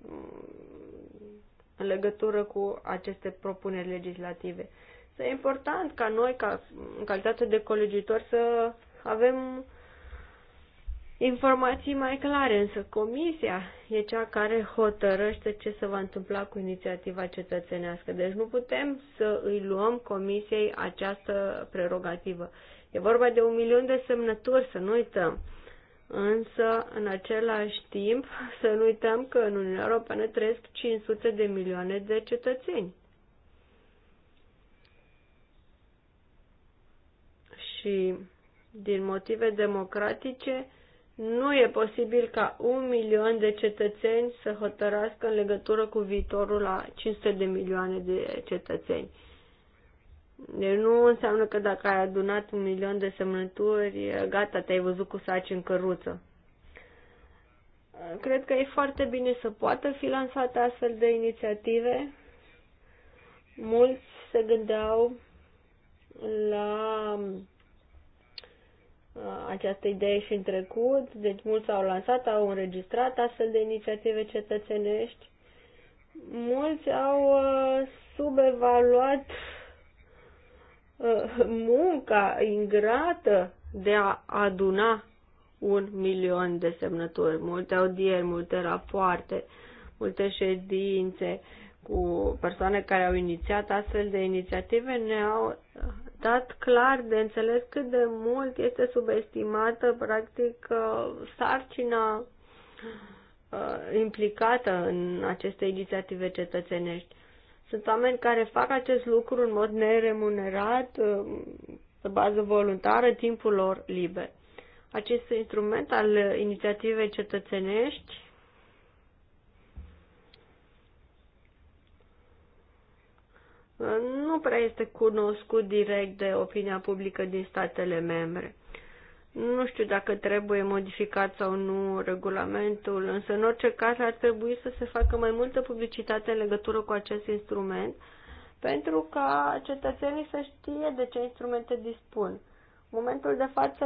în legătură cu aceste propuneri legislative. Este e important ca noi, ca, în calitate de colegiuitori, să avem informații mai clare, însă comisia e cea care hotărăște ce se va întâmpla cu inițiativa cetățenească. Deci nu putem să îi luăm comisiei această prerogativă. E vorba de un milion de semnături, să nu uităm. Însă, în același timp, să nu uităm că în Uniunea Europeană trăiesc 500 de milioane de cetățeni. Și din motive democratice, nu e posibil ca un milion de cetățeni să hotărască în legătură cu viitorul la 500 de milioane de cetățeni. Deci nu înseamnă că dacă ai adunat un milion de semnături, gata, te-ai văzut cu saci în căruță. Cred că e foarte bine să poată fi lansate astfel de inițiative. Mulți se gândeau la această idee și în trecut, deci mulți au lansat, au înregistrat astfel de inițiative cetățenești. Mulți au subevaluat Uh, munca ingrată de a aduna un milion de semnături, multe audieri, multe rapoarte, multe ședințe cu persoane care au inițiat astfel de inițiative ne-au dat clar de înțeles cât de mult este subestimată practic uh, sarcina uh, implicată în aceste inițiative cetățenești. Sunt oameni care fac acest lucru în mod neremunerat, uh, pe bază voluntară, timpul lor liber. Acest instrument al inițiativei cetățenești nu prea este cunoscut direct de opinia publică din statele membre. Nu știu dacă trebuie modificat sau nu regulamentul, însă în orice caz ar trebui să se facă mai multă publicitate în legătură cu acest instrument pentru ca cetățenii să știe de ce instrumente dispun. În momentul de față,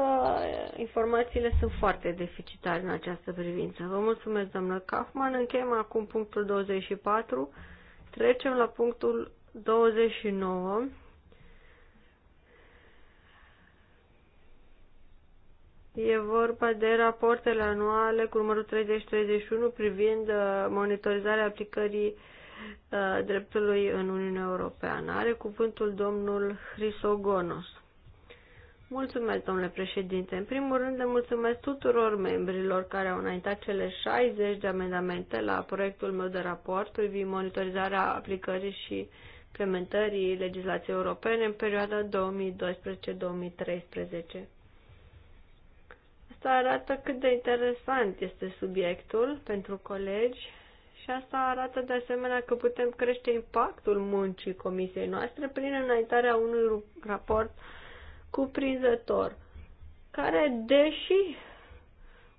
informațiile sunt foarte deficitare în această privință. Vă mulțumesc, doamnă Kaufman. Încheiem acum punctul 24. Trecem la punctul 29 E vorba de rapoartele anuale cu numărul 3031 privind uh, monitorizarea aplicării uh, dreptului în Uniunea Europeană. Are cuvântul domnul Hrisogonos. Mulțumesc, domnule președinte. În primul rând, le mulțumesc tuturor membrilor care au înaintat cele 60 de amendamente la proiectul meu de raport privind monitorizarea aplicării și implementării legislației europene în perioada 2012-2013. Asta arată cât de interesant este subiectul pentru colegi și asta arată de asemenea că putem crește impactul muncii comisiei noastre prin înaintarea unui raport cuprinzător, care, deși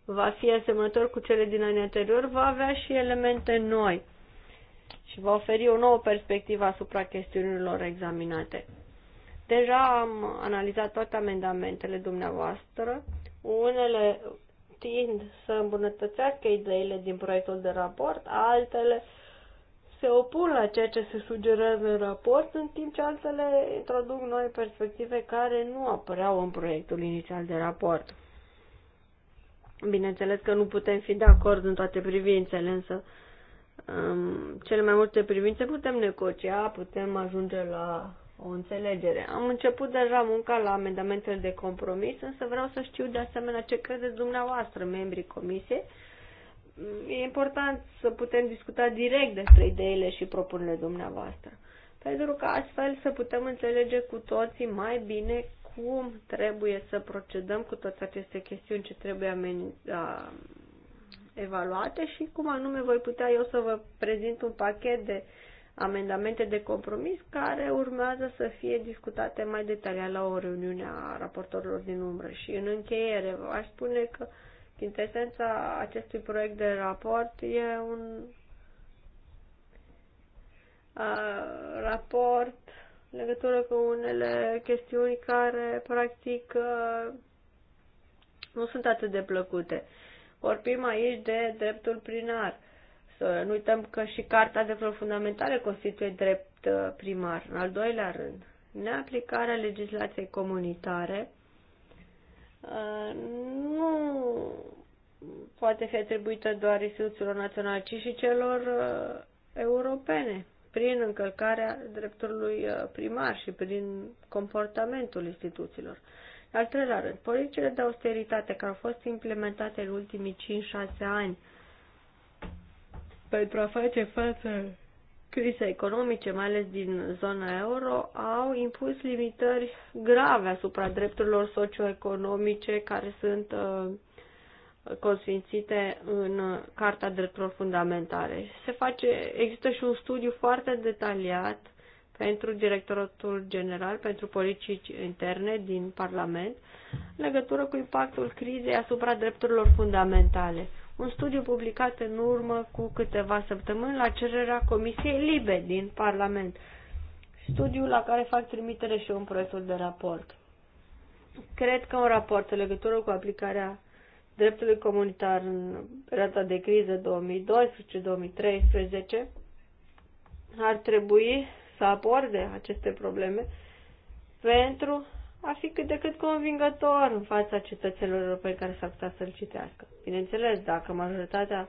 va fi asemănător cu cele din anii anterior, va avea și elemente noi și va oferi o nouă perspectivă asupra chestiunilor examinate. Deja am analizat toate amendamentele dumneavoastră unele tind să îmbunătățească ideile din proiectul de raport, altele se opun la ceea ce se sugerează în raport, în timp ce altele introduc noi perspective care nu apăreau în proiectul inițial de raport. Bineînțeles că nu putem fi de acord în toate privințele, însă în cele mai multe privințe putem negocia, putem ajunge la o înțelegere. Am început deja munca la amendamentele de compromis, însă vreau să știu de asemenea ce credeți dumneavoastră, membrii comisiei. E important să putem discuta direct despre ideile și propunerile dumneavoastră, pentru că astfel să putem înțelege cu toții mai bine cum trebuie să procedăm cu toate aceste chestiuni ce trebuie amen- a, evaluate și cum anume voi putea eu să vă prezint un pachet de uh, amendamente de compromis care urmează să fie discutate mai detaliat la o reuniune a raportorilor din umbră. Și în încheiere, aș spune că quintesența acestui proiect de raport e un a, raport în legătură cu unele chestiuni care, practic, a, nu sunt atât de plăcute. Vorbim aici de dreptul prinar să nu uităm că și Carta Drepturilor Fundamentale constituie drept uh, primar. În al doilea rând, neaplicarea legislației comunitare uh, nu poate fi atribuită doar instituțiilor naționale, ci și celor uh, europene, prin încălcarea dreptului primar și prin comportamentul instituțiilor. Al treilea rând, politicile de austeritate care au fost implementate în ultimii 5-6 ani pentru a face față crizei economice, mai ales din zona euro, au impus limitări grave asupra drepturilor socioeconomice care sunt uh, consfințite în Carta Drepturilor Fundamentale. Se face, există și un studiu foarte detaliat pentru Directoratul General pentru Politici Interne din Parlament, legătură cu impactul crizei asupra drepturilor fundamentale un studiu publicat în urmă cu câteva săptămâni la cererea Comisiei Libe din Parlament, studiul la care fac trimitere și eu în proiectul de raport. Cred că un raport în legătură cu aplicarea dreptului comunitar în perioada de criză 2012-2013 ar trebui să aborde aceste probleme pentru a fi cât de cât convingător în fața cetățenilor europeni care s-ar putea să-l citească. Bineînțeles, dacă majoritatea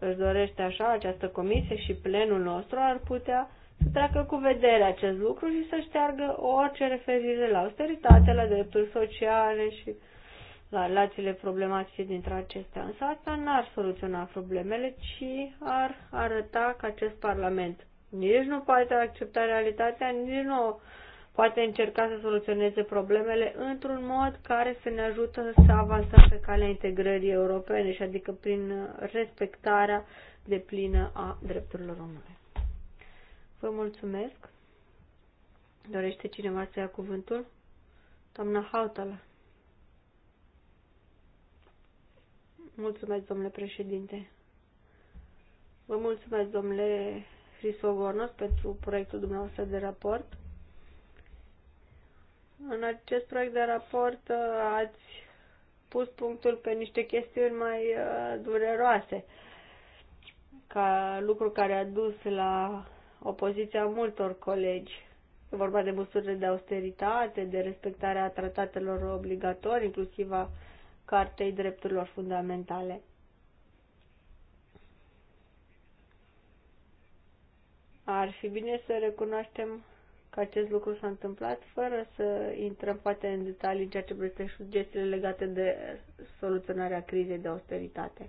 își dorește așa această comisie și plenul nostru ar putea să treacă cu vedere acest lucru și să șteargă orice referire la austeritate, la drepturi sociale și la relațiile problematice dintre acestea. Însă asta n-ar soluționa problemele, ci ar arăta că acest Parlament nici nu poate accepta realitatea, nici nu poate încerca să soluționeze problemele într-un mod care să ne ajută să avansăm pe calea integrării europene și adică prin respectarea deplină a drepturilor omului. Vă mulțumesc. Dorește cineva să ia cuvântul? Doamna Hautala. Mulțumesc, domnule președinte. Vă mulțumesc, domnule Hrisogornos, pentru proiectul dumneavoastră de raport. În acest proiect de raport uh, ați pus punctul pe niște chestiuni mai uh, dureroase, ca lucru care a dus la opoziția multor colegi. E vorba de măsurile de austeritate, de respectarea tratatelor obligatorii, inclusiv a Cartei Drepturilor Fundamentale. Ar fi bine să recunoaștem că acest lucru s-a întâmplat fără să intrăm poate în detalii în ceea ce privește sugestiile legate de soluționarea crizei de austeritate.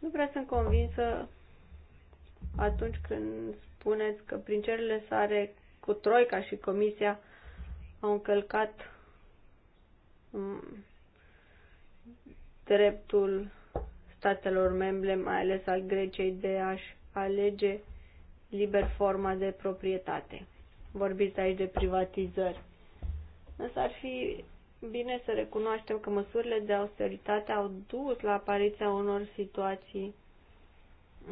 Nu prea sunt convinsă atunci când spuneți că prin cerile sare cu Troica și Comisia au încălcat mm, dreptul statelor membre, mai ales al Greciei, de a-și alege liber forma de proprietate. Vorbiți aici de privatizări. Însă ar fi bine să recunoaștem că măsurile de austeritate au dus la apariția unor situații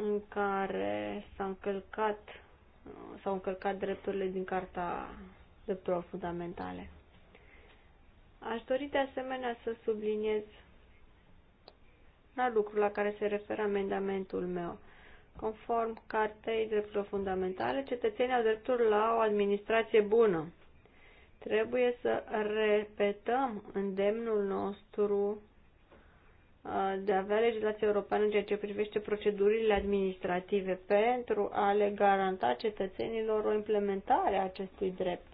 în care s-a încălcat s-au încălcat drepturile din Carta Drepturilor Fundamentale. Aș dori de asemenea să subliniez la lucrul la care se referă amendamentul meu. Conform Cartei Drepturilor Fundamentale, cetățenii au dreptul la o administrație bună. Trebuie să repetăm îndemnul nostru uh, de a avea legislația europeană în ceea ce privește procedurile administrative pentru a le garanta cetățenilor o implementare a acestui drept.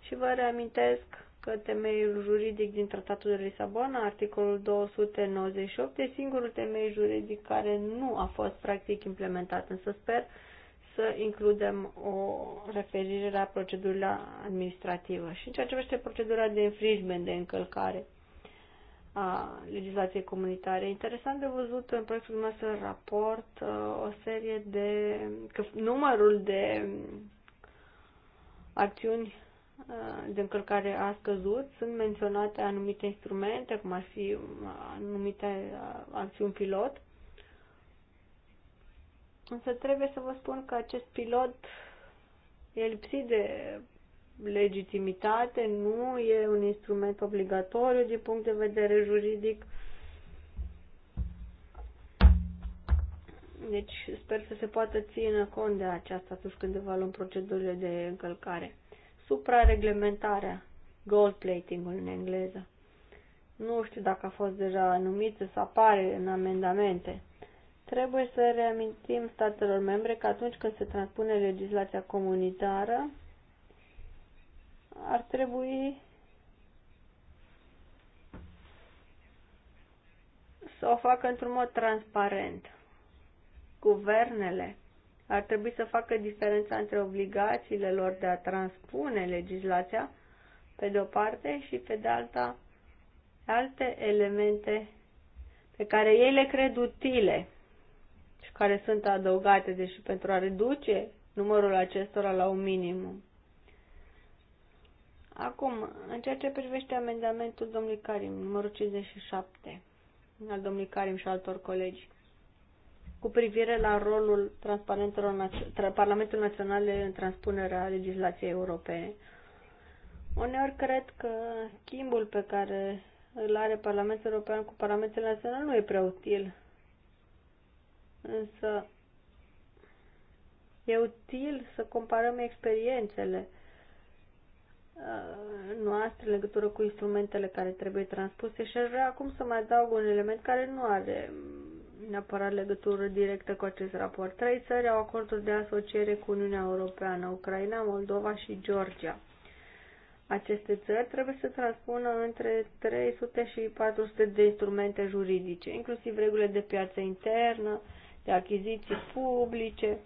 Și vă reamintesc că temeiul juridic din Tratatul de Lisabona, articolul 298, este singurul temei juridic care nu a fost practic implementat, însă sper să includem o referire la procedura administrativă și în ceea ce privește procedura de infringement, de încălcare a legislației comunitare. Interesant de văzut în proiectul nostru raport uh, o serie de... că numărul de acțiuni Uh, de încălcare a scăzut, sunt menționate anumite instrumente, cum ar fi uh, anumite uh, acțiuni pilot. Însă trebuie să vă spun că acest pilot e lipsit de legitimitate, nu e un instrument obligatoriu din punct de vedere juridic. Deci sper să se poată ține cont de aceasta atunci când evaluăm procedurile de încălcare suprareglementarea, gold plating-ul în engleză. Nu știu dacă a fost deja numită să apare în amendamente. Trebuie să reamintim statelor membre că atunci când se transpune legislația comunitară, ar trebui să o facă într-un mod transparent. Guvernele ar trebui să facă diferența între obligațiile lor de a transpune legislația, pe de o parte, și pe de alta, alte elemente pe care ei le cred utile și care sunt adăugate, deși pentru a reduce numărul acestora la un minimum. Acum, în ceea ce privește amendamentul domnului Karim, numărul 57, al domnului Karim și altor colegi, cu privire la rolul Parlamentului Național în transpunerea legislației europene. Uneori cred că schimbul pe care îl are Parlamentul European cu Parlamentul Național nu e prea util. Însă e util să comparăm experiențele uh, noastre legătură cu instrumentele care trebuie transpuse și aș vrea acum să mai adaug un element care nu are neapărat legătură directă cu acest raport. Trei țări au acorduri de asociere cu Uniunea Europeană, Ucraina, Moldova și Georgia. Aceste țări trebuie să transpună între 300 și 400 de instrumente juridice, inclusiv regulile de piață internă, de achiziții publice,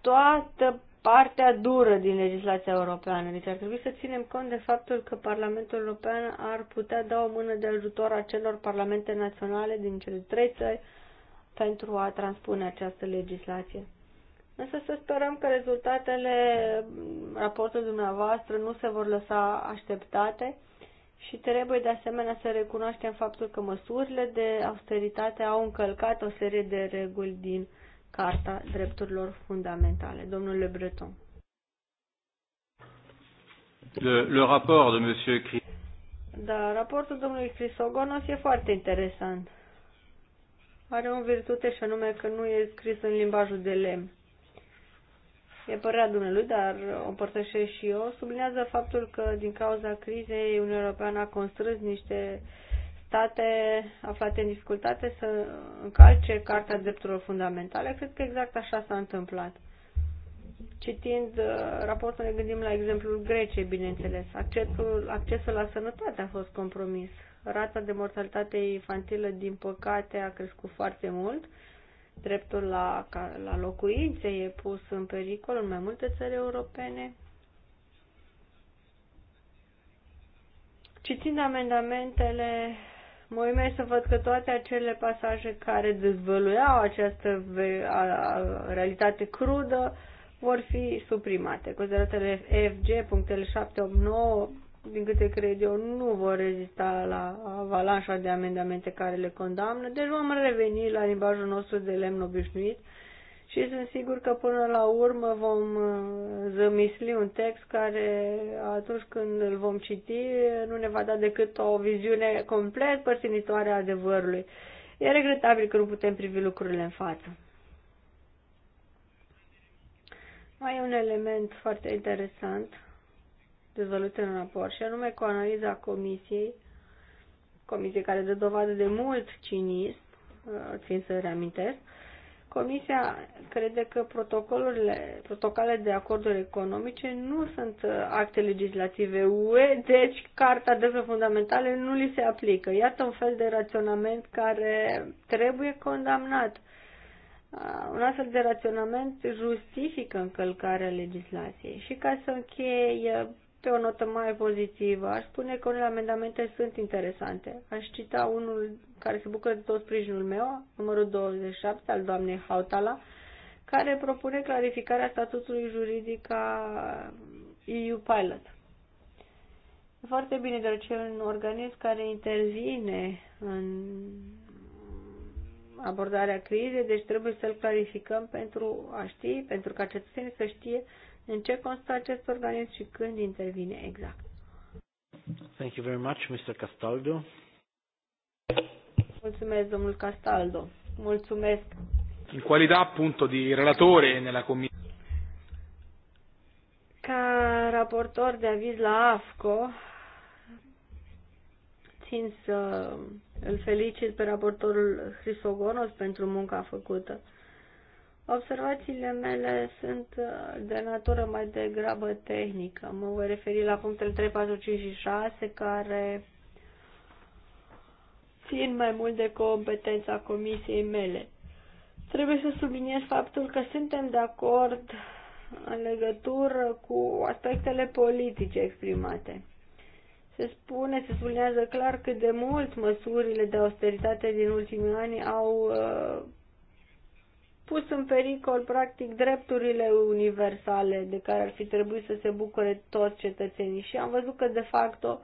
toată partea dură din legislația europeană. Deci ar trebui să ținem cont de faptul că Parlamentul European ar putea da o mână de ajutor acelor parlamente naționale din cele trei țări pentru a transpune această legislație. Însă să sperăm că rezultatele raportului dumneavoastră nu se vor lăsa așteptate și trebuie de asemenea să recunoaștem faptul că măsurile de austeritate au încălcat o serie de reguli din Carta Drepturilor Fundamentale. Domnule Breton. Le, le raport de Monsieur Chris. Da, raportul domnului Crisogonos e foarte interesant. Are o virtute și anume că nu e scris în limbajul de lemn. E părerea dumnealui, dar o împărtășesc și eu. Sublinează faptul că din cauza crizei Uniunea Europeană a construit niște uh, state aflate în dificultate să încalce Carta Drepturilor Fundamentale. Cred că exact așa s-a întâmplat. Citind uh, raportul ne gândim la exemplul Greciei, bineînțeles. Accesul, accesul la sănătate a fost compromis. Rata de mortalitate infantilă, din păcate, a crescut foarte mult. Dreptul la, la locuințe e pus în pericol în mai multe țări europene. Citind amendamentele Mă uimesc să văd că toate acele pasaje care dezvăluiau această realitate crudă vor fi suprimate. Consideratele FG, punctele 7, 8, 9, din câte cred eu, nu vor rezista la avalanșa de amendamente care le condamnă, deci vom reveni la limbajul nostru de lemn obișnuit și sunt sigur că până la urmă vom uh, zămisli un text care atunci când îl vom citi nu ne va da decât o viziune complet părținitoare a adevărului. E regretabil că nu putem privi lucrurile în față. Mai e un element foarte interesant dezvăluit în raport și anume cu analiza comisiei, comisie care dă dovadă de mult cinism, uh, țin să reamintesc, Comisia crede că protocolurile, protocolele de acorduri economice nu sunt uh, acte legislative UE, deci Carta Drepturilor Fundamentale nu li se aplică. Iată un fel de raționament care trebuie condamnat. Uh, un astfel de raționament justifică încălcarea legislației. Și ca să închei, uh, pe o notă mai pozitivă. Aș spune că unele amendamente sunt interesante. Aș cita unul care se bucură de tot sprijinul meu, numărul 27 al doamnei Hautala, care propune clarificarea statutului juridic a EU Pilot. E foarte bine, deoarece un organism care intervine în abordarea crizei, deci trebuie să-l clarificăm pentru a ști, pentru ca cetățenii să știe în ce constă acest organism și când intervine exact. Thank you very much, Mr. Castaldo. Mulțumesc, domnul Castaldo. Mulțumesc. În calitate, appunto, di relatore nella commissione. Ca raportor de aviz la AFCO, țin să îl felicit pe raportorul Hrisogonos pentru munca făcută. Observațiile mele sunt uh, de natură mai degrabă tehnică. Mă voi referi la punctele 3, 4, 5 și 6 care țin mai mult de competența comisiei mele. Trebuie să subliniez faptul că suntem de acord în legătură cu aspectele politice exprimate. Se spune, se sublinează clar cât de mult măsurile de austeritate din ultimii ani au uh, pus în pericol, practic, drepturile universale de care ar fi trebuit să se bucure toți cetățenii. Și am văzut că, de facto,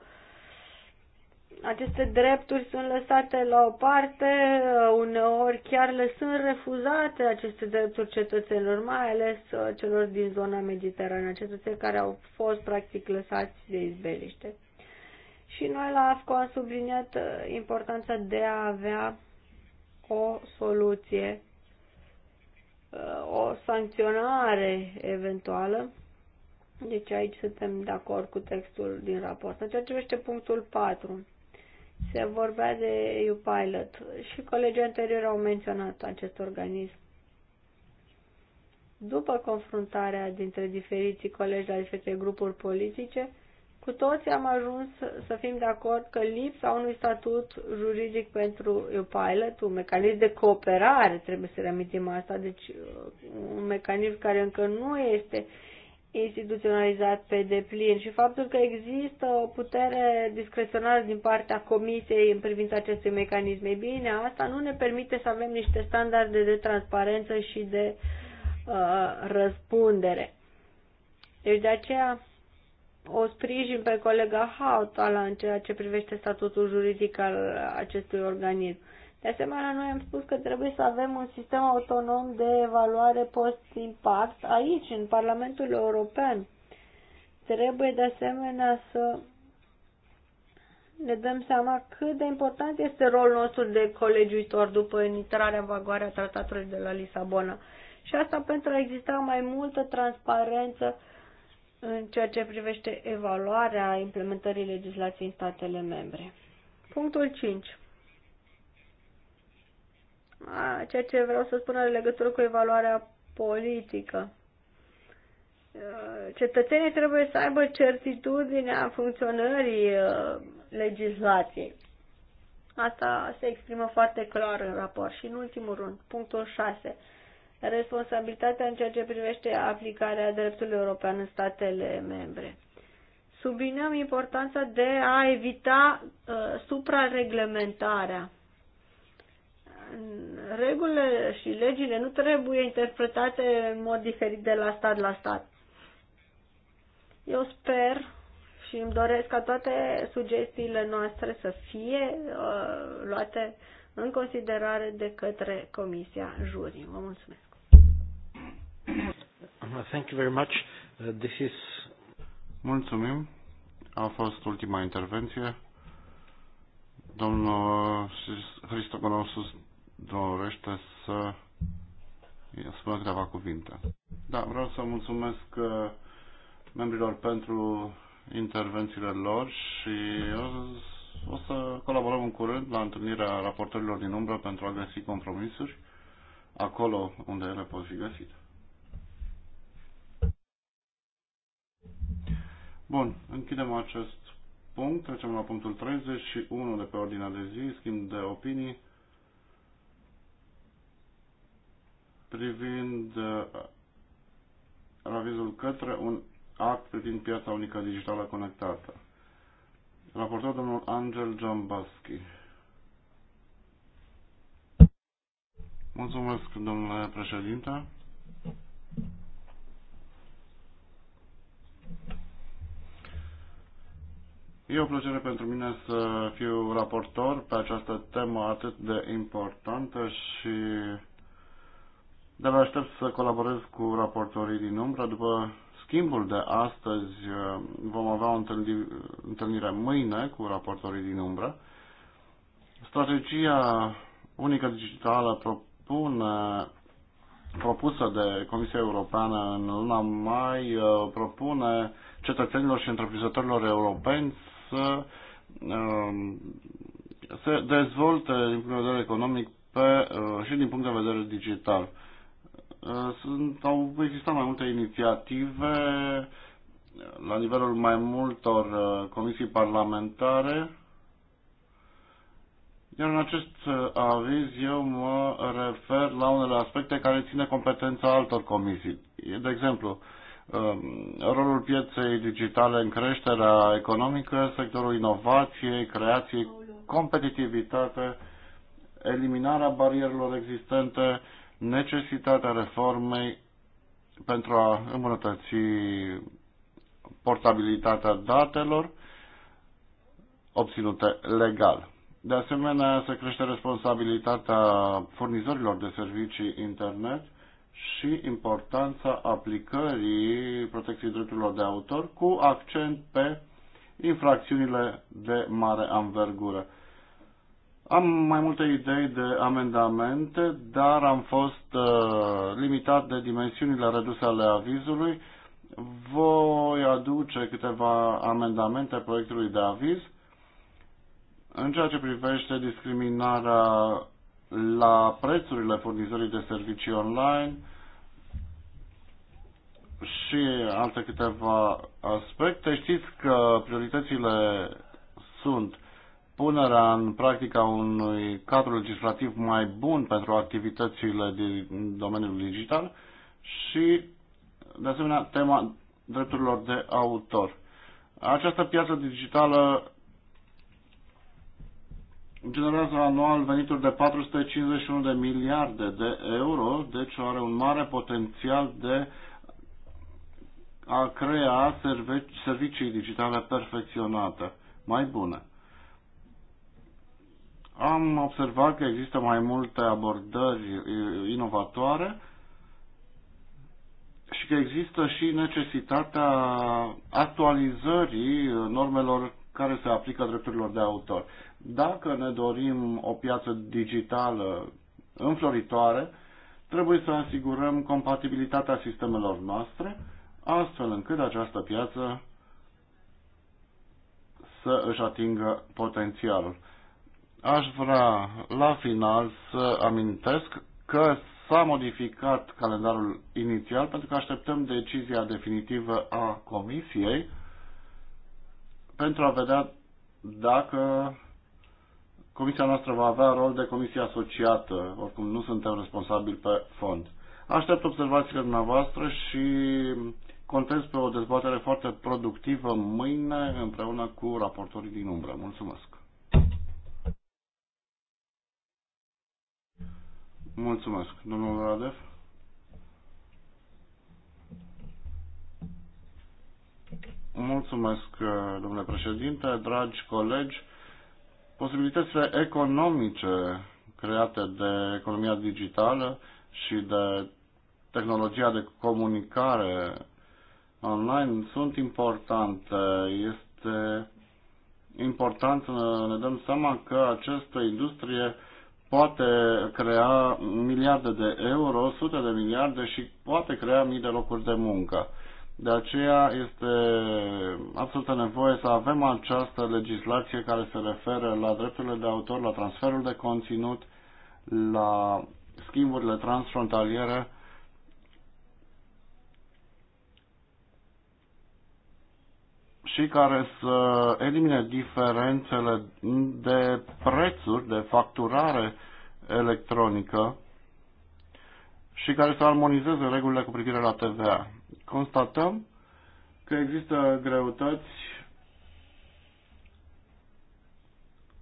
aceste drepturi sunt lăsate la o parte, uneori chiar le sunt refuzate aceste drepturi cetățenilor, mai ales uh, celor din zona mediterană, cetățeni care au fost practic lăsați de izbeliște. Și noi la AFCO am subliniat uh, importanța de a avea o soluție Uh, o sancționare eventuală. Deci aici suntem de acord cu textul din raport. În ceea ce privește punctul 4, se vorbea de U-Pilot și colegii anterior au menționat acest organism. După confruntarea dintre diferiții colegi la diferite grupuri politice, cu toții am ajuns să fim de acord că lipsa unui statut juridic pentru pilot, un mecanism de cooperare, trebuie să reamintim asta, deci uh, un mecanism care încă nu este instituționalizat pe deplin și faptul că există o putere discreționară din partea comisiei în privința acestui mecanism. E bine, asta nu ne permite să avem niște standarde de transparență și de uh, răspundere. Deci de aceea o sprijin pe colega Hautala în ceea ce privește statutul juridic al acestui organism. De asemenea, noi am spus că trebuie să avem un sistem autonom de evaluare post-impact aici, în Parlamentul European. Trebuie de asemenea să ne dăm seama cât de important este rolul nostru de colegiuitor după intrarea în vagoare a tratatului de la Lisabona. Și asta pentru a exista mai multă transparență în ceea ce privește evaluarea implementării legislației în statele membre. Punctul 5. A, ceea ce vreau să spun are legătură cu evaluarea politică. Cetățenii trebuie să aibă certitudinea funcționării legislației. Asta se exprimă foarte clar în raport. Și în ultimul rând, punctul 6 responsabilitatea în ceea ce privește aplicarea dreptului european în statele membre. Subliniem importanța de a evita uh, suprareglementarea. Regulile și legile nu trebuie interpretate în mod diferit de la stat la stat. Eu sper și îmi doresc ca toate sugestiile noastre să fie uh, luate în considerare de către Comisia Jurii. Vă mulțumesc! Thank you very much. Uh, this is... Mulțumim. A fost ultima intervenție. Domnul Hristogonosus dorește să spună câteva cuvinte. Da, vreau să mulțumesc uh, membrilor pentru intervențiile lor și să, o să colaborăm în curând la întâlnirea raportorilor din umbră pentru a găsi compromisuri acolo unde ele pot fi găsite. Bun, închidem acest punct, trecem la punctul 31 de pe ordinea de zi, schimb de opinii privind uh, avizul către un act privind piața unică digitală conectată. Raportat domnul Angel Jambaschi. Mulțumesc, domnule președinte. E o plăcere pentru mine să fiu raportor pe această temă atât de importantă și de aștept să colaborez cu raportorii din umbră. După schimbul de astăzi vom avea o întâlnire mâine cu raportorii din umbră. Strategia unică digitală propune, propusă de Comisia Europeană în luna mai uh, propune cetățenilor și întreprinzătorilor europeni să um, se dezvolte din punct de vedere economic pe, uh, și din punct de vedere digital. Uh, sunt, au existat mai multe inițiative la nivelul mai multor uh, comisii parlamentare, iar în acest aviz eu mă refer la unele aspecte care ține competența altor comisii. De exemplu, Um, rolul pieței digitale în creșterea economică, sectorul inovației, creației, competitivitate, eliminarea barierelor existente, necesitatea reformei pentru a îmbunătăți portabilitatea datelor obținute legal. De asemenea, se crește responsabilitatea furnizorilor de servicii internet și importanța aplicării protecției drepturilor de autor cu accent pe infracțiunile de mare anvergură. Am mai multe idei de amendamente, dar am fost uh, limitat de dimensiunile reduse ale avizului. Voi aduce câteva amendamente proiectului de aviz. În ceea ce privește discriminarea la prețurile furnizării de servicii online și alte câteva aspecte. Știți că prioritățile sunt punerea în practica unui cadru legislativ mai bun pentru activitățile din domeniul digital și, de asemenea, tema drepturilor de autor. Această piață digitală generează anual venituri de 451 de miliarde de euro, deci are un mare potențial de a crea servicii digitale perfecționate, mai bune. Am observat că există mai multe abordări inovatoare și că există și necesitatea actualizării normelor care se aplică drepturilor de autor. Dacă ne dorim o piață digitală înfloritoare, trebuie să asigurăm compatibilitatea sistemelor noastre, astfel încât această piață să își atingă potențialul. Aș vrea la final să amintesc că s-a modificat calendarul inițial pentru că așteptăm decizia definitivă a Comisiei pentru a vedea dacă Comisia noastră va avea rol de comisie asociată, oricum nu suntem responsabili pe fond. Aștept observațiile dumneavoastră și contez pe o dezbatere foarte productivă mâine împreună cu raportorii din umbră. Mulțumesc! Mulțumesc, domnul Radev. Mulțumesc, domnule președinte, dragi colegi posibilitățile economice create de economia digitală și de tehnologia de comunicare online sunt importante. Este important să ne dăm seama că această industrie poate crea miliarde de euro, sute de miliarde și poate crea mii de locuri de muncă. De aceea este absolută nevoie să avem această legislație care se referă la drepturile de autor, la transferul de conținut, la schimburile transfrontaliere. și care să elimine diferențele de prețuri, de facturare electronică și care să armonizeze regulile cu privire la TVA constatăm că există greutăți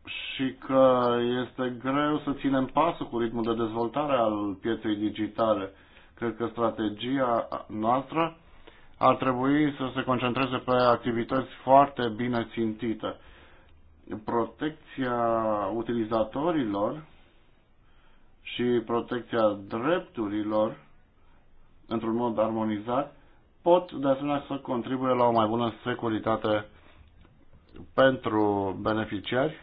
și că este greu să ținem pasul cu ritmul de dezvoltare al pieței digitale. Cred că strategia noastră ar trebui să se concentreze pe activități foarte bine țintite. Protecția utilizatorilor și protecția drepturilor într-un mod armonizat pot de asemenea să contribuie la o mai bună securitate pentru beneficiari.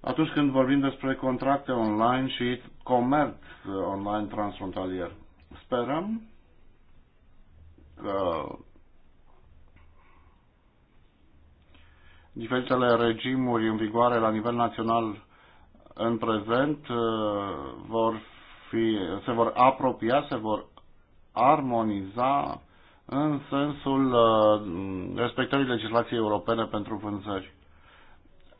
Atunci când vorbim despre contracte online și comerț online transfrontalier, sperăm că diferitele regimuri în vigoare la nivel național în prezent uh, vor fi, se vor apropia, se vor armoniza în sensul uh, respectării legislației europene pentru vânzări.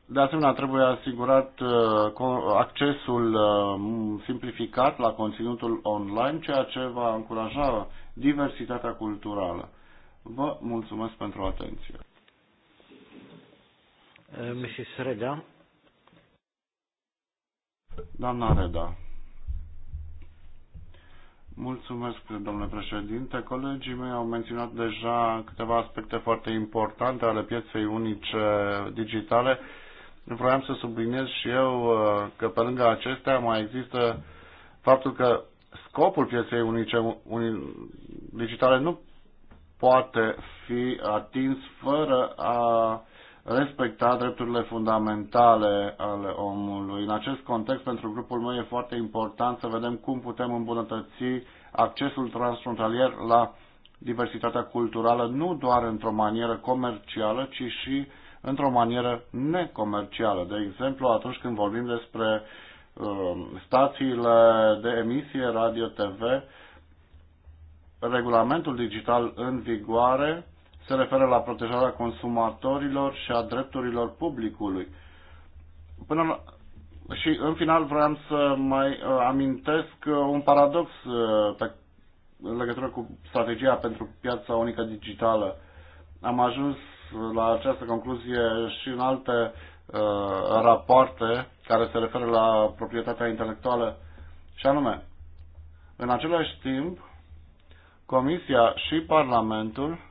De asemenea, trebuie asigurat uh, accesul uh, simplificat la conținutul online, ceea ce va încuraja diversitatea culturală. Vă mulțumesc pentru atenție. Mrs. Reda. Doamna Reda. Mulțumesc, domnule președinte. Colegii mei au menționat deja câteva aspecte foarte importante ale pieței unice digitale. Vreau să subliniez și eu uh, că pe lângă acestea mai există faptul că scopul pieței unice digitale nu poate fi atins fără a respecta drepturile fundamentale ale omului. În acest context, pentru grupul meu e foarte important să vedem cum putem îmbunătăți accesul transfrontalier la diversitatea culturală, nu doar într-o manieră comercială, ci și într-o manieră necomercială. De exemplu, atunci când vorbim despre uh, stațiile de emisie radio-TV, regulamentul digital în vigoare se referă la protejarea consumatorilor și a drepturilor publicului. Până la... Și în final vreau să mai uh, amintesc uh, un paradox uh, pe, în legătură cu strategia pentru piața unică digitală. Am ajuns la această concluzie și în alte uh, rapoarte care se referă la proprietatea intelectuală. Și anume, în același timp, Comisia și Parlamentul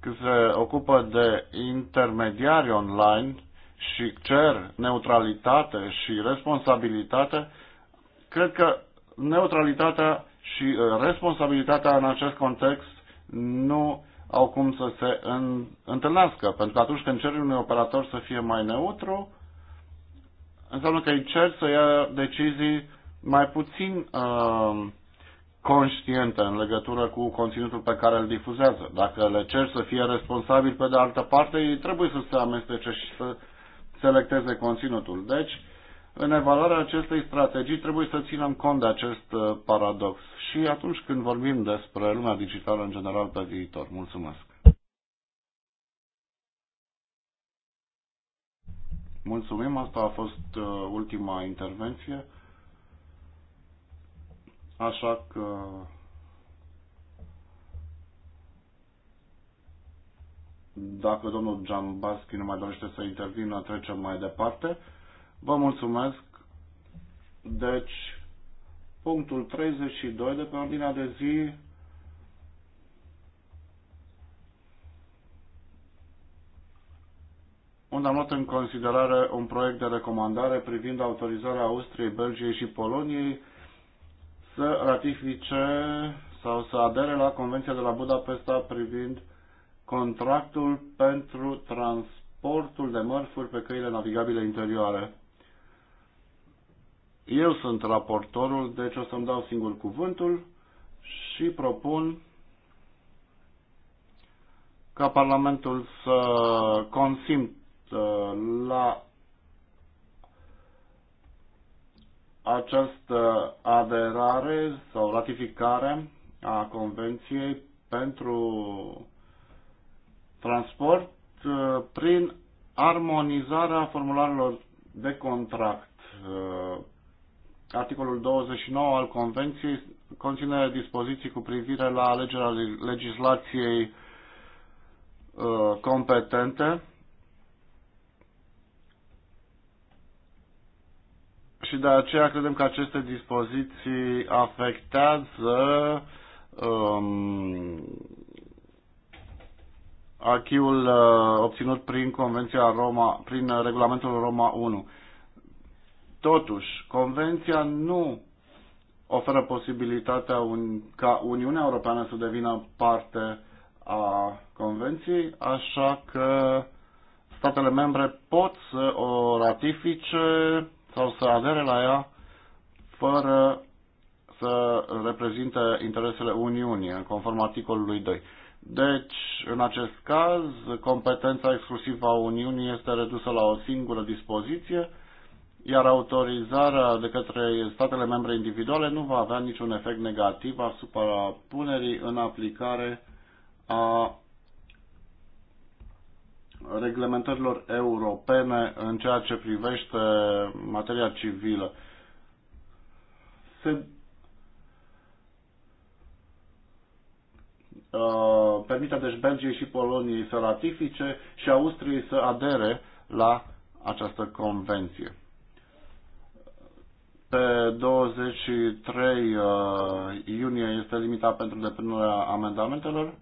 că se ocupă de intermediari online și cer neutralitate și responsabilitate, cred că neutralitatea și uh, responsabilitatea în acest context nu au cum să se întâlnească, pentru că atunci când ceri unui operator să fie mai neutru, înseamnă că îi ceri să ia decizii mai puțin uh, conștientă în legătură cu conținutul pe care îl difuzează. Dacă le cer să fie responsabil pe de altă parte, ei trebuie să se amestece și să selecteze conținutul. Deci, în evaluarea acestei strategii trebuie să ținem cont de acest uh, paradox și atunci când vorbim despre lumea digitală în general pe viitor. Mulțumesc! Mulțumim, asta a fost uh, ultima intervenție. Așa că dacă domnul Giambaschi nu mai dorește să intervină, trecem mai departe. Vă mulțumesc. Deci, punctul 32 de pe ordinea de zi unde am luat în considerare un proiect de recomandare privind autorizarea Austriei, Belgiei și Poloniei să ratifice sau să adere la Convenția de la Budapesta privind contractul pentru transportul de mărfuri pe căile navigabile interioare. Eu sunt raportorul, deci o să-mi dau singur cuvântul și propun ca Parlamentul să consimt la această aderare sau ratificare a Convenției pentru transport uh, prin armonizarea formularelor de contract. Uh, articolul 29 al Convenției conține dispoziții cu privire la alegerea legislației uh, competente și de aceea credem că aceste dispoziții afectează um, achiul uh, obținut prin Convenția Roma, prin uh, regulamentul Roma 1. Totuși, Convenția nu oferă posibilitatea un, ca Uniunea Europeană să devină parte a Convenției, așa că statele membre pot să o ratifice sau să adere la ea fără să reprezinte interesele Uniunii, în conform articolului 2. Deci, în acest caz, competența exclusivă a Uniunii este redusă la o singură dispoziție, iar autorizarea de către statele membre individuale nu va avea niciun efect negativ asupra punerii în aplicare a reglementărilor europene în ceea ce privește materia civilă. Se Uh, permite deci Belgiei și Poloniei să ratifice și Austriei să adere la această convenție. Pe 23 uh, iunie este limita pentru depunerea amendamentelor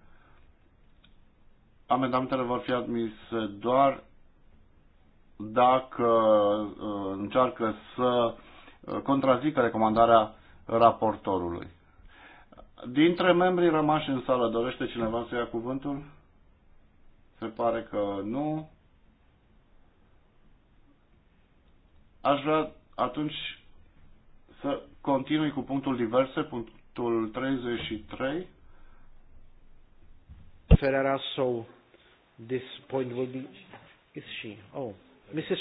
Amendamentele vor fi admise doar dacă uh, încearcă să uh, contrazică recomandarea raportorului. Dintre membrii rămași în sală, dorește cineva să ia cuvântul? Se pare că nu. Aș vrea atunci să continui cu punctul diverse, punctul 33. Ferrara sau? This point will be... Is she? Oh. Mrs.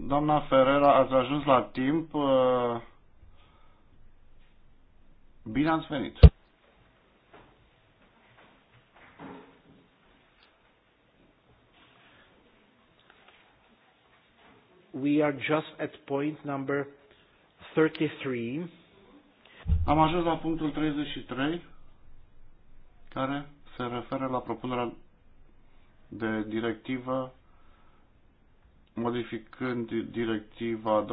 Doamna Ferrera, ați ajuns la timp. Uh, bine ați venit! We are just at point number 33. Am ajuns la punctul 33, care se referă la propunerea de directivă, modificând directiva 2011-16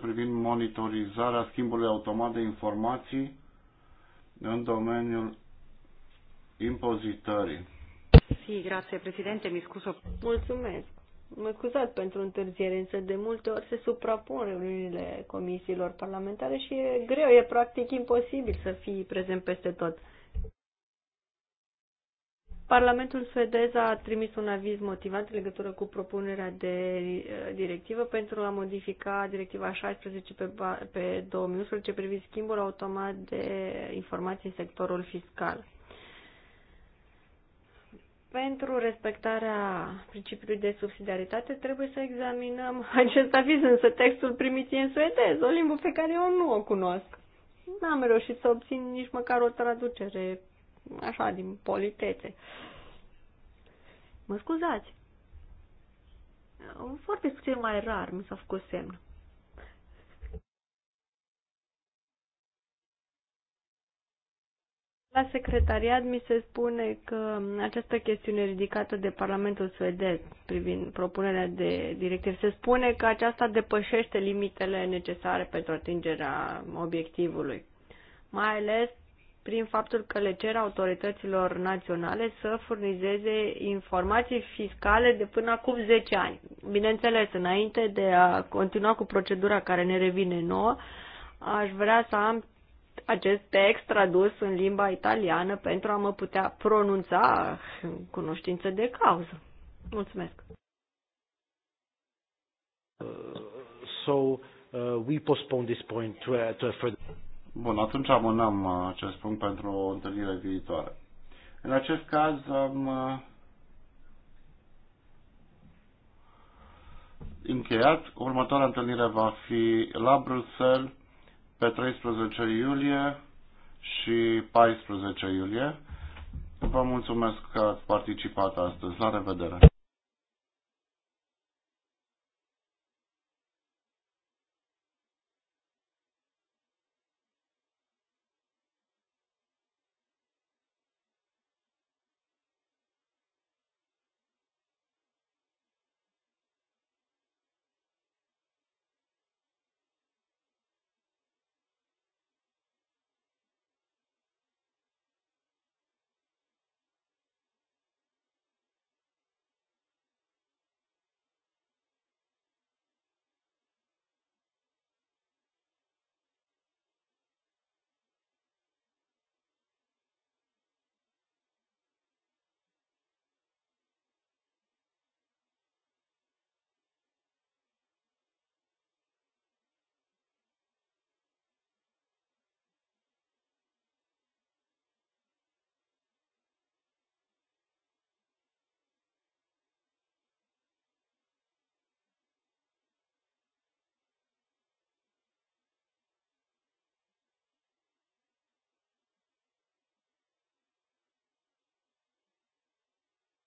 privind monitorizarea schimbului automat de informații în domeniul impozitării. Si, grație, președinte, mi scuso. Mulțumesc. Mă scuzat pentru întârziere, însă de multe ori se suprapun reuniunile comisiilor parlamentare și e greu, e practic imposibil să fii prezent peste tot. Parlamentul suedez a trimis un aviz motivat în legătură cu propunerea de eh, directivă pentru a modifica directiva 16 pe, pe 2011 privind schimbul automat de informații în sectorul fiscal. Pentru respectarea principiului de subsidiaritate trebuie să examinăm acest aviz, însă textul primit în suedez, o limbă pe care eu nu o cunosc. N-am reușit să obțin nici măcar o traducere așa, din politețe. Mă scuzați. Foarte puțin mai rar mi s-a făcut semn. La secretariat mi se spune că această chestiune ridicată de Parlamentul suedez privind propunerea de directiv, se spune că aceasta depășește limitele necesare pentru atingerea obiectivului, mai ales prin faptul că le cer autorităților naționale să furnizeze informații fiscale de până acum 10 ani. Bineînțeles, înainte de a continua cu procedura care ne revine nouă, aș vrea să am acest text tradus în limba italiană pentru a mă putea pronunța în cunoștință de cauză. Mulțumesc. Uh, so uh, we postpone this point to, uh, to a further Bun, atunci amânăm uh, acest punct pentru o întâlnire viitoare. În acest caz am uh, încheiat. Următoarea întâlnire va fi la Bruxelles pe 13 iulie și 14 iulie. Vă mulțumesc că ați participat astăzi. La revedere!